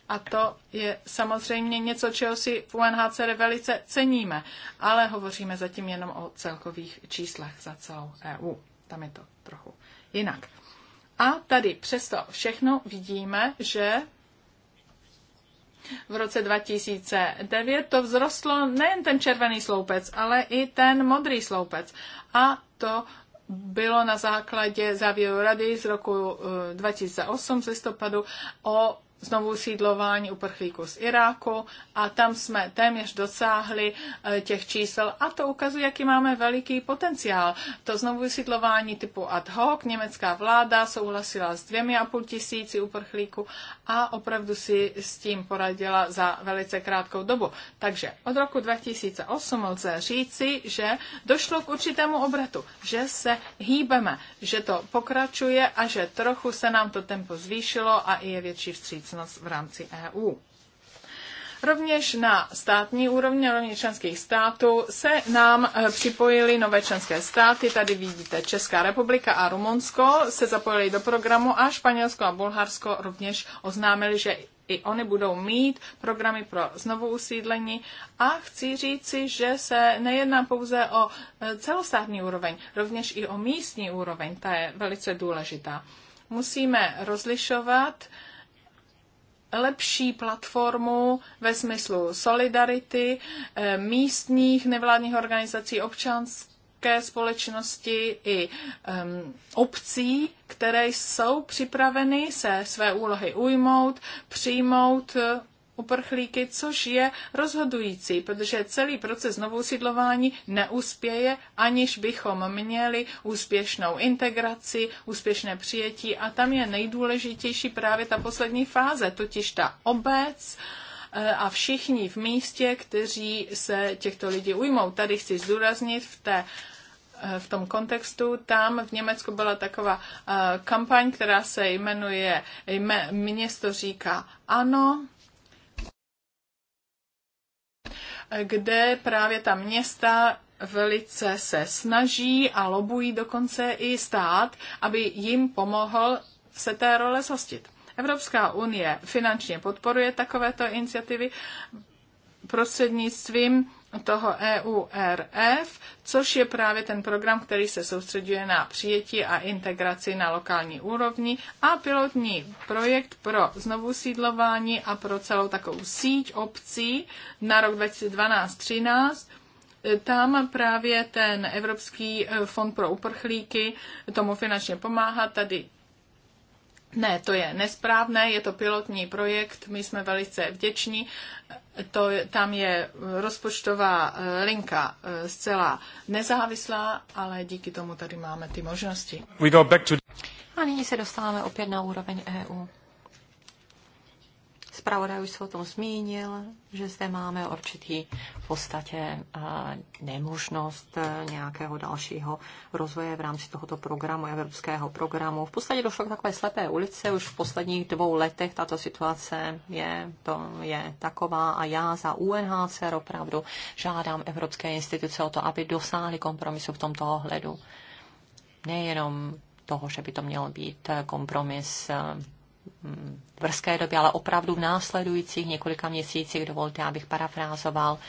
A to je samozřejmě něco, čeho si v UNHCR velice ceníme, ale hovoříme zatím jenom o celkových číslech za celou EU. Tam je to trochu jinak. A tady přesto všechno vidíme, že v roce 2009, to vzrostlo nejen ten červený sloupec, ale i ten modrý sloupec. A to bylo na základě závěru rady z roku 2008 eh, z listopadu o znovu sídlování uprchlíků z Iráku a tam jsme téměř dosáhli eh, těch čísel a to ukazuje, jaký máme veliký potenciál. To znovu sídlování typu ad hoc, německá vláda souhlasila s dvěmi a půl tisíci uprchlíků a opravdu si s tím poradila za velice krátkou dobu. Takže od roku 2008 lze říci, že došlo k určitému obratu, že se hýbeme, že to pokračuje a že trochu se nám to tempo zvýšilo a i je větší vstříc zaměstnanost v rámci EU. Rovněž na státní úrovni, rovněž členských států, se nám eh, připojily nové členské státy. Tady vidíte Česká republika a Rumunsko se zapojili do programu a Španělsko a Bulharsko rovněž oznámili, že i oni budou mít programy pro znovu usídlení a chci říci, že se nejedná pouze o eh, celostátní úroveň, rovněž i o místní úroveň, ta je velice důležitá. Musíme rozlišovat uh, lepší platformu ve smyslu solidarity eh, místních nevládních organizací občanských občanské společnosti i um, obcí, které jsou připraveny se své úlohy ujmout, přijmout uprchlíky, což je rozhodující, protože celý proces sídlování neuspěje, aniž bychom měli úspěšnou integraci, úspěšné přijetí a tam je nejdůležitější právě ta poslední fáze, totiž ta obec, eh, a všichni v místě, kteří se těchto lidí ujmou. Tady chci zdůraznit v té eh, v tom kontextu. Tam v Německu byla taková eh, kampaň, která se jmenuje jmen, Město říká ano kde právě ta města velice se snaží a lobují dokonce i stát, aby jim pomohl se té role zhostit. Evropská unie finančně podporuje takovéto iniciativy prostřednictvím toho EURF, což je právě ten program, který se soustředuje na přijetí a integraci na lokální úrovni a pilotní projekt pro znovu sídlování a pro celou takovou síť obcí na rok 2012 2013 Tam právě ten Evropský fond pro uprchlíky tomu finančně pomáhá. Tady ne, to je nesprávné, je to pilotní projekt, my jsme velice vděční. To, tam je rozpočtová eh, linka eh, zcela nezávislá, ale díky tomu tady máme ty možnosti. We go back to... A nyní se dostáváme opět na úroveň EU. Spravodaj už se o tom zmínil, že zde máme určitý v podstatě nemožnost e, nějakého dalšího rozvoje v rámci tohoto programu, evropského programu. V podstatě došlo k takové slepé ulice. už v posledních dvou letech tato situace je, to je taková a já za UNHCR opravdu žádám evropské instituce o to, aby dosáhly kompromisu v tomto ohledu. Nejenom toho, že by to měl být e, kompromis e, v brzké době, ale opravdu v následujících několika měsících, dovolte, abych parafrázoval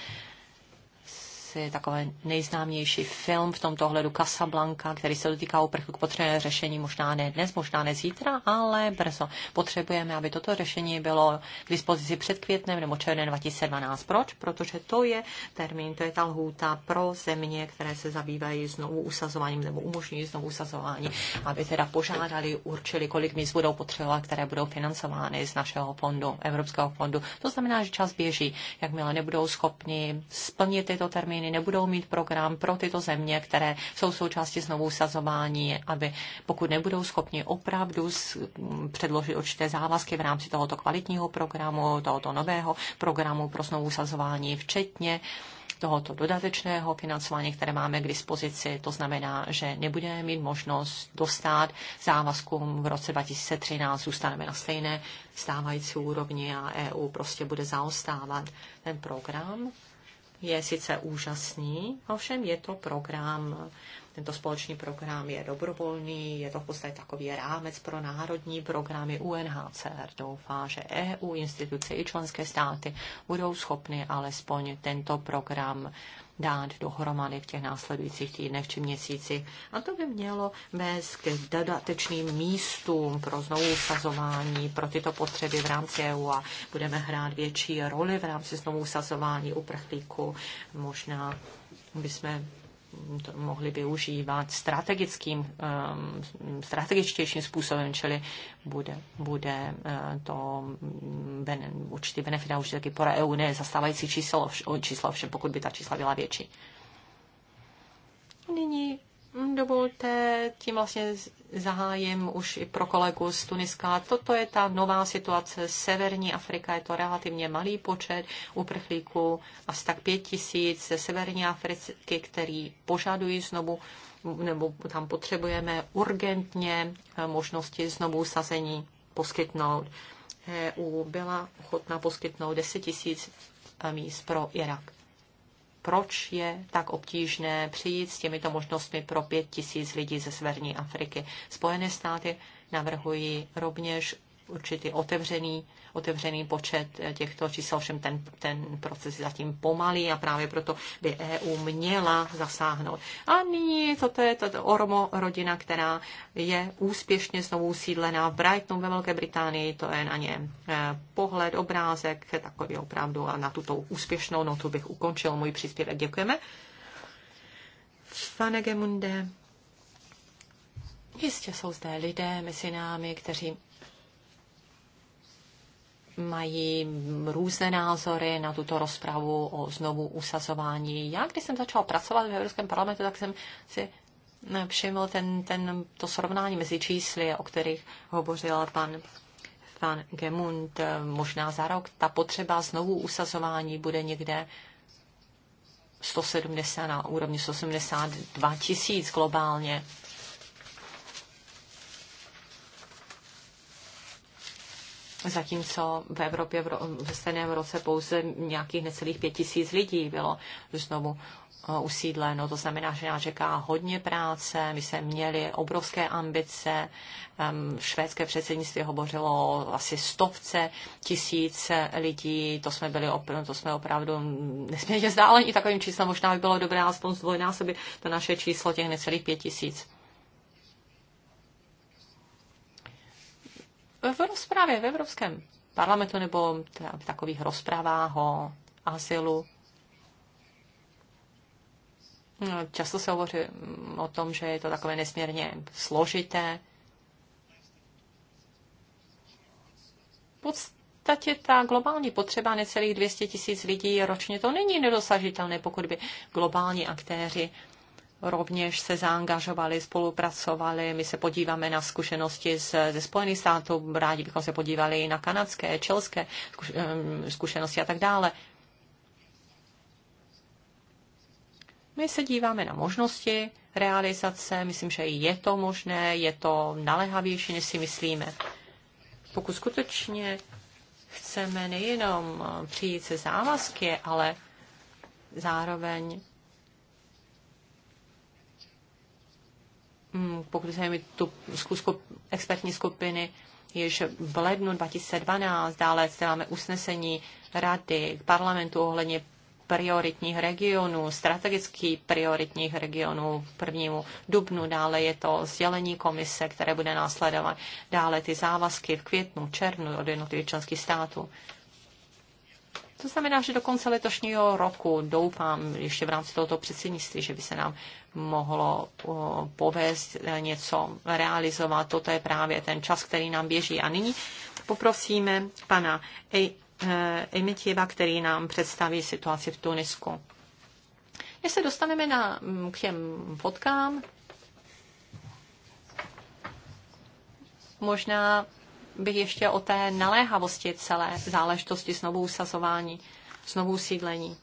asi takový nejznámější film v tomto ohledu Casablanca, který se dotýká uprchlíků, potřebujeme řešení možná ne dnes, možná ne zítra, ale brzo. Potřebujeme, aby toto řešení bylo k dispozici před květnem nebo červnem 2012. Proč? Protože to je termín, to je ta lhůta pro země, které se zabývají znovu usazováním nebo umožňují znovu usazování, aby teda požádali, určili, kolik míst budou potřebovat, které budou financovány z našeho fondu, Evropského fondu. To znamená, že čas běží. Jakmile nebudou schopni splnit tyto termíny, Ukrajiny nebudou mít program pro tyto země, které jsou součástí znovu sazování, aby pokud nebudou schopni opravdu mm, předložit určité závazky v rámci tohoto kvalitního programu, tohoto nového programu pro znovu sazování, včetně tohoto dodatečného financování, které máme k dispozici. To znamená, že nebudeme mít možnost dostat závazkům v roce 2013, zůstaneme na stejné stávající úrovni a EU prostě bude zaostávat ten program je sice úžasný, ovšem je to program, tento společný program je dobrovolný, je to v podstatě takový rámec pro národní programy UNHCR. Doufá, že EU, instituce i členské státy budou schopny alespoň tento program dát dohromady v těch následujících týdnech či měsících. A to by mělo vést k dodatečným místům pro znovu usazování, pro tyto potřeby v rámci EU a budeme hrát větší roli v rámci znovu usazování uprchlíků. Možná bychom mohli využívat strategickým, ehm, strategičtějším způsobem, čili bude, bude eh, to mm, ben, určitý benefit a určitě taky pora EU, ne zastávající číslo, číslo, všem, pokud by ta čísla byla větší. Nyní Dovolte, tím vlastně zahájím už i pro kolegu z Tuniska. Toto je ta nová situace. Severní Afrika je to relativně malý počet uprchlíků, asi tak pět tisíc ze Severní Afriky, který požadují znovu nebo tam potřebujeme urgentně eh, možnosti znovu usazení poskytnout. EU byla ochotná poskytnout 10 tisíc eh, míst pro Irak proč je tak obtížné přijít s těmito možnostmi pro pět tisíc lidí ze Severní Afriky. Spojené státy navrhují rovněž určitý otevřený, otevřený počet těchto čísel, všem ten, ten proces je zatím pomalý a právě proto by EU měla zasáhnout. A nyní toto je tato Ormo rodina, která je úspěšně znovu usídlená v Brightonu ve Velké Británii, to je na ně eh, pohled, obrázek, takový opravdu a na tuto úspěšnou notu bych ukončil můj příspěvek. Děkujeme. Fanegemunde. Jistě jsou zde lidé mezi námi, kteří mají různé názory na tuto rozpravu o znovu usazování. Já, když jsem začal pracovat v Evropském parlamentu, tak jsem si eh, všiml ten, ten, to srovnání mezi čísly, o kterých hovořil pan, pan Gemund. Možná za rok ta potřeba znovu usazování bude někde 170 na úrovni 172 tisíc globálně. zatímco v Evropě v v stejném roce pouze nějakých necelých pět tisíc lidí bylo znovu eh, usídleno. To znamená, že nás čeká hodně práce, my jsme měli obrovské ambice, švédské předsednictví hovořilo asi stovce tisíc lidí, to jsme byli op- to jsme opravdu nesmírně zdáleni takovým číslem, možná by bylo dobré aspoň zdvojnásobit to naše číslo těch necelých pět tisíc. v rozprávě v Evropském parlamentu nebo v takových rozprávách o asilu no, Často se hovoří mm, o tom, že je to takové nesmírně složité. V podstatě ta globální potřeba necelých 200 tisíc lidí ročně, to není nedosažitelné, pokud by globální aktéři rovněž se zaangažovali, spolupracovali. My se podíváme na zkušenosti z, ze Spojených států, rádi bychom se podívali i na kanadské, čelské zkušenosti a tak dále. My se díváme na možnosti realizace, myslím, že je to možné, je to naléhavější, než si myslíme. Pokud skutečně chceme nejenom přijít se závazky, ale zároveň Mm, pokud jsme tu zkusku, expertní skupiny již v lednu 2012, dále děláme usnesení rady k parlamentu ohledně prioritních regionů, strategických prioritních regionů prvnímu dubnu, dále je to sdělení komise, které bude následovat, dále ty závazky v květnu, červnu od jednotlivých členských států. To znamená, že do konce letošního roku doufám ještě v rámci tohoto předsednictví, že by se nám mohlo povést něco realizovat. Toto je právě ten čas, který nám běží. A nyní poprosíme pana e, e, Emetieva, který nám představí situaci v Tunisku. Když se dostaneme na, k těm fotkám, možná bych ještě o té naléhavosti celé záležitosti znovu usazování, znovu sídlení.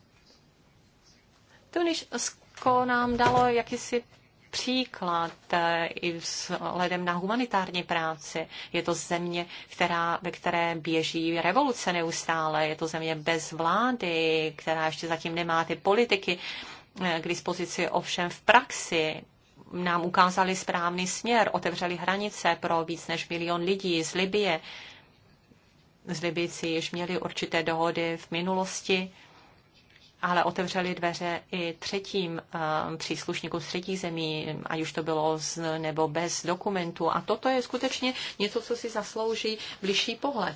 Tunisko nám dalo jakýsi příklad eh, i vzhledem na humanitární práci. Je to země, která, ve které běží revoluce neustále. Je to země bez vlády, která ještě zatím nemá ty politiky eh, k dispozici. Ovšem v praxi nám ukázali správný směr, otevřeli hranice pro víc než milion lidí z Libie. Z Libici již měli určité dohody v minulosti, ale otevřeli dveře i třetím eh, příslušníkům třetí zemí, ať už to bylo z, nebo bez dokumentů. A toto je skutečně něco, co si zaslouží bližší pohled.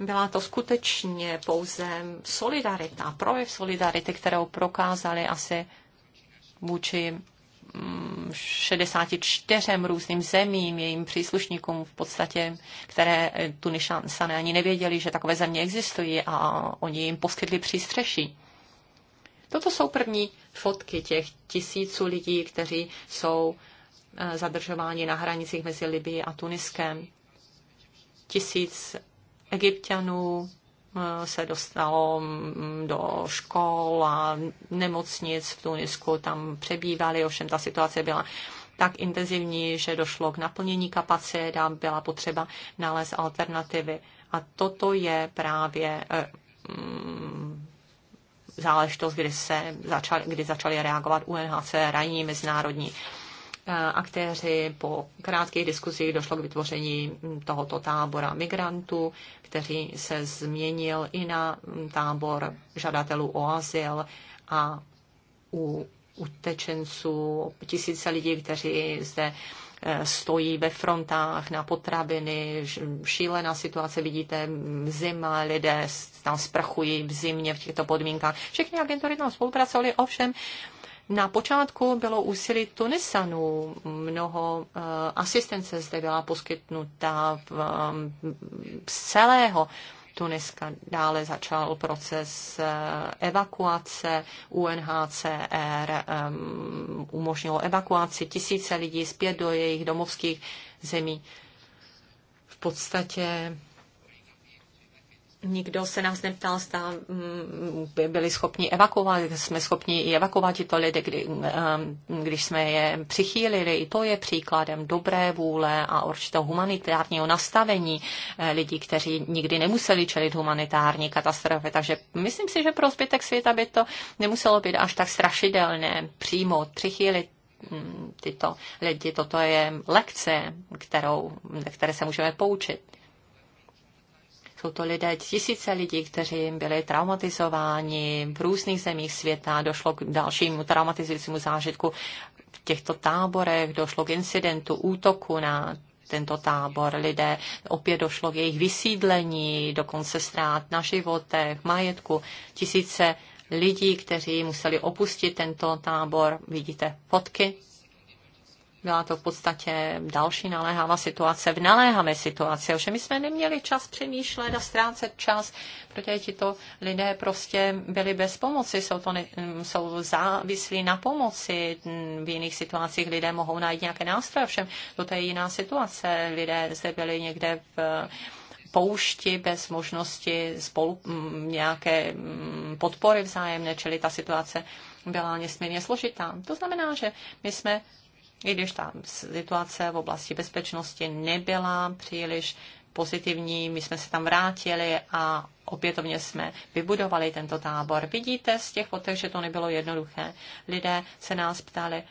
Byla to skutečně pouze solidarita, projev solidarity, kterou prokázali asi vůči 64 mm, různým zemím, jejím příslušníkům v podstatě, které eh, tu Nišansané ani nevěděli, že takové země existují a oni jim poskytli přístřeší. Toto jsou první fotky těch tisíců lidí, kteří jsou eh, zadržováni na hranicích mezi Libií a Tuniskem. Tisíc egyptianů, se dostalo mm, do škol a nemocnic v Tunisku, tam přebývali, ovšem ta situace byla tak intenzivní, že došlo k naplnění kapacit a byla potřeba nalézt alternativy. A toto je právě eh, mm, záležitost, kdy, se začali, kdy začali reagovat UNHCR a jiní mezinárodní Eh, aktéři. Po krátkých diskuzích došlo k vytvoření mm, tohoto tábora migrantů, který se změnil i na mm, tábor žadatelů o azyl a u utečenců, tisíce lidí, kteří zde eh, stojí ve frontách na potraviny, šílená situace, vidíte, mm, zima, lidé tam sprchují v zimě v těchto podmínkách. Všechny agentury tam spolupracovali, ovšem na počátku bylo úsilí Tunisanů, mnoho eh, asistence zde byla poskytnuta eh, z celého Tuniska. Dále začal proces eh, evakuace, UNHCR umožnilo evakuaci tisíce lidí zpět do jejich domovských zemí. V podstatě Nikdo se nás neptal, zda mm, by byli schopni evakuovat, jsme schopni i evakuovat tyto lidi, kdy, um, když jsme je přichýlili. I to je příkladem dobré vůle a určitého humanitárního nastavení eh, lidí, kteří nikdy nemuseli čelit humanitární katastrofy. Takže myslím si, že pro zbytek světa by to nemuselo být až tak strašidelné přijmout, přichýlit mm, tyto lidi. Toto je lekce, kterou, které se můžeme poučit jsou to lidé, tisíce lidí, kteří byli traumatizováni v různých zemích světa, došlo k dalšímu traumatizujícímu zážitku v těchto táborech, došlo k incidentu, útoku na tento tábor. Lidé opět došlo k jejich vysídlení, dokonce ztrát na životech, majetku. Tisíce lidí, kteří museli opustit tento tábor. Vidíte fotky byla to v podstatě další naléhavá situace v naléhavé situaci. že my jsme neměli čas přemýšlet a ztrácet čas, protože tito lidé prostě byli bez pomoci, jsou, to ne, jsou závislí na pomoci. V jiných situacích lidé mohou najít nějaké nástroje, všem to je jiná situace. Lidé zde byli někde v poušti bez možnosti spolu, mm, nějaké mm, podpory vzájemné, čili ta situace byla nesmírně složitá. To znamená, že my jsme i když ta situace v oblasti bezpečnosti nebyla příliš pozitivní, my jsme se tam vrátili a opětovně jsme vybudovali tento tábor. Vidíte z těch fotek, že to nebylo jednoduché. Lidé se nás ptali,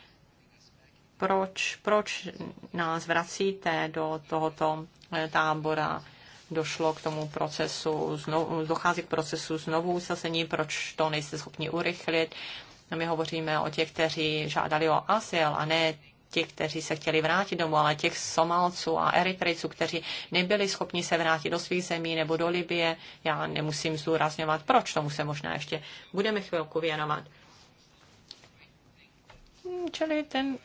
proč, proč nás vracíte do tohoto eh, tábora, došlo k tomu procesu, znovu, dochází k procesu znovu usazení, proč to nejste schopni urychlit. My hovoříme o těch, kteří žádali o azyl a ne ti, kteří se chtěli vrátit domů, ale těch Somálců a Eritrejců, kteří nebyli schopni se vrátit do svých zemí nebo do Libie. Já nemusím zdůrazňovat, proč tomu se možná ještě budeme chvilku věnovat. Čili ten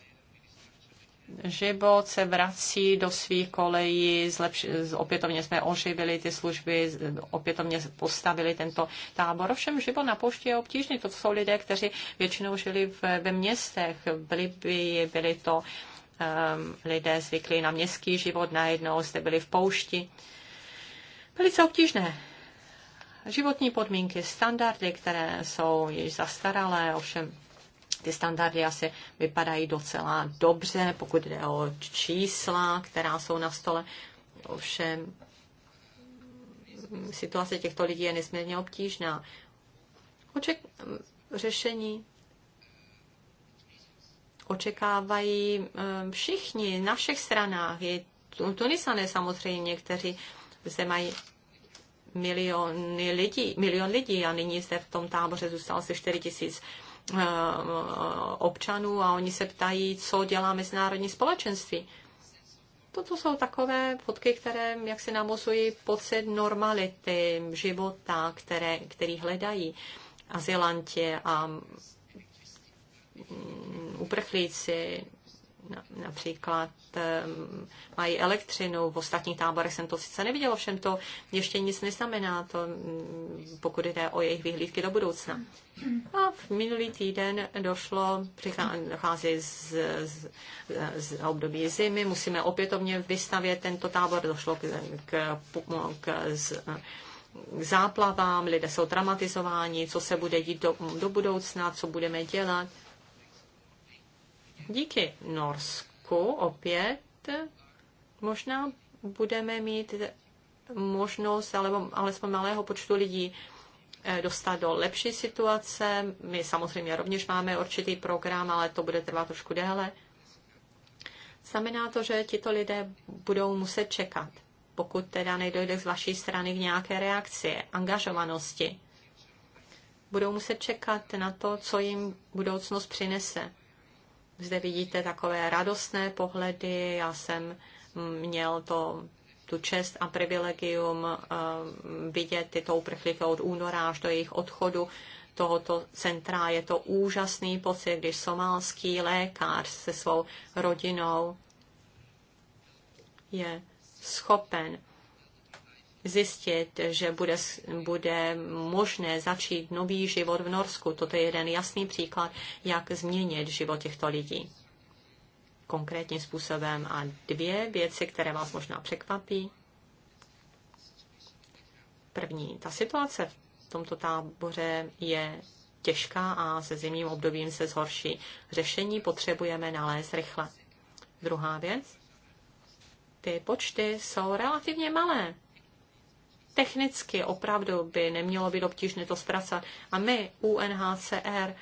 život se vrací do svých kolejí, zlepši, opětovně jsme oživili ty služby, opětovně postavili tento tábor. Ovšem život na poště je obtížný, to jsou lidé, kteří většinou žili v, ve městech, v Libii, byli to um, lidé zvyklí na městský život, najednou jste byli v poušti. Velice obtížné životní podmínky, standardy, které jsou již zastaralé, ovšem ty standardy asi vypadají docela dobře, pokud jde o čísla, která jsou na stole. Ovšem, situace těchto lidí je nesmírně obtížná. Oček řešení očekávají ehm, všichni na všech stranách. Je Tunisané samozřejmě, kteří se mají miliony lidí, milion lidí a nyní zde v tom táboře zůstalo se 4 tisíc Eh, občanů a oni se ptají, co dělá mezinárodní společenství. Toto jsou takové fotky, které jak si namozují pocit normality života, které, který hledají azylanti a mm, uprchlíci například mají elektřinu. V ostatních táborech jsem to sice neviděla, všem to ještě nic neznamená, to, mm, pokud jde o jejich vyhlídky do budoucna. A v minulý týden došlo, dochází z, z, z období zimy, musíme opětovně vystavět tento tábor, došlo k, k, k z, k záplavám, lidé jsou traumatizováni, co se bude dít do, do budoucna, co budeme dělat. Díky Norsku opět možná budeme mít možnost, alebo alespoň malého počtu lidí eh, dostat do lepší situace. My samozřejmě rovněž máme určitý program, ale to bude trvat trošku déle. Znamená to, že tito lidé budou muset čekat, pokud teda nedojde z vaší strany k nějaké reakci, angažovanosti. Budou muset čekat na to, co jim budoucnost přinese. Zde vidíte takové radostné pohledy. Já jsem měl to tu čest a privilegium eh, vidět tyto uprchlíky od února až do jejich odchodu tohoto centra. Je to úžasný pocit, když somálský lékař se svou rodinou je schopen zjistit, že bude, bude možné začít nový život v Norsku. Toto je jeden jasný příklad, jak změnit život těchto lidí konkrétním způsobem. A dvě věci, které vás možná překvapí. První, ta situace v tomto táboře je těžká a se zimním obdobím se zhorší. Řešení potřebujeme nalézt rychle. Druhá věc, ty počty jsou relativně malé technicky opravdu by nemělo být obtížné to zpracovat. A my, UNHCR,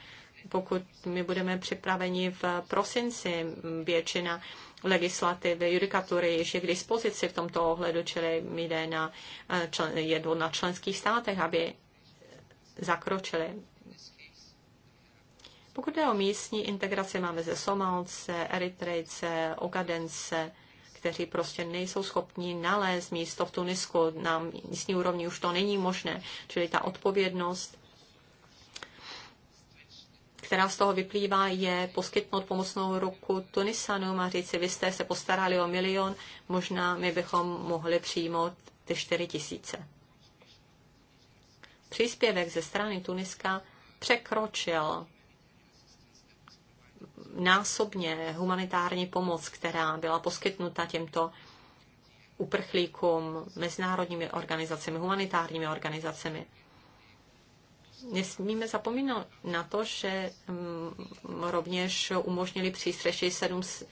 pokud my budeme připraveni v prosinci, většina legislativy, judikatury již je k dispozici v tomto ohledu, čili jde na, eh, člen, jedou na členských státech, aby zakročili. Pokud jde o místní integraci, máme ze Somalce, Eritrejce, Ogadence, kteří prostě nejsou schopni nalézt místo v Tunisku. Na místní úrovni už to není možné. Čili ta odpovědnost, která z toho vyplývá, je poskytnout pomocnou ruku Tunisanům a říct si, vy jste se postarali o milion, možná my bychom mohli přijmout ty čtyři tisíce. Příspěvek ze strany Tuniska překročil násobně humanitární pomoc, která byla poskytnuta těmto uprchlíkům, mezinárodními organizacemi, humanitárními organizacemi. Nesmíme zapomínat na to, že mm, rovněž umožnili přístřeši 700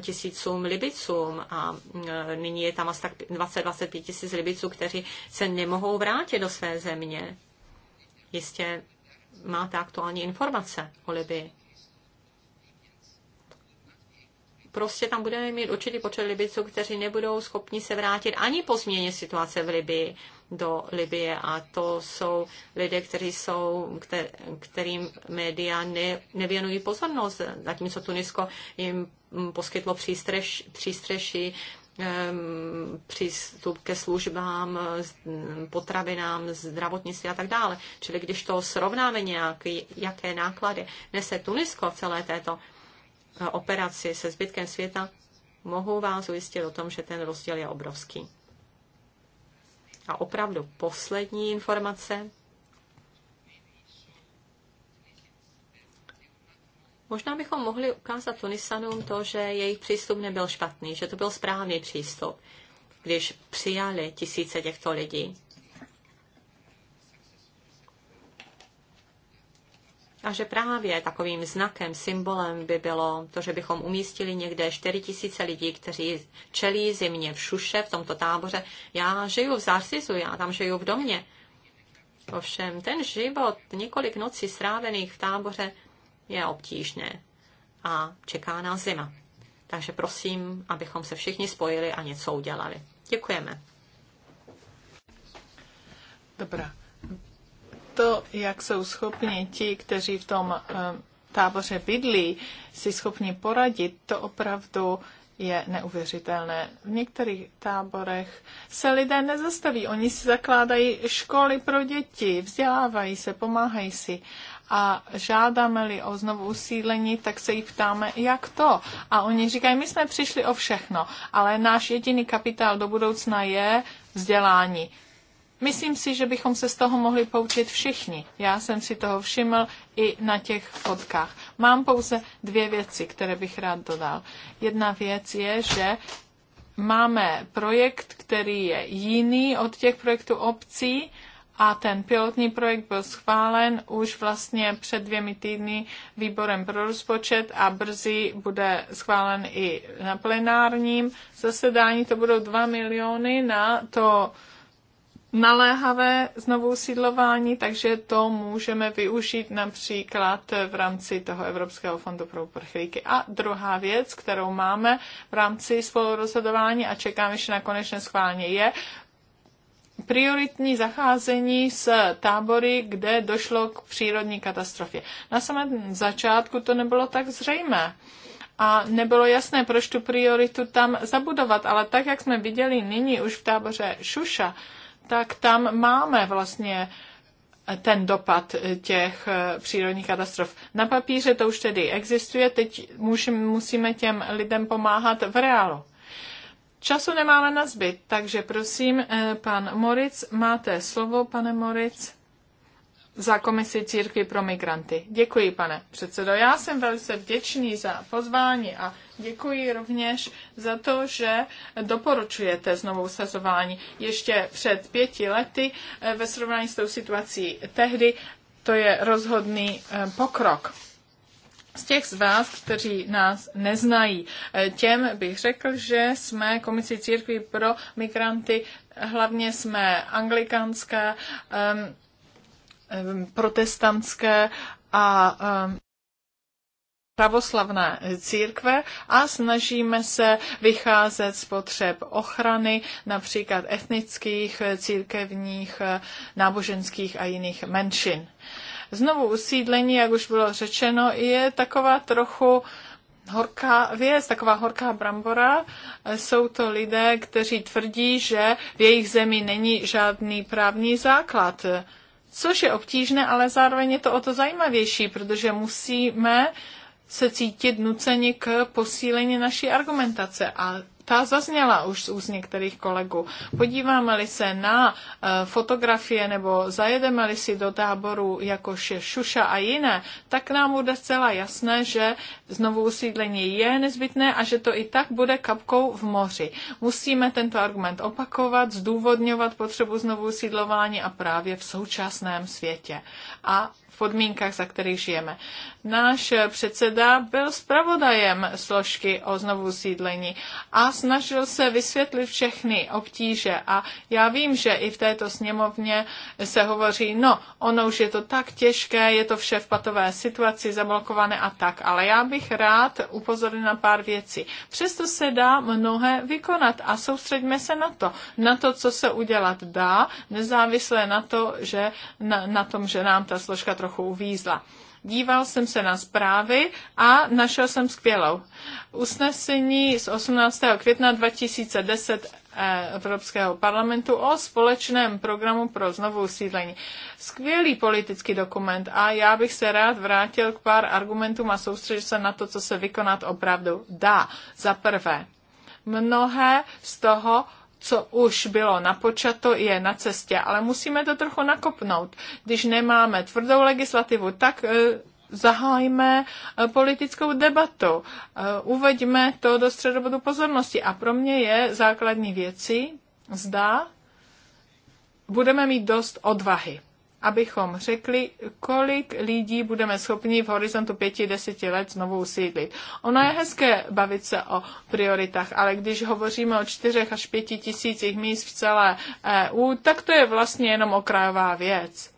tisícům Libicům a mm, nyní je tam asi tak 20-25 tisíc Libiců, kteří se nemohou vrátit do své země. Jistě máte aktuální informace o Libii. prostě tam budeme mít určitý počet Libiců, kteří nebudou schopni se vrátit ani po změně situace v Libii do Libie. A to jsou lidé, kteří jsou, kter, kterým média ne, nevěnují pozornost, zatímco Tunisko jim poskytlo přístřeš, přístřeší přístup ke službám, potravinám, zdravotnictví a tak dále. Čili když to srovnáme nějak, jaké náklady nese Tunisko v celé této Eh, operaci se zbytkem světa, mohu vás ujistit o tom, že ten rozdíl je obrovský. A opravdu poslední informace. Možná bychom mohli ukázat Tunisanům to, že jejich přístup nebyl špatný, že to byl správný přístup, když přijali tisíce těchto lidí. a že právě takovým znakem, symbolem by bylo to, že bychom umístili někde 4 tisíce lidí, kteří čelí zimě v Šuše, v tomto táboře. Já žiju v Zarsizu, já tam žiju v domě. Ovšem, ten život několik nocí strávených v táboře je obtížné a čeká nás zima. Takže prosím, abychom se všichni spojili a něco udělali. Děkujeme. Dobrá to, jak jsou schopni ti, kteří v tom eh, táboře bydlí, si schopni poradit, to opravdu je neuvěřitelné. V některých táborech se lidé nezastaví. Oni si zakládají školy pro děti, vzdělávají se, pomáhají si. A žádáme-li o znovu usídlení, tak se jich ptáme, jak to. A oni říkají, my jsme přišli o všechno, ale náš jediný kapitál do budoucna je vzdělání. Myslím si, že bychom se z toho mohli poučit všichni. Já jsem si toho všiml i na těch fotkách. Mám pouze dvě věci, které bych rád dodal. Jedna věc je, že máme projekt, který je jiný od těch projektů obcí a ten pilotní projekt byl schválen už vlastně před dvěmi týdny výborem pro rozpočet a brzy bude schválen i na plenárním zasedání. To budou 2 miliony na to naléhavé znovu sídlování, takže to můžeme využít například v rámci toho Evropského fondu pro uprchlíky. A druhá věc, kterou máme v rámci spolurozhodování a čekáme ještě na konečné schválení, je prioritní zacházení s tábory, kde došlo k přírodní katastrofě. Na samém začátku to nebylo tak zřejmé a nebylo jasné, proč tu prioritu tam zabudovat, ale tak, jak jsme viděli nyní už v táboře Šuša, tak tam máme vlastně ten dopad těch přírodních katastrof. Na papíře to už tedy existuje, teď musíme těm lidem pomáhat v reálu. Času nemáme na zbyt, takže prosím, eh, pan Moric, máte slovo, pane Moric za komisi Církvy pro migranty. Děkuji, pane předsedo. Já jsem velice vděčný za pozvání a děkuji rovněž za to, že doporučujete znovu sazování. Ještě před pěti lety eh, ve srovnání s tou situací tehdy, to je rozhodný eh, pokrok. Z těch z vás, kteří nás neznají, eh, těm bych řekl, že jsme Komisi církví pro migranty, hlavně jsme anglikánská um, protestantské a pravoslavné církve a snažíme se vycházet z potřeb ochrany například etnických, církevních, náboženských a jiných menšin. Znovu usídlení, jak už bylo řečeno, je taková trochu horká věc, taková horká brambora. Jsou to lidé, kteří tvrdí, že v jejich zemi není žádný právní základ Což je obtížné, ale zároveň je to o to zajímavější, protože musíme se cítit nuceni k posílení naší argumentace. A ta zazněla už z úst některých kolegů. Podíváme-li se na eh, fotografie nebo zajedeme-li si do táboru, jakož je Šuša a jiné, tak nám bude zcela jasné, že znovu usídlení je nezbytné a že to i tak bude kapkou v moři. Musíme tento argument opakovat, zdůvodňovat potřebu znovu usídlování a právě v současném světě. A podmínkách, za kterých žijeme. Náš předseda byl zpravodajem složky o znovu sídlení a snažil se vysvětlit všechny obtíže. A já vím, že i v této sněmovně se hovoří, no, ono už je to tak těžké, je to vše v patové situaci, zablokované a tak. Ale já bych rád upozornil na pár věcí. Přesto se dá mnohé vykonat a soustředíme se na to, na to, co se udělat dá, nezávisle na to, že na, na tom, že nám ta složka trochu trochu uvízla. Díval jsem se na zprávy a našel jsem skvělou. Usnesení z 18. května 2010 eh, Evropského parlamentu o společném programu pro znovu usídlení. Skvělý politický dokument a já bych se rád vrátil k pár argumentům a soustředil se na to, co se vykonat opravdu dá. Za prvé, mnohé z toho co už bylo napočato, je na cestě, ale musíme to trochu nakopnout. Když nemáme tvrdou legislativu, tak e, zahájíme e, politickou debatu. E, uveďme to do středobodu pozornosti. A pro mě je základní věci zda budeme mít dost odvahy abychom řekli, kolik lidí budeme schopni v horizontu pěti, deseti let znovu usídlit. Ono je hezké bavit se o prioritách, ale když hovoříme o čtyřech až pěti tisících míst v celé EU, tak to je vlastně jenom okrajová věc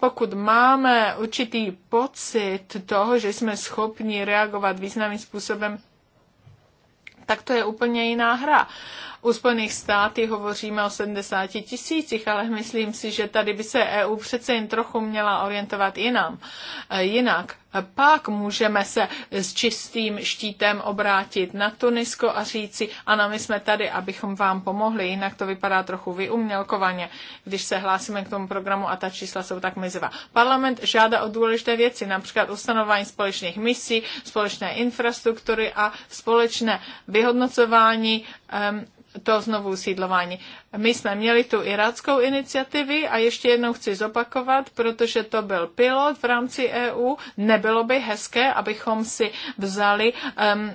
pokud máme určitý pocit toho, že jsme schopni reagovat významným způsobem, tak to je úplně jiná hra. U Spojených států hovoříme o 70 tisících, ale myslím si, že tady by se EU přece jen trochu měla orientovat jinam. E, jinak pak můžeme se s čistým štítem obrátit na Tunisko a říci, ano, my jsme tady, abychom vám pomohli, jinak to vypadá trochu vyumělkovaně, když se hlásíme k tomu programu a ta čísla jsou tak mizivá. Parlament žádá o důležité věci, například ustanování společných misí, společné infrastruktury a společné vyhodnocování um, to znovu usídlování. My jsme měli tu iráckou iniciativu a ještě jednou chci zopakovat, protože to byl pilot v rámci EU, nebylo by hezké, abychom si vzali um,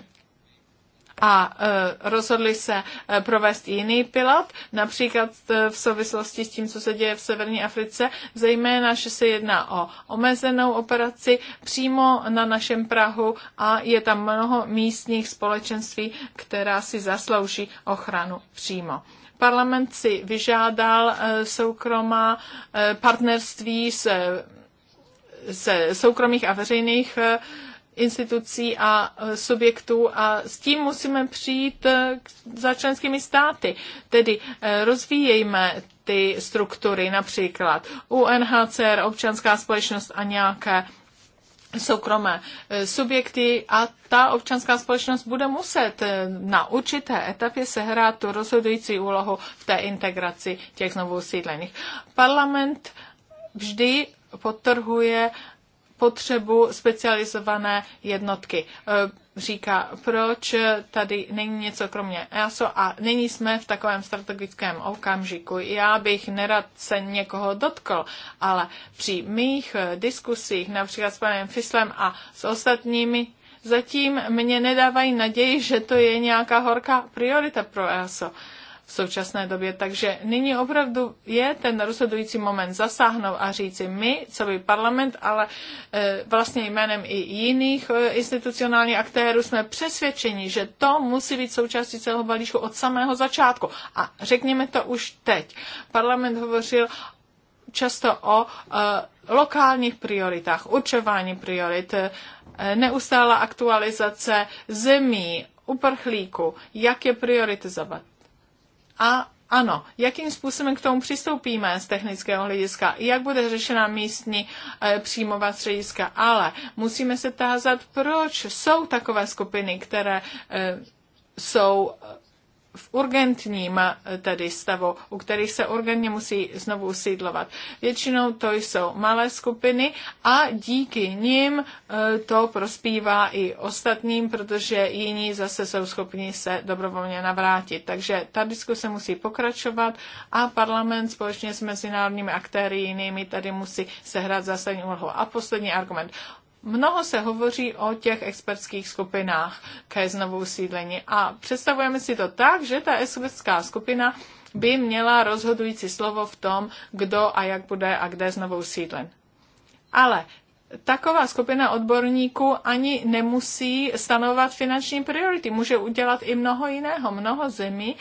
a e, rozhodli se e, provést jiný pilot, například e, v souvislosti s tím, co se děje v Severní Africe, zejména, že se jedná o omezenou operaci přímo na našem Prahu a je tam mnoho místních společenství, která si zaslouží ochranu přímo. Parlament si vyžádal soukromá partnerství se, se soukromých a veřejných institucí a eh, subjektů a s tím musíme přijít eh, za členskými státy. Tedy eh, rozvíjejme ty struktury, například UNHCR, občanská společnost a nějaké soukromé subjekty a ta občanská společnost bude muset na určité etapě sehrát tu rozhodující úlohu v té integraci těch znovu usídlených. Parlament vždy potrhuje uh, potřebu specializované jednotky. E, říká, proč tady není něco kromě EASO a není jsme v takovém strategickém okamžiku. Já bych nerad se někoho dotkl, ale při mých e, diskusích například s panem Fislem a s ostatními zatím mě nedávají naději, že to je nějaká horká priorita pro EASO v současné době. Takže nyní opravdu je ten rozhodující moment zasáhnout a říci my, co by parlament, ale e, vlastně jménem i jiných e, institucionálních aktérů jsme přesvědčeni, že to musí být součástí celého balíčku od samého začátku. A řekněme to už teď. Parlament hovořil často o e, lokálních prioritách, určování priorit, neustála aktualizace zemí, uprchlíku, jak je prioritizovat. A ano, jakým způsobem k tomu přistoupíme z technického hlediska, jak bude řešena místní e, příjmová střediska, ale musíme se tázat, proč jsou takové skupiny, které e, jsou v urgentním eh, tedy stavu, u kterých se urgentně musí znovu usídlovat. Většinou to jsou malé skupiny a díky nim eh, to prospívá i ostatním, protože jiní zase jsou schopni se dobrovolně navrátit. Takže ta diskuse musí pokračovat a parlament společně s mezinárodními aktéry jinými tady musí sehrát zásadní úlohu. A poslední argument. Mnoho se hovoří o těch expertských skupinách ke znovu sídlení a představujeme si to tak, že ta expertská skupina by měla rozhodující slovo v tom, kdo a jak bude a kde znovu sídlen. Ale taková skupina odborníků ani nemusí stanovat finanční priority. Může udělat i mnoho jiného. Mnoho zemí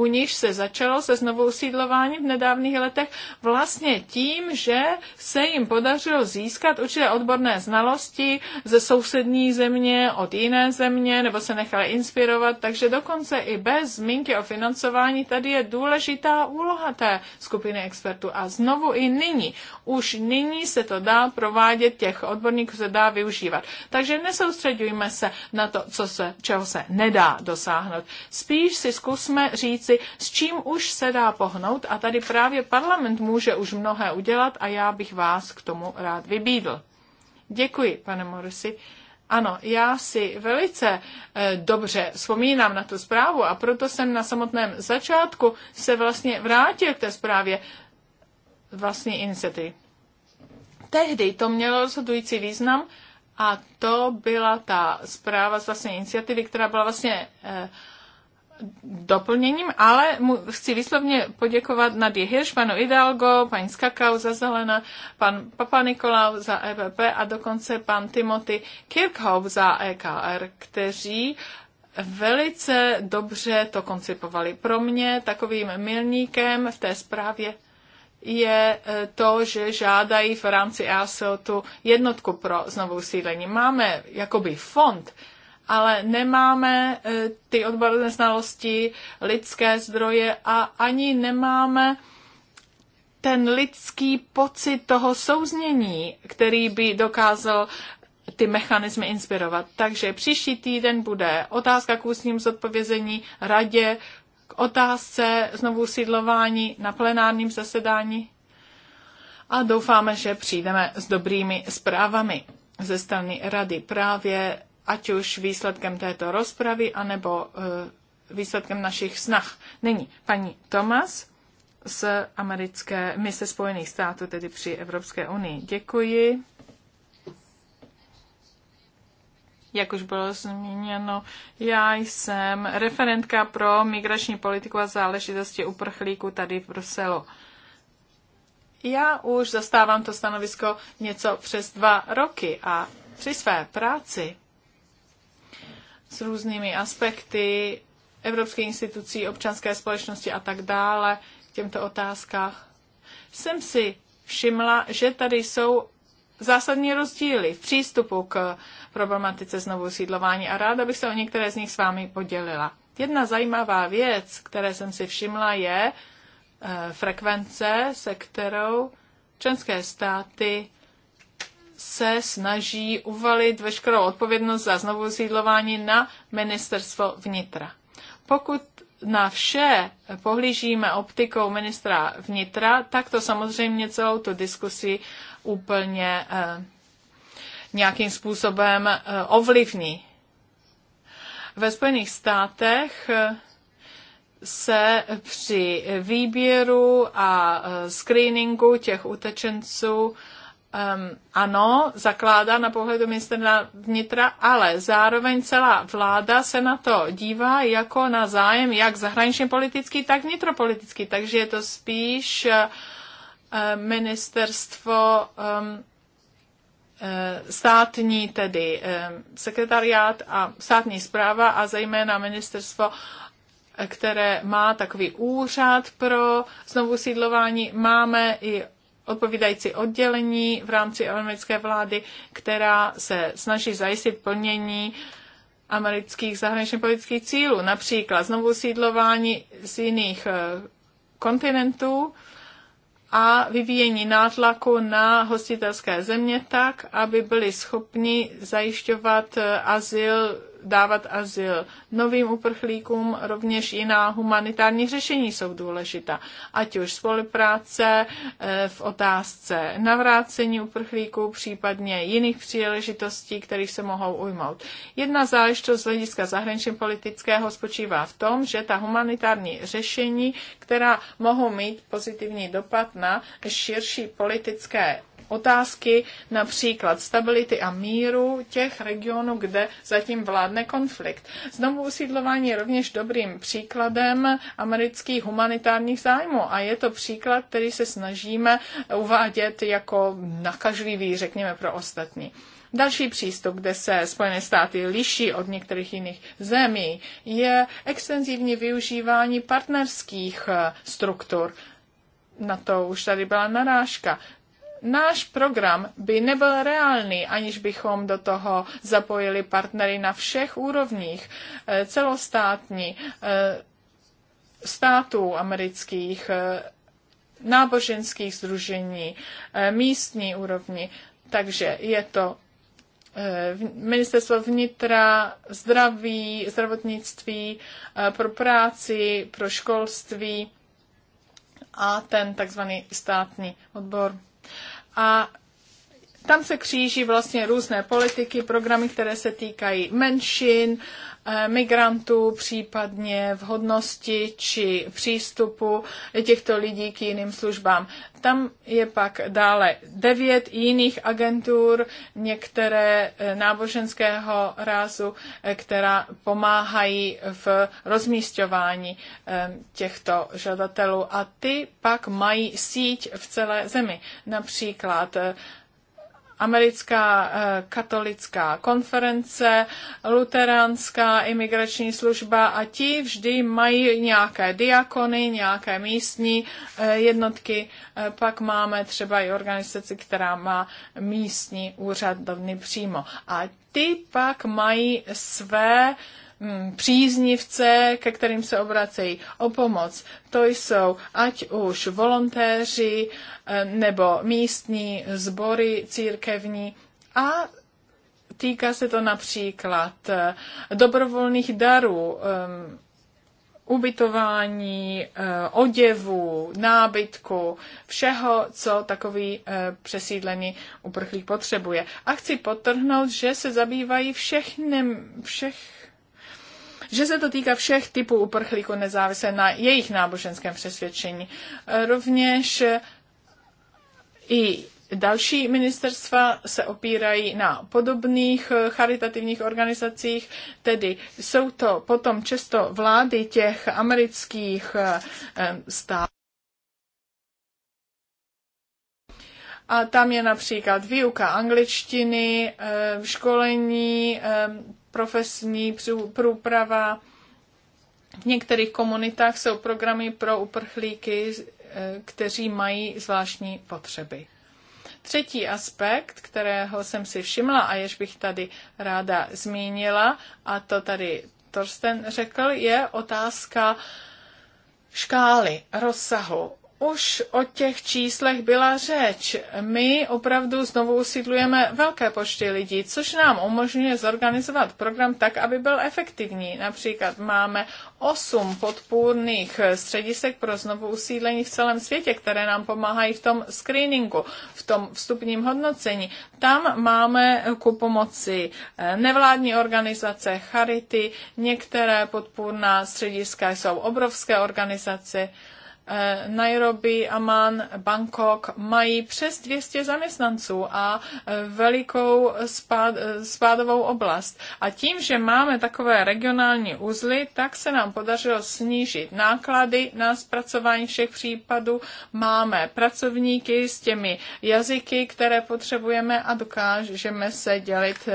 u níž se začalo se znovu usídlování v nedávných letech, vlastně tím, že se jim podařilo získat určité odborné znalosti ze sousední země, od jiné země, nebo se nechali inspirovat, takže dokonce i bez zmínky o financování tady je důležitá úloha té skupiny expertů. A znovu i nyní, už nyní se to dá provádět, těch odborníků se dá využívat. Takže nesoustředujme se na to, co se, čeho se nedá dosáhnout. Spíš si zkusme říct, věci, s čím už se dá pohnout a tady právě parlament může už mnohé udělat a já bych vás k tomu rád vybídl. Děkuji, pane Morsi. Ano, já si velice eh, dobře vzpomínám na tu zprávu a proto jsem na samotném začátku se vlastně vrátil k té zprávě vlastní iniciativy. Tehdy to mělo rozhodující význam a to byla ta zpráva z vlastní iniciativy, která byla vlastně eh, doplněním, ale mu chci výslovně poděkovat Nadě Hirš, panu Hidalgo, paní Skakau za Zelena, pan Papa Nikolau za EPP a dokonce pan Timothy Kirchhoff za EKR, kteří velice dobře to koncipovali. Pro mě takovým milníkem v té zprávě je e, to, že žádají v rámci e ASO e tu jednotku pro znovu sídlení. Máme jakoby fond, ale nemáme eh, ty odborné znalosti, lidské zdroje a ani nemáme ten lidský pocit toho souznění, který by dokázal ty mechanismy inspirovat. Takže příští týden bude otázka k ústním zodpovězení radě, k otázce znovu sídlování na plenárním zasedání a doufáme, že přijdeme s dobrými zprávami ze strany rady právě ať už výsledkem této rozpravy, anebo eh, výsledkem našich snah. Není. paní Thomas z americké mise Spojených států, tedy při Evropské unii. Děkuji. Jak už bylo zmíněno, já jsem referentka pro migrační politiku a záležitosti uprchlíků tady v Bruselu. Já už zastávám to stanovisko něco přes dva roky a při své práci s různými aspekty evropských institucí, občanské společnosti a tak dále k těmto otázkách, jsem si všimla, že tady jsou zásadní rozdíly v přístupu k problematice znovu sídlování a ráda bych se o některé z nich s vámi podělila. Jedna zajímavá věc, které jsem si všimla, je eh, frekvence, se kterou členské státy se snaží uvalit veškerou odpovědnost za znovu sídlování na ministerstvo vnitra. Pokud na vše pohlížíme optikou ministra vnitra, tak to samozřejmě celou tu diskusi úplně eh, nějakým způsobem eh, ovlivní. Ve Spojených státech eh, se při výběru a eh, screeningu těch utečenců eh, um, ano, zakládá na pohledu ministra vnitra, ale zároveň celá vláda se na to dívá jako na zájem jak zahraničně politický, tak vnitropolitický. Takže je to spíš uh, ministerstvo um, státní tedy sekretariát a státní zpráva a zejména ministerstvo eh, které má takový úřad pro znovu sídlování. Máme i odpovídající oddělení v rámci americké vlády, která se snaží zajistit plnění amerických zahraničně politických cílů, například znovu sídlování z jiných eh, kontinentů a vyvíjení nátlaku na hostitelské země tak, aby byli schopni zajišťovat eh, azyl dávat azyl. Novým uprchlíkům rovněž jiná humanitární řešení jsou důležitá, ať už spolupráce eh, v otázce navrácení uprchlíků, případně jiných příležitostí, kterých se mohou ujmout. Jedna záležitost z hlediska zahraničně politického spočívá v tom, že ta humanitární řešení, která mohou mít pozitivní dopad na širší politické otázky například stability a míru těch regionů, kde zatím vládne konflikt. Znovu usídlování je rovněž dobrým příkladem amerických humanitárních zájmů a je to příklad, který se snažíme uvádět jako nakažlivý, řekněme, pro ostatní. Další přístup, kde se Spojené státy liší od některých jiných zemí, je extenzivní využívání partnerských eh, struktur. Na to už tady byla narážka náš program by nebyl reálný, aniž bychom do toho zapojili partnery na všech úrovních, eh, celostátní, eh, států amerických, eh, náboženských združení, místní úrovni. Takže je to ministerstvo vnitra, zdraví, zdravotnictví, pro práci, pro školství a ten takzvaný státní odbor a tam se kříží vlastně různé politiky, programy, které se týkají menšin, eh, migrantů, případně vhodnosti či přístupu těchto lidí k jiným službám. Tam je pak dále devět jiných agentur, některé eh, náboženského rázu, eh, která pomáhají v rozmístování těchto žadatelů a ty pak mají síť v celé zemi. Například americká eh, katolická konference, luteránská imigrační služba a ti vždy mají nějaké diakony, nějaké místní eh, jednotky. Eh, pak máme třeba i organizaci, která má místní úřadovny přímo. A ty pak mají své uh, Mm, příznivce, ke kterým se obracejí o pomoc. To jsou ať už volontéři eh, nebo místní sbory církevní a týká se to například eh, dobrovolných darů, eh, ubytování, oděvu, nábytku, všeho, co takový přesídlený uprchlík potřebuje. A chci potrhnout, že se zabývají všechny, všech že se to týká všech typů uprchlíků nezávisle na jejich náboženském přesvědčení. Rovněž i Další ministerstva se opírají na podobných eh, charitativních organizacích, tedy jsou to potom často vlády těch amerických eh, eh, států. A tam je například výuka angličtiny, školení, profesní průprava. V některých komunitách jsou programy pro uprchlíky, eh, kteří mají zvláštní potřeby. Třetí aspekt, kterého jsem si všimla a jež bych tady ráda zmínila, a to tady Torsten řekl, je otázka škály, rozsahu. Už o těch číslech byla řeč. My opravdu znovu usídlujeme velké počty lidí, což nám umožňuje zorganizovat program tak, aby byl efektivní. Například máme osm podpůrných středisek pro znovu usídlení v celém světě, které nám pomáhají v tom screeningu, v tom vstupním hodnocení. Tam máme ku pomoci eh, nevládní organizace, charity, některé podpůrná střediska jsou obrovské organizace, Eh, Nairobi, Amman, Bangkok mají přes 200 zaměstnanců a eh, velikou spád, eh, spádovou oblast. A tím, že máme takové regionální uzly, tak se nám podařilo snížit náklady na zpracování všech případů. Máme pracovníky s těmi jazyky, které potřebujeme a dokážeme se dělit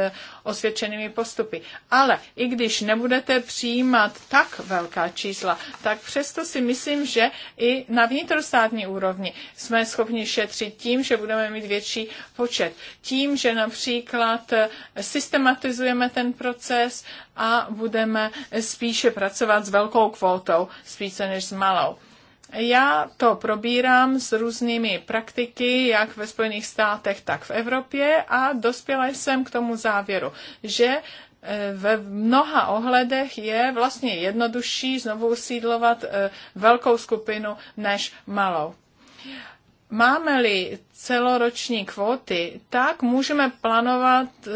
osvědčenými postupy. Ale i když nebudete přijímat tak velká čísla, tak přesto si myslím, že i na vnitrostátní úrovni jsme schopni šetřit tím, že budeme mít větší počet. Tím, že například eh, systematizujeme ten proces a budeme spíše pracovat s velkou kvótou, spíše než s malou. Já to probírám s různými praktiky, jak ve Spojených státech, tak v Evropě a dospěla jsem k tomu závěru, že eh, ve mnoha ohledech je vlastně jednodušší znovu usídlovat eh, velkou skupinu než malou. Máme-li celoroční kvóty, tak můžeme plánovat e,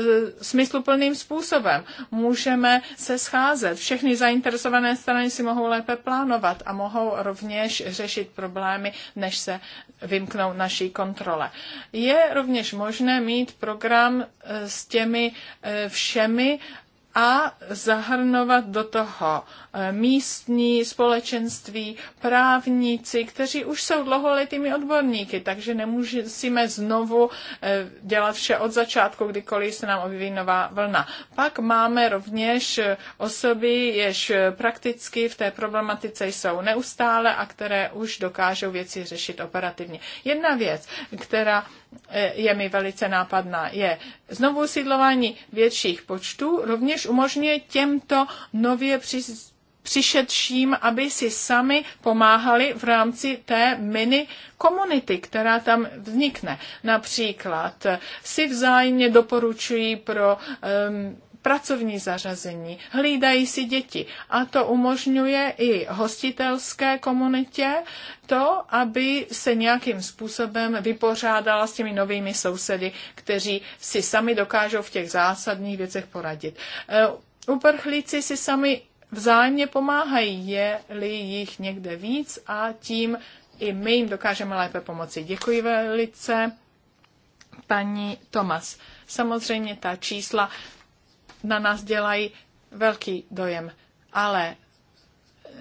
smysluplným způsobem. Můžeme se scházet. Všechny zainteresované strany si mohou lépe plánovat a mohou rovněž řešit problémy, než se vymknou naší kontrole. Je rovněž možné mít program e, s těmi e, všemi a zahrnovat do toho eh, místní společenství, právníci, kteří už jsou dlouholetými odborníky, takže nemůžeme znovu eh, dělat vše od začátku, kdykoliv se nám objeví nová vlna. Pak máme rovněž eh, osoby, jež prakticky v té problematice jsou neustále a které už dokážou věci řešit operativně. Jedna věc, která Eh, je mi velice nápadná, je znovu usídlování větších počtů rovněž umožňuje těmto nově při, přišedším, aby si sami pomáhali v rámci té mini komunity, která tam vznikne. Například si vzájemně doporučují pro um, pracovní zařazení, hlídají si děti a to umožňuje i hostitelské komunitě to, aby se nějakým způsobem vypořádala s těmi novými sousedy, kteří si sami dokážou v těch zásadních věcech poradit. E, uprchlíci si sami vzájemně pomáhají, je-li jich někde víc a tím i my jim dokážeme lépe pomoci. Děkuji velice, paní Tomas. Samozřejmě ta čísla na nás dělají velký dojem, ale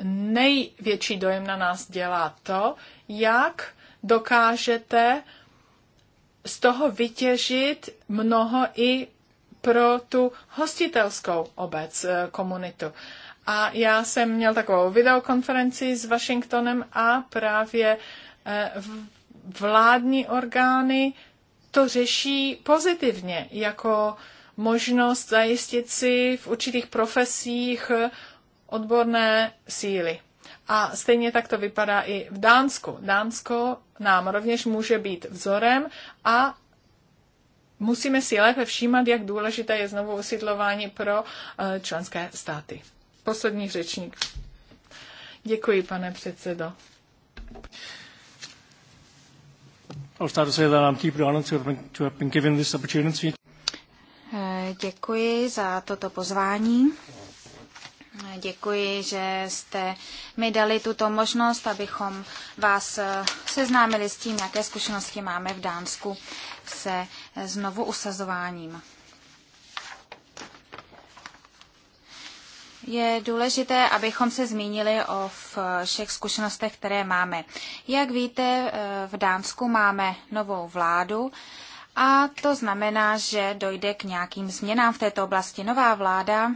největší dojem na nás dělá to, jak dokážete z toho vytěžit mnoho i pro tu hostitelskou obec, eh, komunitu. A já jsem měl takovou videokonferenci s Washingtonem a právě eh, vládní orgány to řeší pozitivně, jako možnost zajistit si v určitých profesích odborné síly. A stejně tak to vypadá i v Dánsku. Dánsko nám rovněž může být vzorem a musíme si lépe všímat, jak důležité je znovu osídlování pro eh, členské státy. Poslední řečník. Děkuji, pane předsedo. I'll start to say that I'm deeply honored to have been, to have been given this opportunity Děkuji za toto pozvání. Děkuji, že jste mi dali tuto možnost, abychom vás eh, seznámili s tím, jaké zkušenosti máme v Dánsku se eh, znovu usazováním. Je důležité, abychom se zmínili o eh, všech zkušenostech, které máme. Jak víte, v Dánsku máme novou vládu a to znamená, že dojde k nějakým změnám v této oblasti. Nová vláda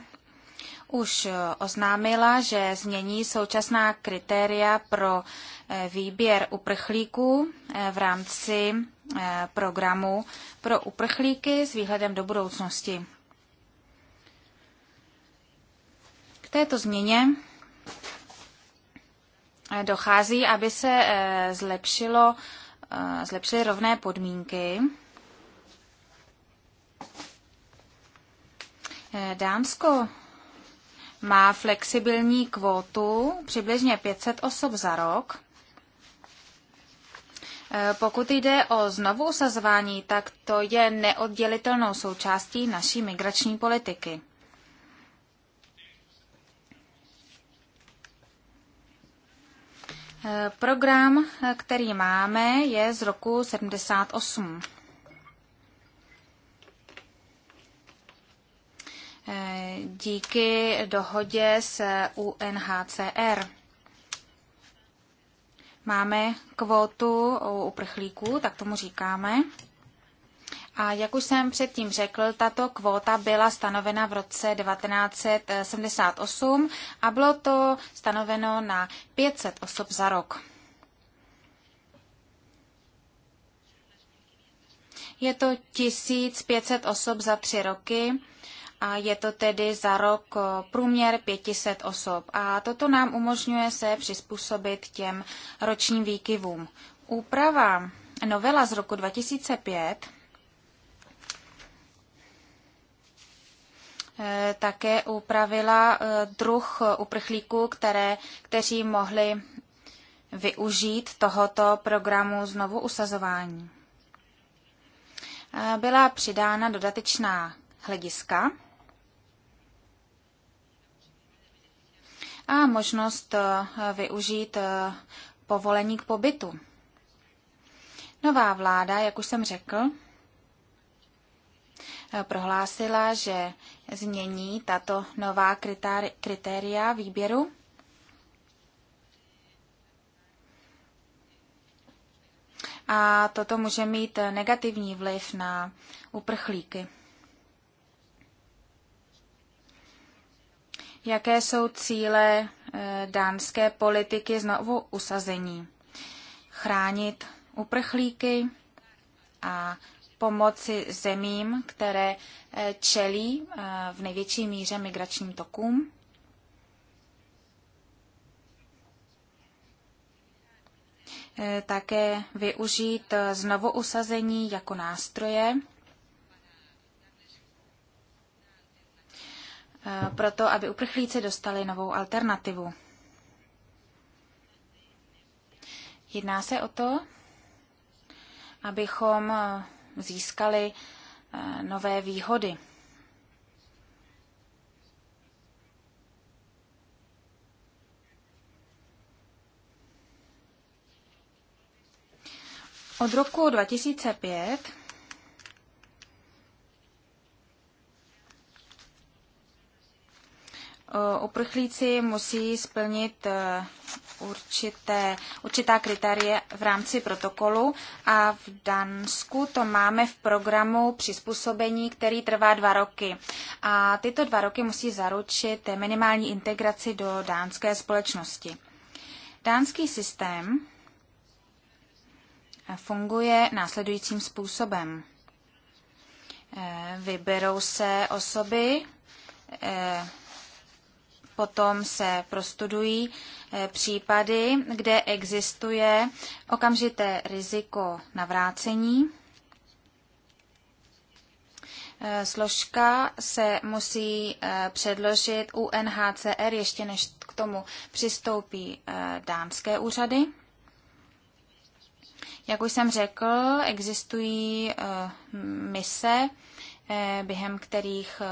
už eh, oznámila, že změní současná kritéria pro eh, výběr uprchlíků eh, v rámci programu pro uprchlíky s výhledem do budoucnosti. K této změně dochází, aby se zlepšilo, zlepšily rovné podmínky Eh, Dánsko má flexibilní kvótu přibližně 500 osob za rok. Eh, pokud jde o znovu usazování, tak to je neoddělitelnou součástí naší migrační politiky. Eh, program, který máme, je z roku 78. Eh, díky dohodě s UNHCR. Máme kvótu uprchlíků, tak tomu říkáme. A jak už jsem předtím řekl, tato kvóta byla stanovena v roce 1978 a bylo to stanoveno na 500 osob za rok. Je to 1500 osob za tři roky a je to tedy za rok eh, průměr 500 osob. A toto nám umožňuje se přizpůsobit těm ročním výkyvům. Úprava novela z roku 2005 eh, také upravila eh, druh uprchlíků, které, kteří mohli využít tohoto programu znovu usazování. Byla přidána dodatečná hlediska a možnost eh, využít eh, povolení k pobytu. Nová vláda, jak už jsem řekl, eh, prohlásila, že změní tato nová kritéria výběru. A toto může mít negativní vliv na uprchlíky. jaké jsou cíle eh, dánské politiky znovu usazení. Chránit uprchlíky a pomoci zemím, které eh, čelí eh, v největší míře migračním tokům. Také využít znovu usazení jako nástroje Eh, proto, aby uprchlíci dostali novou alternativu. Jedná se o to, abychom eh, získali eh, nové výhody. Od roku 2005 Eh, uprchlíci musí splnit eh, určité, určitá kritérie v rámci protokolu a v Dansku to máme v programu přizpůsobení, který trvá dva roky. A tyto dva roky musí zaručit minimální integraci do dánské společnosti. Dánský systém eh, funguje následujícím způsobem. Vyberou se osoby, potom se prostudují eh, případy, kde existuje okamžité riziko navrácení. Eh, složka se musí eh, předložit UNHCR ještě než k tomu přistoupí dánské úřady. Jak už jsem řekl, existují mise, během kterých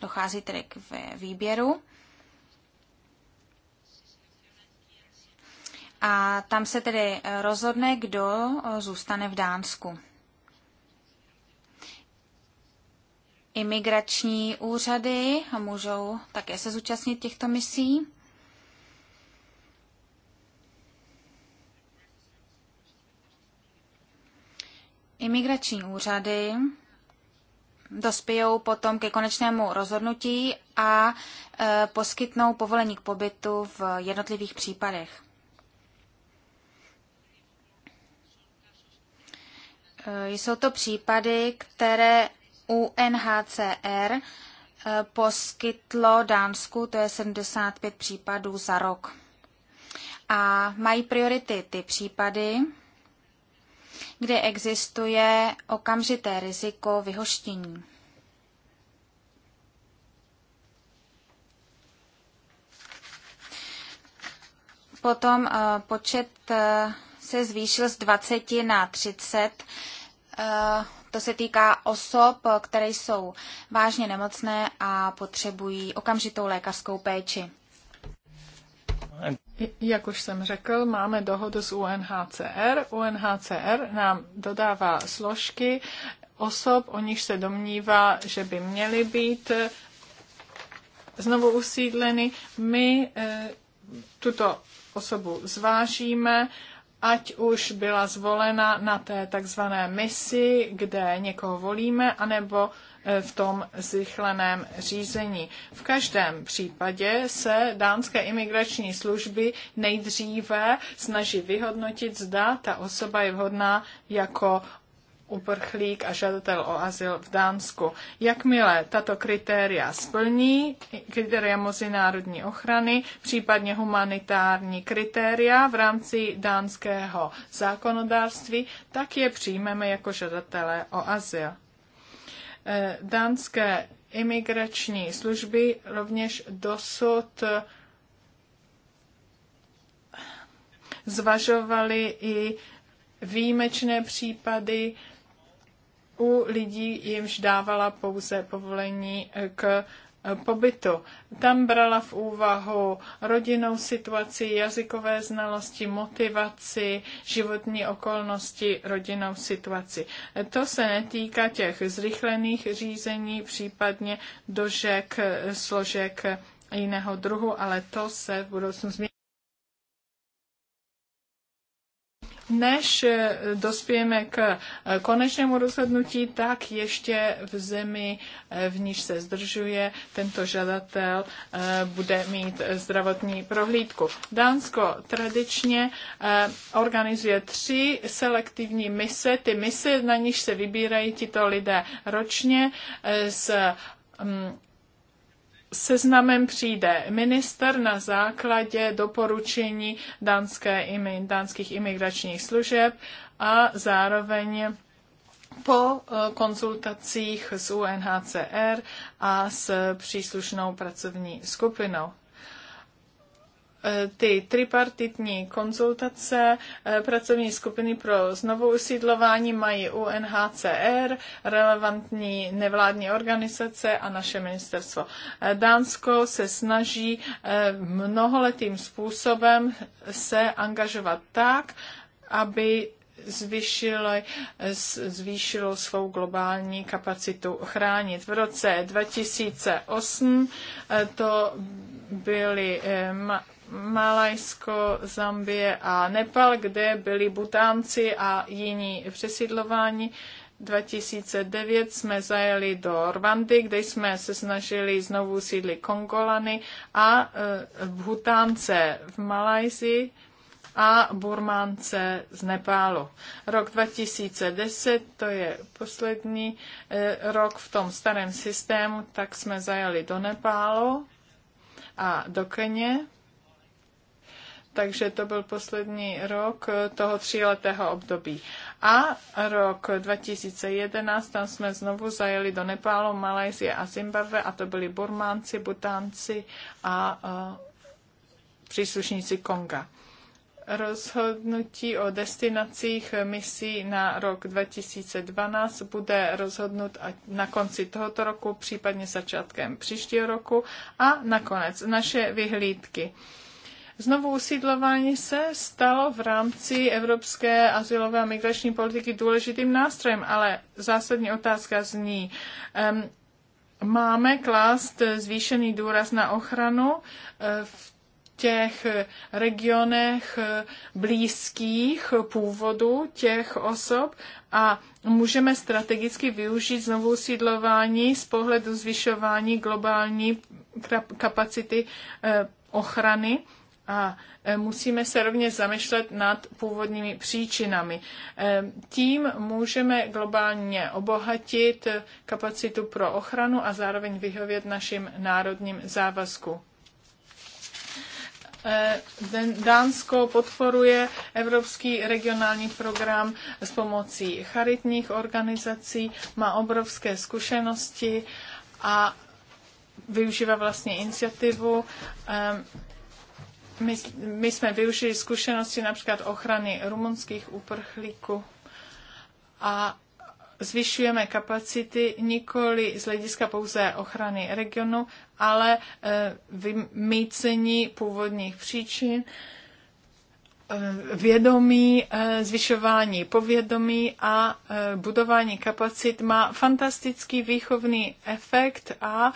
dochází tedy k výběru. A tam se tedy eh, rozhodne, kdo eh, zůstane v Dánsku. Imigrační úřady můžou také se zúčastnit těchto misí. Imigrační úřady dospějou potom ke konečnému rozhodnutí a eh, poskytnou povolení k pobytu v jednotlivých případech. Eh, jsou to případy, které UNHCR eh, poskytlo Dánsku, to je 75 případů za rok. A mají priority ty případy, kde existuje okamžité riziko vyhoštění. Potom eh, počet se zvýšil z 20 na 30 Eh, to se týká osob, které jsou vážně nemocné a potřebují okamžitou lékařskou péči. Jak už jsem řekl, máme dohodu s UNHCR. UNHCR nám dodává složky osob, o nich se domnívá, že by měly být eh, znovu usídleny. My eh, tuto osobu zvážíme ať už byla zvolena na té takzvané misi, kde někoho volíme, anebo eh, v tom zrychleném řízení. V každém případě se dánské imigrační služby nejdříve snaží vyhodnotit, zda ta osoba je vhodná jako uprchlík a žadatel o azyl v Dánsku. Jakmile tato kritéria splní, kritéria mezinárodní ochrany, případně humanitární kritéria v rámci dánského zákonodárství, tak je přijmeme jako žadatele o azyl. Eh, dánské imigrační služby rovněž dosud zvažovaly i výjimečné případy u lidí, jimž dávala pouze povolení eh, k eh, pobytu. Tam brala v úvahu rodinnou situaci, jazykové znalosti, motivaci, životní okolnosti, rodinnou situaci. Eh, to se netýká těch zrychlených řízení, případně dožek, složek jiného druhu, ale to se v budoucnu změní. než eh, dospějeme k eh, konečnému rozhodnutí, tak ještě v zemi, eh, v níž se zdržuje, tento žadatel bude mít zdravotní prohlídku. Dánsko tradičně organizuje tři selektivní mise. Ty mise, na níž se vybírají tito lidé ročně z seznamem přijde minister na základě doporučení dánské, dánských imigračních služeb a zároveň po eh, konzultacích s UNHCR a s příslušnou pracovní skupinou. Eh, ty tripartitní konzultace eh, pracovní skupiny pro znovu usídlování mají UNHCR, relevantní nevládní organizace a naše ministerstvo. Eh, Dánsko se snaží mnoholetým způsobem se angažovat tak, aby zvýšilo, zvýšilo svou globální kapacitu chránit. V roce 2008 to byly Malajsko, Zambie a Nepal, kde byli Butánci a jiní přesídlováni. 2009 jsme zajeli do Rwandy, kde jsme se snažili znovu sídlit Kongolany a e, Bhutánce v Malajzi a Burmánce z Nepálu. Rok 2010, to je poslední e, rok v tom starém systému, tak jsme zajeli do Nepálu a do Keně takže to byl poslední rok toho tříletého období. A rok 2011, tam jsme znovu zajeli do Nepálu, Malajzie a Zimbabwe a to byli Burmánci, Butánci a, a příslušníci Konga. Rozhodnutí o destinacích misí na rok 2012 bude rozhodnut na konci tohoto roku, případně začátkem příštího roku a nakonec naše vyhlídky. Znovu usídlování se stalo v rámci evropské asilové a migrační politiky důležitým nástrojem, ale zásadní otázka zní, um, máme klást zvýšený důraz na ochranu eh, v těch regionech eh, blízkých původu těch osob a můžeme strategicky využít znovu usídlování z pohledu zvyšování globální kapacity eh, ochrany a e, musíme se rovněž zamýšlet nad původními příčinami. E, tím můžeme globálně obohatit kapacitu pro ochranu a zároveň vyhovět našim národním závazkům. E, Dánsko podporuje Evropský regionální program s pomocí charitních organizací, má obrovské zkušenosti a využívá vlastně iniciativu my, my jsme využili zkušenosti například ochrany rumunských uprchlíků a zvyšujeme kapacity nikoli z hlediska pouze ochrany regionu, ale e, vymýcení původních příčin, e, vědomí, e, zvyšování povědomí a budování kapacit má fantastický výchovný efekt a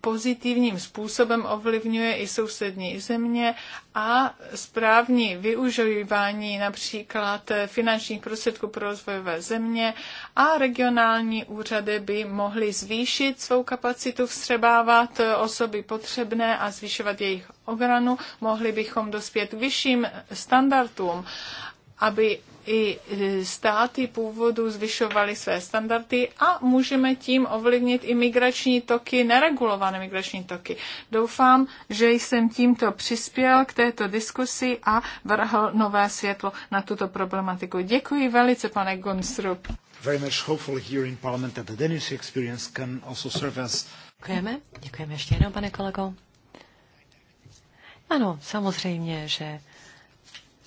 pozitivním způsobem ovlivňuje i sousední země a správní využívání například finančních prostředků pro rozvojové země a regionální úřady by mohly zvýšit svou kapacitu vstřebávat osoby potřebné a zvyšovat jejich obranu, Mohli bychom dospět k vyšším standardům, aby i e, státy původu zvyšovaly své standardy a můžeme tím ovlivnit i migrační toky, neregulované migrační toky. Doufám, že jsem tímto přispěl k této diskusi a vrhl nové světlo na tuto problematiku. Děkuji velice, pane Gonstrup. Very much here in Parliament that the Danish experience can also serve as... Děkujeme. Děkujeme ještě jednou, pane kolego. Ano, samozřejmě, že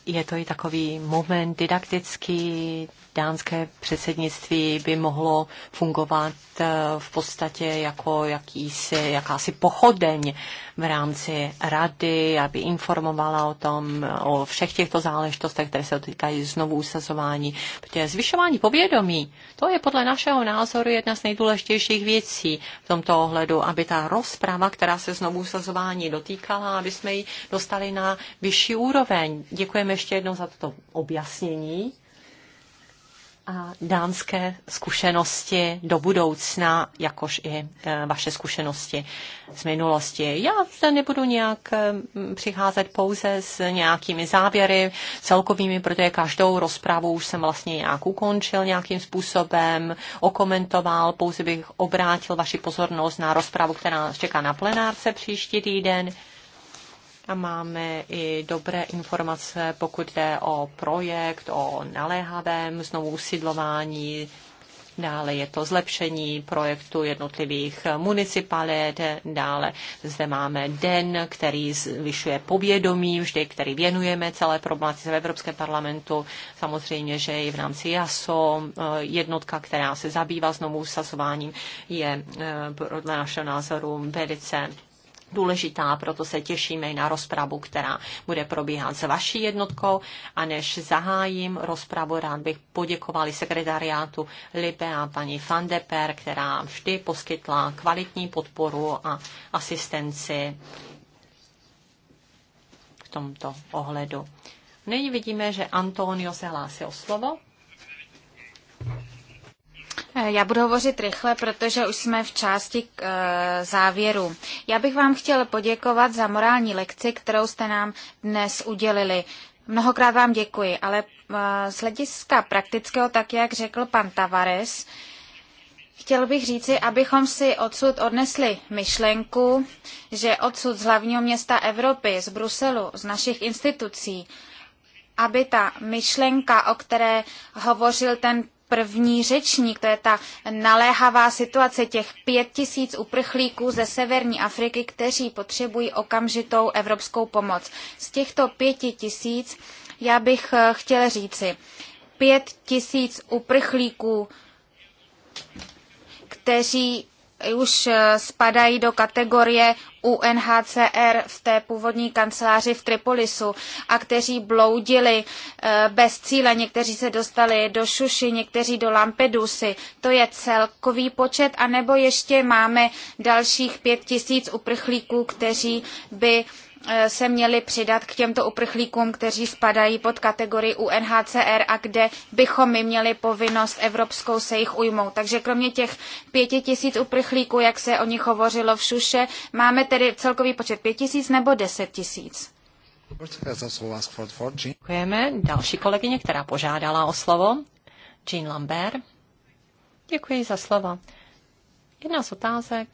je to i takový moment didaktický. Dánské předsednictví by mohlo fungovat eh, v podstatě jako jakýsi, jakási pochodeň v rámci rady, aby informovala o tom, o všech těchto záležitostech, které se týkají znovu usazování. Protože zvyšování povědomí, to je podle našeho názoru jedna z nejdůležitějších věcí v tomto ohledu, aby ta rozprava, která se znovu usazování dotýkala, aby jsme ji dostali na vyšší úroveň. Děkujeme ještě jednou za toto objasnění a dánské zkušenosti do budoucna, jakož i e, vaše zkušenosti z minulosti. Já zde nebudu nějak e, přicházet pouze s nějakými záběry celkovými, protože každou rozpravu už jsem vlastně nějak ukončil nějakým způsobem, okomentoval, pouze bych obrátil vaši pozornost na rozpravu, která nás čeká na plenárce příští týden a máme i dobré informace, pokud jde o projekt, o naléhavém znovu usidlování. Dále je to zlepšení projektu jednotlivých municipalit. Dále zde máme den, který zvyšuje povědomí vždy, který věnujeme celé problematice v Evropském parlamentu. Samozřejmě, že i v rámci JASO eh, jednotka, která se zabývá znovu usazováním, je eh, podle našeho názoru velice důležitá, proto se těšíme i na rozpravu, která bude probíhat s vaší jednotkou. A než zahájím rozpravu, rád bych poděkovali sekretariátu Libe a paní Van která vždy poskytla kvalitní podporu a asistenci v tomto ohledu. Nyní vidíme, že Antonio se hlásí o slovo. Já budu hovořit rychle, protože už jsme v části k e, závěru. Já bych vám chtěl poděkovat za morální lekci, kterou jste nám dnes udělili. Mnohokrát vám děkuji, ale e, z hlediska praktického, tak jak řekl pan Tavares, Chtěl bych říci, abychom si odsud odnesli myšlenku, že odsud z hlavního města Evropy, z Bruselu, z našich institucí, aby ta myšlenka, o které hovořil ten první řečník, to je ta naléhavá situace těch pět tisíc uprchlíků ze severní Afriky, kteří potřebují okamžitou evropskou pomoc. Z těchto pěti tisíc já bych eh, chtěla říci, pět tisíc uprchlíků, kteří už eh, spadají do kategorie UNHCR v té původní kanceláři v Tripolisu a kteří bloudili eh, bez cíle, někteří se dostali do Šuši, někteří do Lampedusy. To je celkový počet, anebo ještě máme dalších pět tisíc uprchlíků, kteří by Eh, se měli přidat k těmto uprchlíkům, kteří spadají pod kategorii UNHCR a kde bychom my měli povinnost evropskou se jich ujmout. Takže kromě těch pěti tisíc uprchlíků, jak se o nich hovořilo v Šuše, máme tedy celkový počet pět tisíc nebo deset tisíc. Děkujeme. Další kolegyně, která požádala o slovo, Jean Lambert. Děkuji za slovo. Jedna z otázek,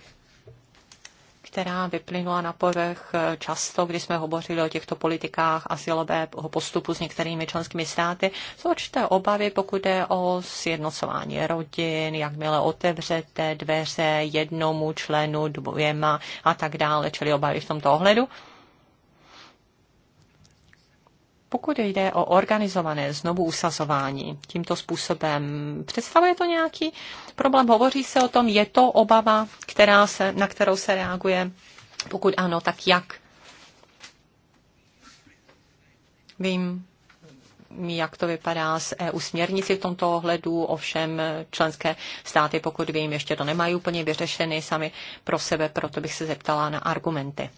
která vyplynula na povrch eh, často, když jsme hovořili o těchto politikách asilového postupu s některými členskými státy, jsou určité obavy, pokud jde o sjednocování rodin, jakmile otevřete dveře jednomu členu, dvěma a tak dále, čili obavy v tomto ohledu. Pokud jde o organizované znovu usazování tímto způsobem, představuje to nějaký problém? Hovoří se o tom, je to obava, která se, na kterou se reaguje? Pokud ano, tak jak? Vím, jak to vypadá s EU směrnici v tomto ohledu, ovšem členské státy, pokud vím, ještě to nemají úplně vyřešeny sami pro sebe, proto bych se zeptala na argumenty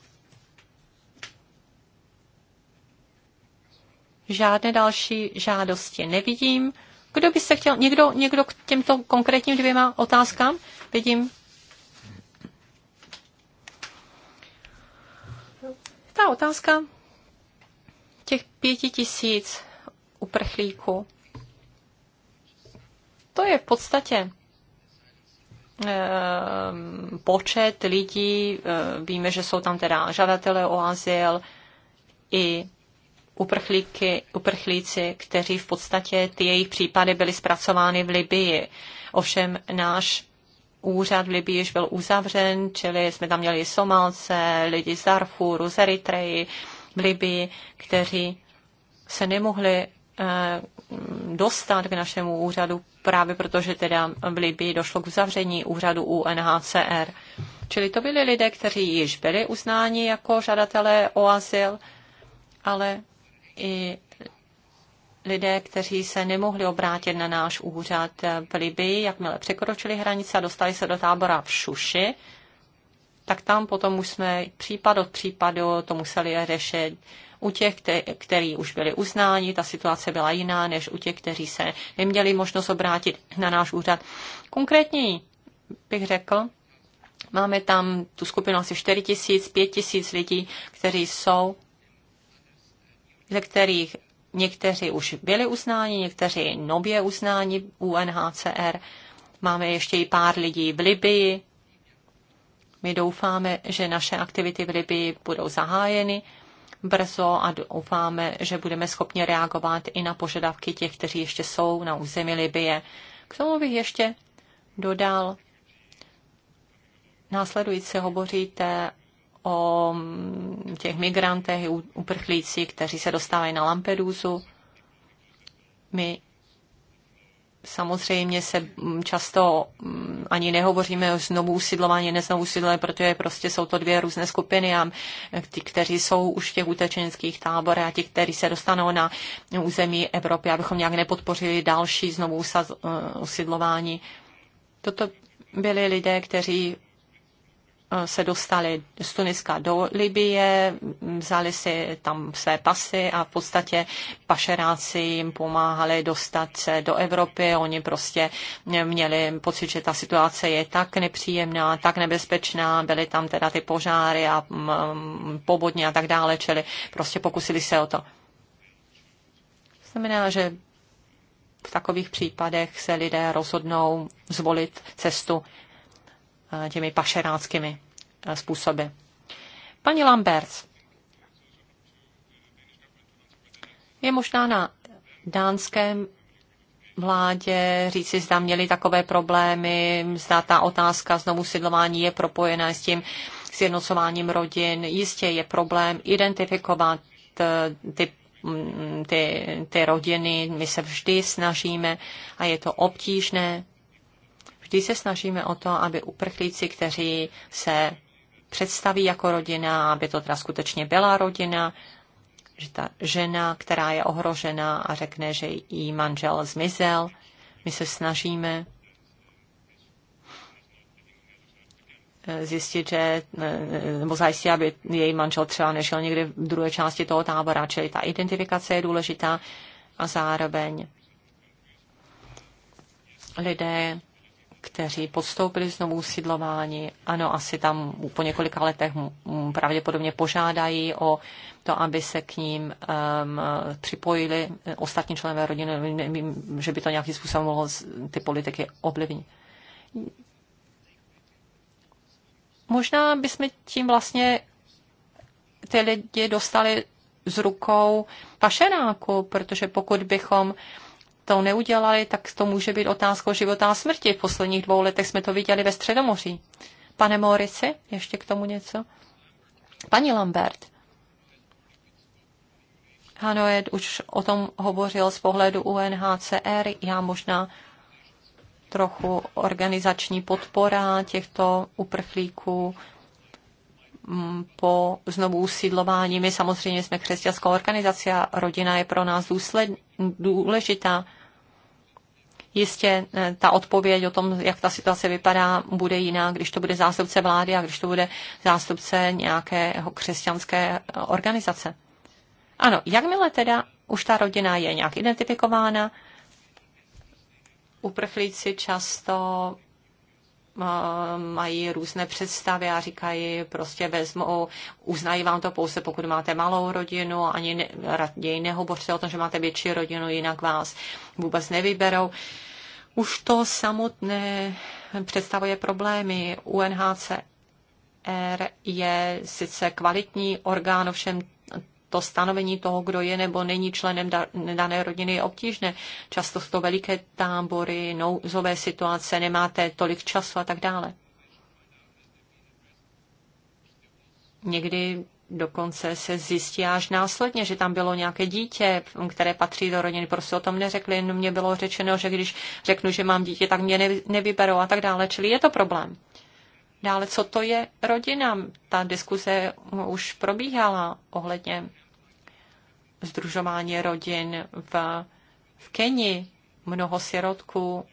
Žádné další žádosti nevidím. Kdo by se chtěl, někdo, někdo k těmto konkrétním dvěma otázkám? Vidím. Ta otázka těch pěti tisíc uprchlíků, to je v podstatě ehm, počet lidí, ehm, víme, že jsou tam teda žadatelé o azyl i uprchlíky, uprchlíci, kteří v podstatě ty jejich případy byly zpracovány v Libii. Ovšem náš úřad v Libii již byl uzavřen, čili jsme tam měli Somalce, lidi z Darfuru, z Eritreji, v Libii, kteří se nemohli eh, dostat k našemu úřadu právě protože teda v Libii došlo k uzavření úřadu UNHCR. Čili to byli lidé, kteří již byli uznáni jako žadatelé o azyl, ale i lidé, kteří se nemohli obrátit na náš úřad v Libii, jakmile překročili hranice a dostali se do tábora v Šuši, tak tam potom už jsme případ od případu to museli řešit. U těch, kteří už byli uznáni, ta situace byla jiná, než u těch, kteří se neměli možnost obrátit na náš úřad. Konkrétně bych řekl, máme tam tu skupinu asi 4 tisíc, 5 tisíc lidí, kteří jsou ze kterých někteří už byli uznáni, někteří nově uznáni UNHCR. Máme ještě i pár lidí v Libii. My doufáme, že naše aktivity v Libii budou zahájeny brzo a doufáme, že budeme schopni reagovat i na požadavky těch, kteří ještě jsou na území Libie. K tomu bych ještě dodal, následující hovoříte o těch migrantech, uprchlíci, kteří se dostávají na Lampedusu. My samozřejmě se často mm, ani nehovoříme o znovu usidlování, neznovu usidlování, protože prostě jsou to dvě různé skupiny a ti, kteří jsou už v těch utečenských táborech a ti, kteří se dostanou na území Evropy, abychom nějak nepodpořili další znovu eh, usidlování. Toto byli lidé, kteří Eh, se dostali z Tuniska do Libie, vzali si tam své pasy a v podstatě pašeráci jim pomáhali dostat se do Evropy. Oni prostě měli pocit, že ta situace je tak nepříjemná, tak nebezpečná, byly tam teda ty požáry a mm, mm, povodně a tak dále, čili prostě pokusili se o to. Znamená, že v takových případech se lidé rozhodnou zvolit cestu Eh, těmi pašeráckými eh, způsoby. Paní Lambert, je možná na dánském vládě říci, zda měli takové problémy, zda ta otázka znovu sídlování je propojená s tím sjednocováním rodin. Jistě je problém identifikovat eh, ty mm, ty, ty rodiny, my se vždy snažíme a je to obtížné. Vždy se snažíme o to, aby uprchlíci, kteří se představí jako rodina, aby to teda skutečně byla rodina, že ta žena, která je ohrožena a řekne, že jí manžel zmizel, my se snažíme eh, zjistit, že, eh, nebo zajistit, aby její manžel třeba nešel někde v druhé části toho tábora, čili ta identifikace je důležitá a zároveň lidé, kteří podstoupili znovu sídlování. Ano, asi tam po několika letech pravděpodobně požádají o to, aby se k ním um, připojili ostatní členové rodiny. Nevím, že by to nějakým způsobem mohlo ty politiky ovlivnit. Možná bychom tím vlastně ty lidi dostali z rukou pašenáku, protože pokud bychom to neudělali, tak to může být otázkou života a smrti. V posledních dvou letech jsme to viděli ve Středomoří. Pane Morici, ještě k tomu něco? Paní Lambert. Hanoed už o tom hovořil z pohledu UNHCR. Já možná trochu organizační podpora těchto uprchlíků po znovu usídlování. My samozřejmě jsme křesťanská organizace a rodina je pro nás důsled, důležitá. Jistě e, ta odpověď o tom, jak ta situace vypadá, bude jiná, když to bude zástupce vlády a když to bude zástupce nějakého křesťanské e, organizace. Ano, jakmile teda už ta rodina je nějak identifikována, uprchlíci často mají různé představy a říkají, prostě vezmou, uznají vám to pouze, pokud máte malou rodinu, ani ne, raději nehovořte o tom, že máte větší rodinu, jinak vás vůbec nevyberou. Už to samotné představuje problémy. UNHCR je sice kvalitní orgán, ovšem to stanovení toho, kdo je nebo není členem dané rodiny, je obtížné. Často jsou to veliké tábory, nouzové situace, nemáte tolik času a tak dále. Někdy dokonce se zjistí až následně, že tam bylo nějaké dítě, které patří do rodiny. Prostě o tom neřekli, jenom mě bylo řečeno, že když řeknu, že mám dítě, tak mě nevyberou a tak dále. Čili je to problém. Dále, co to je rodina? Ta diskuse už probíhala ohledně združování rodin v, v Keni, mnoho sirotků,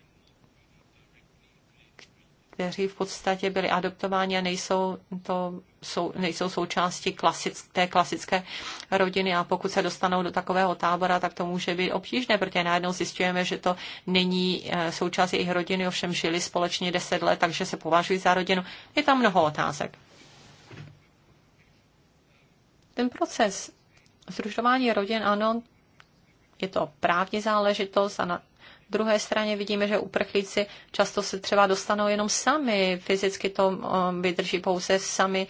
kteří v podstatě byli adoptováni a nejsou, to, jsou, nejsou součástí klasick, té klasické rodiny a pokud se dostanou do takového tábora, tak to může být obtížné, protože najednou zjistujeme, že to není eh, součást jejich rodiny, ovšem žili společně deset let, takže se považují za rodinu. Je tam mnoho otázek. Ten proces Zrušování rodin, ano, je to právní záležitost a na druhé straně vidíme, že uprchlíci často se třeba dostanou jenom sami, fyzicky to um, vydrží pouze sami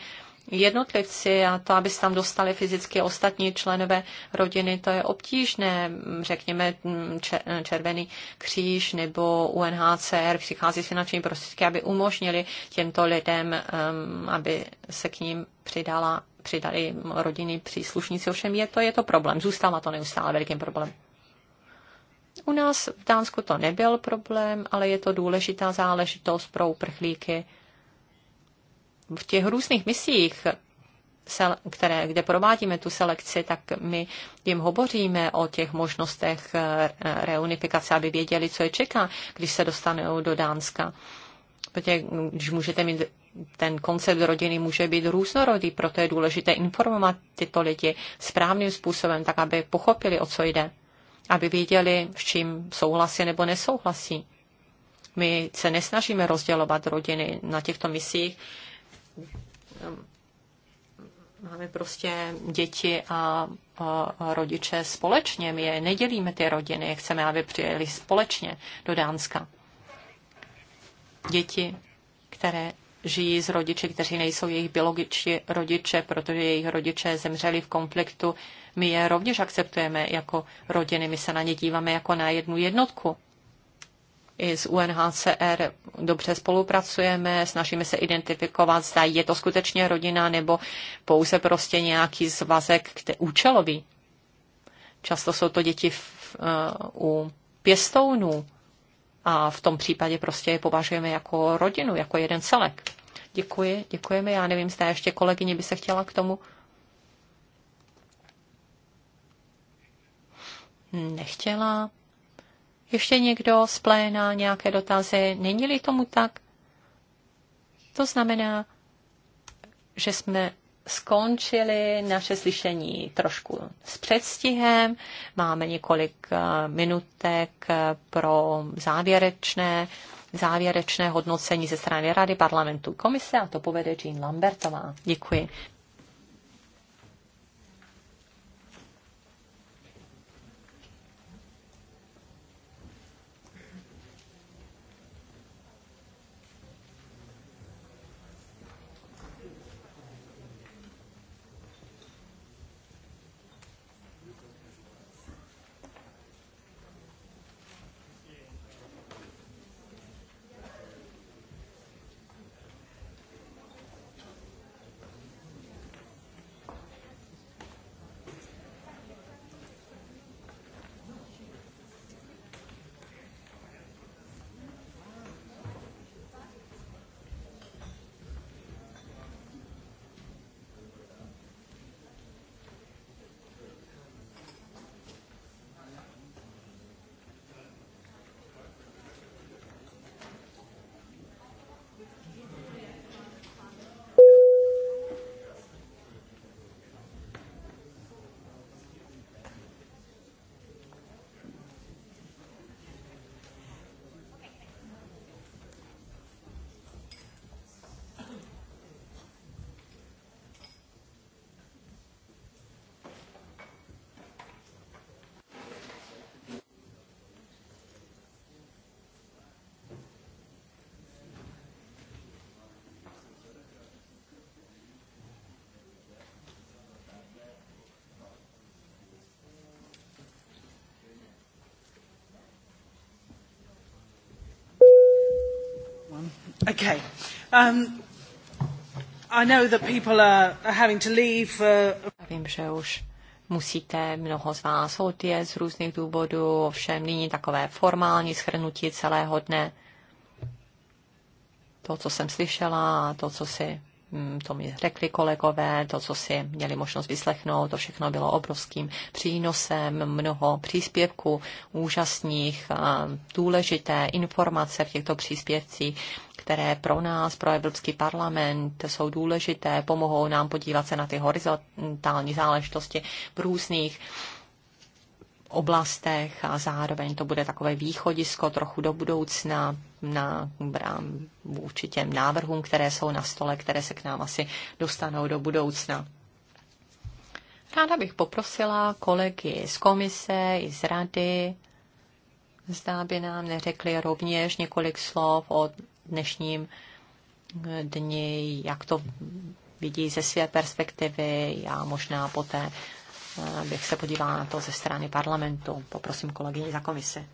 jednotlivci a to, aby se tam dostali fyzicky ostatní členové rodiny, to je obtížné. Řekněme mm, Červený kříž nebo UNHCR přichází s finanční prostředky, aby umožnili těmto lidem, um, aby se k ním přidala přidali rodiny příslušníci, ovšem je to, je to problém, zůstává to neustále velkým problém. U nás v Dánsku to nebyl problém, ale je to důležitá záležitost pro uprchlíky. V těch různých misích, které, kde provádíme tu selekci, tak my jim hovoříme o těch možnostech eh, reunifikace, aby věděli, co je čeká, když se dostanou do Dánska. Protože když můžete mít ten koncept rodiny může být různorodý, proto je důležité informovat tyto lidi správným způsobem, tak aby pochopili, o co jde, aby věděli, s čím souhlasí nebo nesouhlasí. My se nesnažíme rozdělovat rodiny na těchto misích. Máme prostě děti a, a, a rodiče společně. My je nedělíme ty rodiny, chceme, aby přijeli společně do Dánska. Děti, které žijí s rodiči, kteří nejsou jejich biologičtí rodiče, protože jejich rodiče zemřeli v konfliktu. My je rovněž akceptujeme jako rodiny, my se na ně díváme jako na jednu jednotku. I s UNHCR dobře spolupracujeme, snažíme se identifikovat, zda je to skutečně rodina nebo pouze prostě nějaký zvazek který, účelový. Často jsou to děti v, uh, u pěstounů, a v tom případě prostě je považujeme jako rodinu, jako jeden celek. Děkuji, děkujeme. Já nevím, zda ještě kolegyně by se chtěla k tomu. Nechtěla. Ještě někdo z pléna nějaké dotazy? Není-li tomu tak? To znamená, že jsme skončili naše slyšení trošku s předstihem. Máme několik eh, minutek eh, pro závěrečné, závěrečné hodnocení ze strany Rady parlamentu komise a to povede Jean Lambertová. Děkuji. Okay. Um, I know that people are, are having to leave. Uh... Vím, že už musíte mnoho z vás odjet z různých důvodů, ovšem nyní takové formální schrnutí celého dne. To, co jsem slyšela, to, co si mm, to mi řekli kolegové, to, co si měli možnost vyslechnout, to všechno bylo obrovským přínosem, mnoho příspěvků, úžasných, důležité informace v těchto příspěvcích které pro nás, pro Evropský parlament jsou důležité, pomohou nám podívat se na ty horizontální záležitosti v různých oblastech a zároveň to bude takové východisko trochu do budoucna na, na vůči těm návrhům, které jsou na stole, které se k nám asi dostanou do budoucna. Ráda bych poprosila kolegy z komise i z rady, zdá by nám neřekli rovněž několik slov o dnešním dni, jak to vidí ze své perspektivy. Já možná poté eh, bych se podívala na to ze strany parlamentu. Poprosím kolegyni za komisi.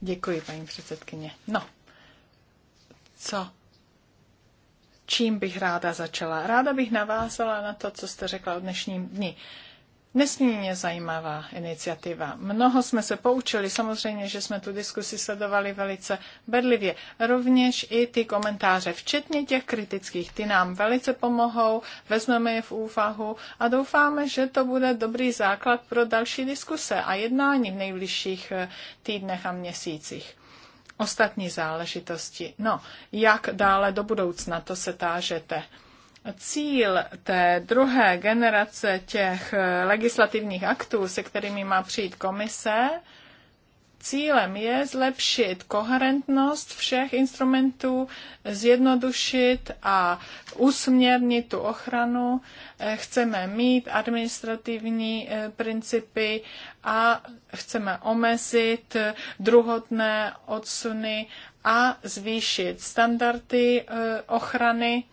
Děkuji, paní předsedkyně. No, co? Čím bych ráda začala? Ráda bych navázala na to, co jste řekla o dnešním dni nesmírně zajímavá iniciativa. Mnoho jsme se poučili, samozřejmě, že jsme tu diskusi sledovali velice bedlivě. Rovněž i ty komentáře, včetně těch kritických, ty nám velice pomohou, vezmeme je v úvahu a doufáme, že to bude dobrý základ pro další diskuse a jednání v nejbližších eh, týdnech a měsících ostatní záležitosti. No, jak dále do budoucna, to se tážete cíl té druhé generace těch legislativních aktů, se kterými má přijít komise, cílem je zlepšit koherentnost všech instrumentů, zjednodušit a usměrnit tu ochranu. Chceme mít administrativní eh, principy a chceme omezit eh, druhotné odsuny a zvýšit standardy eh, ochrany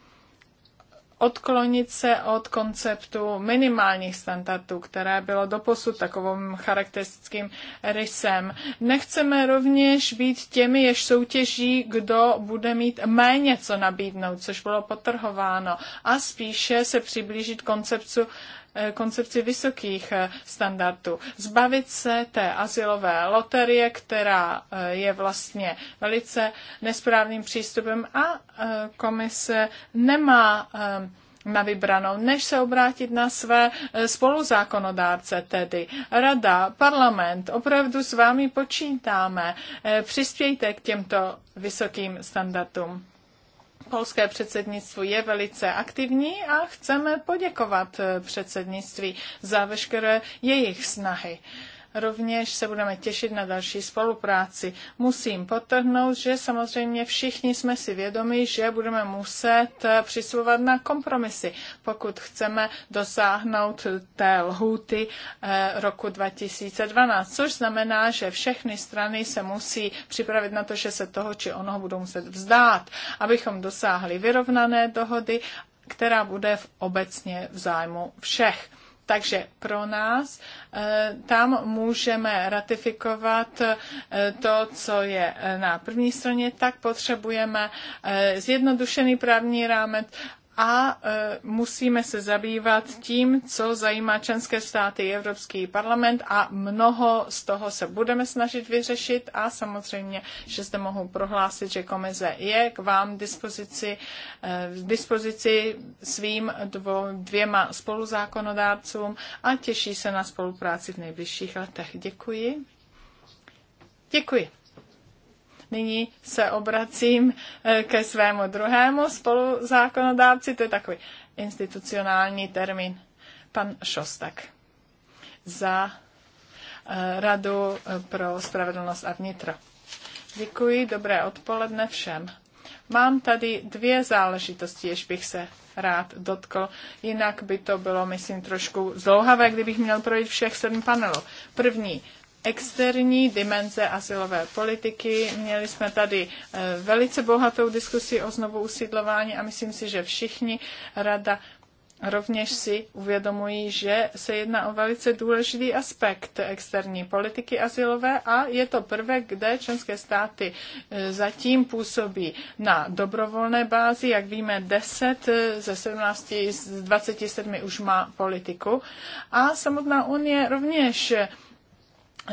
odklonit se od konceptu minimálních standardů, které bylo doposud takovým charakteristickým rysem. Nechceme rovněž být těmi, jež soutěží, kdo bude mít méně co nabídnout, což bylo potrhováno, a spíše se přiblížit konceptu Eh, koncepci vysokých eh, standardů. Zbavit se té asilové loterie, která eh, je vlastně velice nesprávným přístupem a komise nemá na vybranou, než se obrátit na své spoluzákonodárce, tedy rada, parlament. Opravdu s vámi počítáme. Přispějte k těmto vysokým standardům. Polské předsednictví je velice aktivní a chceme poděkovat eh, předsednictví za veškeré jejich snahy. Rovněž se budeme těšit na další spolupráci. Musím potrhnout, že samozřejmě všichni jsme si vědomi, že budeme muset přistupovat na kompromisy, pokud chceme dosáhnout té lhůty eh, roku 2012, což znamená, že všechny strany se musí připravit na to, že se toho či onoho budou muset vzdát, abychom dosáhli vyrovnané dohody, která bude v obecně v zájmu všech. Takže pro nás eh, tam můžeme ratifikovat eh, to, co je eh, na první straně, tak potřebujeme zjednodušený právní rámec a e, musíme se zabývat tím, co zajímá členské státy Evropský parlament a mnoho z toho se budeme snažit vyřešit a samozřejmě, že zde mohu prohlásit, že komise je k vám dispozici, e, v dispozici svým dvěma spoluzákonodárcům a těší se na spolupráci v nejbližších letech. Děkuji. Děkuji nyní se obracím eh, ke svému druhému spoluzákonodávci, to je takový institucionální termín, pan Šostak za eh, Radu eh, pro spravedlnost a vnitro. Děkuji, dobré odpoledne všem. Mám tady dvě záležitosti, jež bych se rád dotkl. Jinak by to bylo, myslím, trošku zlouhavé, kdybych měl projít všech sedm panelů. První, externí dimenze asilové politiky. Měli jsme tady eh, velice bohatou diskusi o znovu usídlování a myslím si, že všichni rada rovněž si uvědomují, že se jedná o velice důležitý aspekt externí politiky asilové a je to prvek, kde členské státy eh, zatím působí na dobrovolné bázi. Jak víme, 10 eh, ze 17 z 27 už má politiku a samotná unie rovněž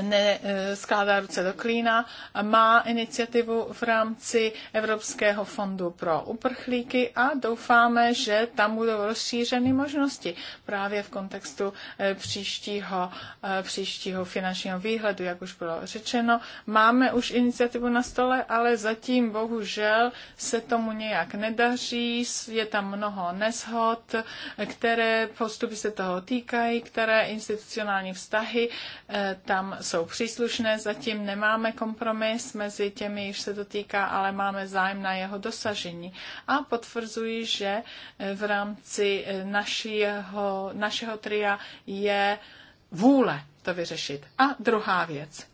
neskládá ruce do klína, má iniciativu v rámci Evropského fondu pro uprchlíky a doufáme, že tam budou rozšířeny možnosti právě v kontextu eh, příštího, eh, příštího finančního výhledu, jak už bylo řečeno. Máme už iniciativu na stole, ale zatím bohužel se tomu nějak nedaří, je tam mnoho neshod, které postupy se toho týkají, které institucionální vztahy eh, tam jsou příslušné. Zatím nemáme kompromis mezi těmi, již se to týká, ale máme zájem na jeho dosažení. A potvrzuji, že eh, v rámci eh, našího, našeho tria je vůle to vyřešit. A druhá věc.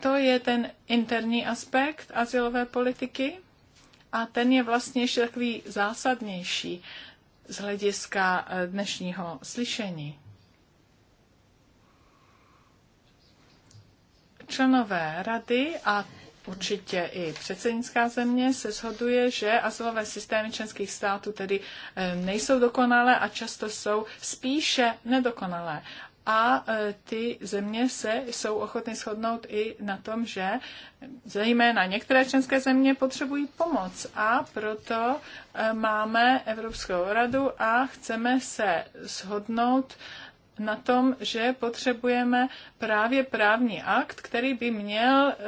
To je ten interní aspekt asilové politiky a ten je vlastně ještě takový zásadnější z hlediska eh, dnešního slyšení Členové rady a určitě i předsednická země se shoduje, že azylové systémy členských států tedy eh, nejsou dokonalé a často jsou spíše nedokonalé. A eh, ty země se jsou ochotny shodnout i na tom, že zejména některé členské země potřebují pomoc a proto eh, máme Evropskou radu a chceme se shodnout na tom, že potřebujeme právě právní akt, který by měl eh,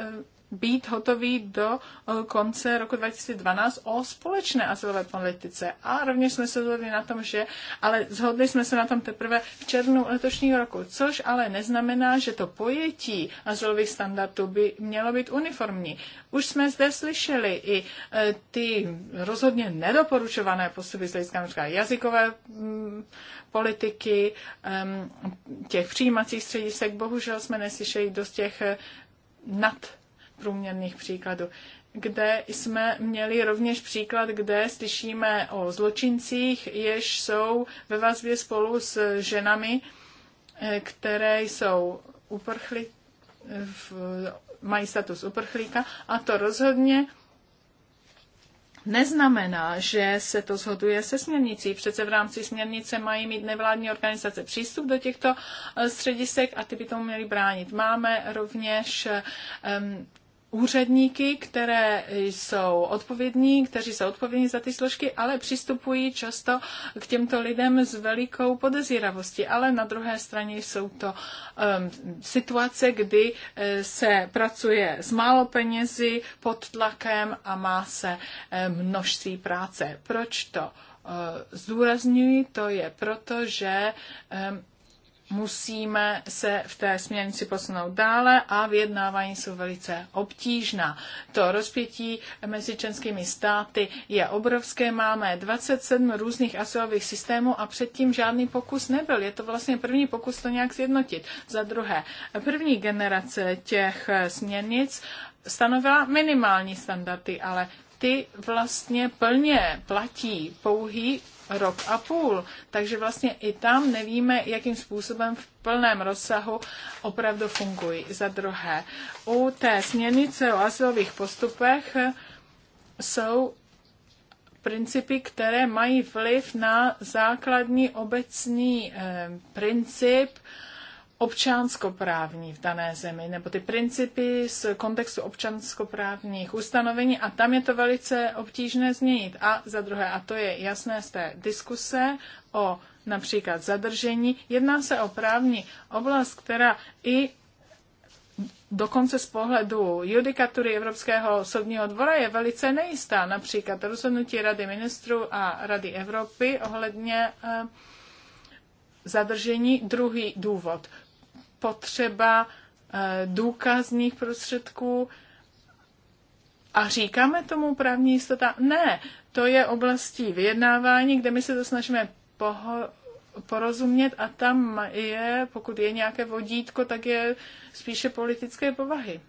být hotový do eh, konce roku 2012 o společné asilové politice. A rovněž jsme se zhodli na tom, že, ale zhodli jsme se na tom teprve v červnu letošního roku, což ale neznamená, že to pojetí asilových standardů by mělo být uniformní. Už jsme zde slyšeli i eh, ty rozhodně nedoporučované postupy z hlediska jazykové mm, politiky, těch přijímacích středisek, bohužel jsme neslyšeli dost těch eh, nad průměrných příkladů, kde jsme měli rovněž příklad, kde slyšíme o zločincích, jež jsou ve vazbě spolu s ženami, eh, které jsou uprchli, mají status uprchlíka a to rozhodně neznamená, že se to shoduje se směrnicí. Přece v rámci směrnice mají mít nevládní organizace přístup do těchto eh, středisek a ty by tomu měly bránit. Máme rovněž um, úředníky, které jsou odpovědní, kteří jsou odpovědní za ty složky, ale přistupují často k těmto lidem s velikou podezíravostí. Ale na druhé straně jsou to um, situace, kdy eh, se pracuje s málo penězi, pod tlakem a má se eh, množství práce. Proč to eh, zdůrazňuji? To je proto, že um, musíme se v té směrnici posunout dále a vyjednávání jsou velice obtížná. To rozpětí mezi členskými státy je obrovské. Máme 27 různých asilových systémů a předtím žádný pokus nebyl. Je to vlastně první pokus to nějak sjednotit. Za druhé, první generace těch směrnic stanovila minimální standardy, ale ty vlastně plně platí pouhý rok a půl. Takže vlastně i tam nevíme, jakým způsobem v plném rozsahu opravdu fungují. Za druhé, u té směrnice o asilových postupech jsou principy, které mají vliv na základní obecný eh, princip občanskoprávní v dané zemi, nebo ty principy z kontextu občanskoprávních ustanovení a tam je to velice obtížné změnit. A za druhé, a to je jasné z té diskuse o například zadržení, jedná se o právní oblast, která i dokonce z pohledu judikatury Evropského soudního dvora je velice nejistá. Například rozhodnutí Rady ministrů a Rady Evropy ohledně eh, zadržení. Druhý důvod potřeba eh, důkazních prostředků. A říkáme tomu právní jistota? Ne, to je oblastí vyjednávání, kde my se to snažíme poho- porozumět a tam je, pokud je nějaké vodítko, tak je spíše politické povahy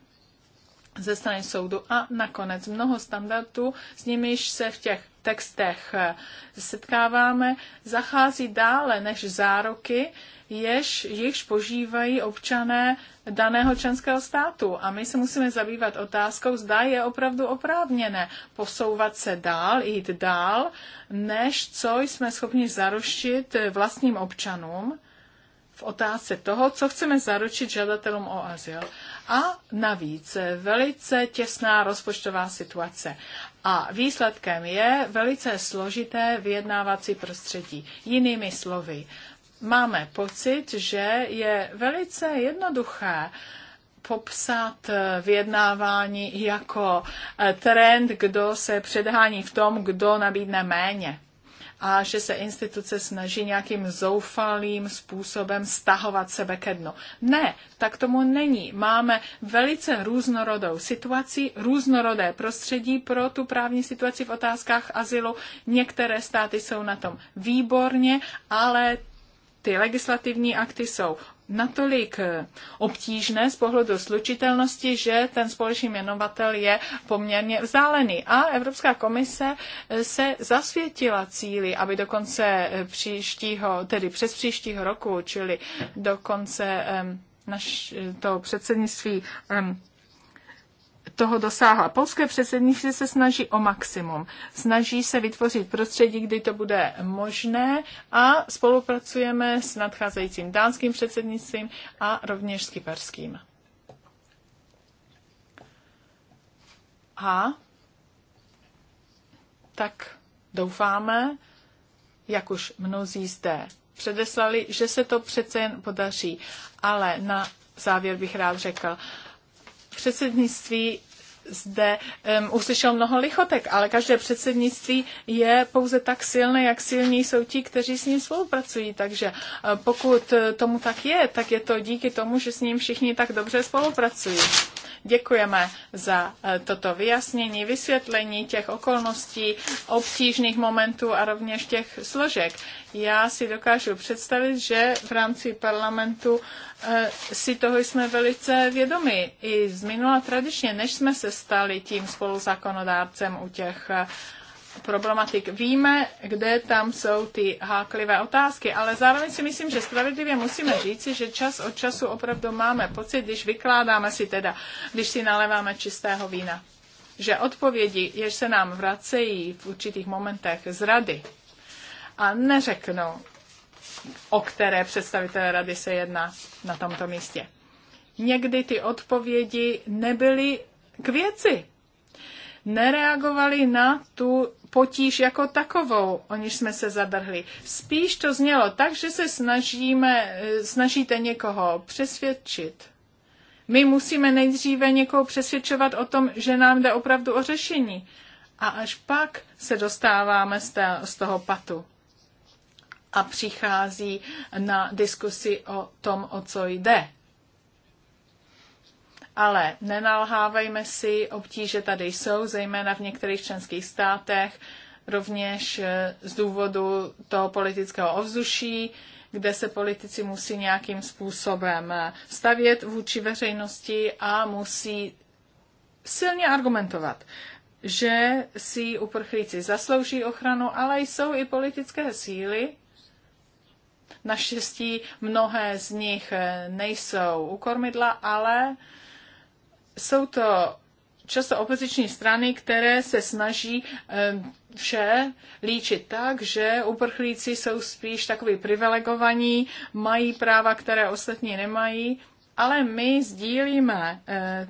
ze strany soudu a nakonec mnoho standardů, s nimiž se v těch textech eh, setkáváme, zachází dále než záruky, jež, jichž požívají občané daného členského státu. A my se musíme zabývat otázkou, zda je opravdu oprávněné posouvat se dál, jít dál, než co jsme schopni zarušit vlastním občanům v otázce toho, co chceme zaručit žadatelům o azyl. A navíc velice těsná rozpočtová situace. A výsledkem je velice složité vyjednávací prostředí. Jinými slovy, máme pocit, že je velice jednoduché popsat eh, vyjednávání jako eh, trend, kdo se předhání v tom, kdo nabídne méně. A že se instituce snaží nějakým zoufalým způsobem stahovat sebe ke dnu. Ne, tak tomu není. Máme velice různorodou situaci, různorodé prostředí pro tu právní situaci v otázkách azylu. Některé státy jsou na tom výborně, ale ty legislativní akty jsou natolik eh, obtížné z pohledu slučitelnosti, že ten společný jmenovatel je poměrně vzdálený. A Evropská komise eh, se zasvětila cíli, aby do konce eh, příštího, tedy přes příštího roku, čili do konce naš, to předsednictví toho dosáhla. Polské předsednictví se snaží o maximum. Snaží se vytvořit prostředí, kdy to bude možné a spolupracujeme s nadcházejícím dánským předsednictvím a rovněž s kyperským. A tak doufáme, jak už mnozí zde předeslali, že se to přece jen podaří. Ale na závěr bych rád řekl, předsednictví zde um, uslyšel mnoho lichotek, ale každé předsednictví je pouze tak silné, jak silní jsou ti, kteří s ním spolupracují. Takže uh, pokud tomu tak je, tak je to díky tomu, že s ním všichni tak dobře spolupracují. Děkujeme za eh, toto vyjasnění, vysvětlení těch okolností, obtížných momentů a rovněž těch složek. Já si dokážu představit, že v rámci parlamentu eh, si toho jsme velice vědomi. I z minula tradičně, než jsme se stali tím spoluzákonodárcem u těch eh, problematik. Víme, kde tam jsou ty háklivé otázky, ale zároveň si myslím, že spravedlivě musíme říci, že čas od času opravdu máme pocit, když vykládáme si teda, když si naléváme čistého vína, že odpovědi, jež se nám vracejí v určitých momentech z rady a neřeknou, o které představitelé rady se jedná na tomto místě. Někdy ty odpovědi nebyly k věci, nereagovali na tu potíž jako takovou, o níž jsme se zadrhli. Spíš to znělo tak, že se snažíme, eh, snažíte někoho přesvědčit. My musíme nejdříve někoho přesvědčovat o tom, že nám jde opravdu o řešení. A až pak se dostáváme z toho patu a přichází na diskusi o tom, o co jde. Ale nenalhávejme si, obtíže tady jsou, zejména v některých členských státech, rovněž eh, z důvodu toho politického ovzduší, kde se politici musí nějakým způsobem eh, stavět vůči veřejnosti a musí silně argumentovat, že si uprchlíci zaslouží ochranu, ale jsou i politické síly. Naštěstí mnohé z nich eh, nejsou u kormidla, ale jsou to často opoziční strany, které se snaží eh, vše líčit tak, že uprchlíci jsou spíš takový privilegovaní, mají práva, které ostatní nemají, ale my sdílíme eh,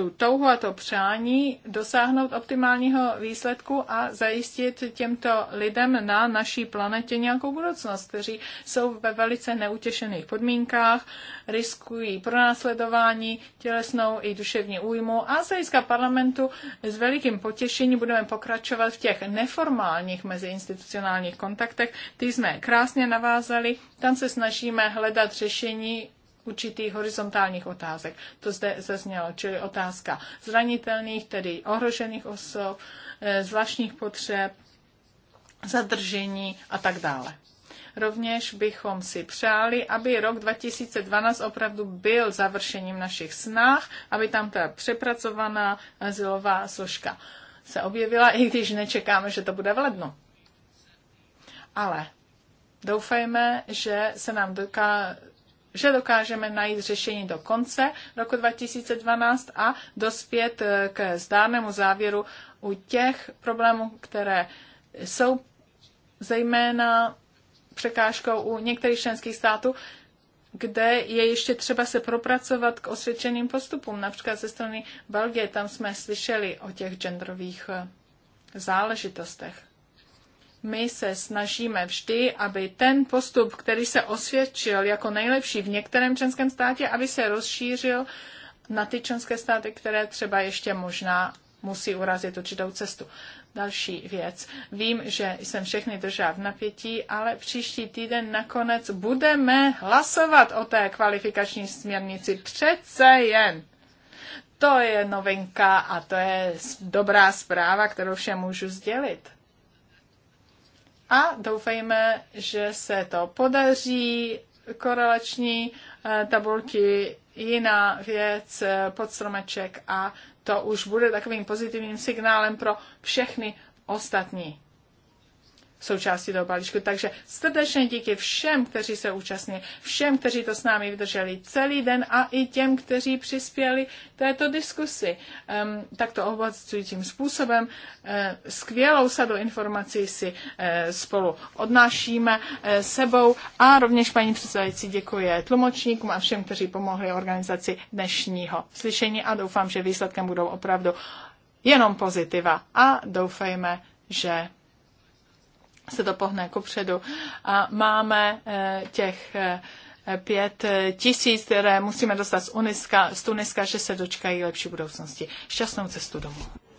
tu touhu a to přání dosáhnout optimálního výsledku a zajistit těmto lidem na naší planetě nějakou budoucnost, kteří jsou ve velice neutěšených podmínkách, riskují pronásledování, tělesnou i duševní újmu a z hlediska parlamentu s velikým potěšením budeme pokračovat v těch neformálních meziinstitucionálních kontaktech. Ty jsme krásně navázali, tam se snažíme hledat řešení určitých horizontálních otázek. To zde zaznělo, čili otázka zranitelných, tedy ohrožených osob, eh, zvláštních potřeb, zadržení a tak dále. Rovněž bychom si přáli, aby rok 2012 opravdu byl završením našich snah, aby tam ta přepracovaná azylová složka se objevila, i když nečekáme, že to bude v lednu. Ale doufejme, že se nám doká, že dokážeme najít řešení do konce roku 2012 a dospět eh, k zdárnému závěru u těch problémů, které jsou zejména překážkou u některých členských států, kde je ještě třeba se propracovat k osvědčeným postupům. Například ze strany Belgie, tam jsme slyšeli o těch genderových eh, záležitostech my se snažíme vždy, aby ten postup, který se osvědčil jako nejlepší v některém členském státě, aby se rozšířil na ty členské státy, které třeba ještě možná musí urazit určitou cestu. Další věc. Vím, že jsem všechny držela v napětí, ale příští týden nakonec budeme hlasovat o té kvalifikační směrnici. Přece jen. To je novinka a to je dobrá zpráva, kterou všem můžu sdělit a doufejme, že se to podaří. Korelační eh, tabulky, jiná věc, eh, podstromeček a to už bude takovým pozitivním signálem pro všechny ostatní součástí toho balíčku. Takže srdečně díky všem, kteří se účastní, všem, kteří to s námi vydrželi celý den a i těm, kteří přispěli této diskusi um, ehm, takto tím způsobem. Uh, skvělou sadu informací si uh, spolu odnášíme uh, sebou a rovněž paní předsedající děkuje tlumočníkům a všem, kteří pomohli organizaci dnešního slyšení a doufám, že výsledkem budou opravdu jenom pozitiva a doufejme, že se to pohne ku předu. A máme eh, těch eh, pět eh, tisíc, které musíme dostat z, Uniska, z Tuniska, že se dočkají lepší budoucnosti. Šťastnou cestu domů.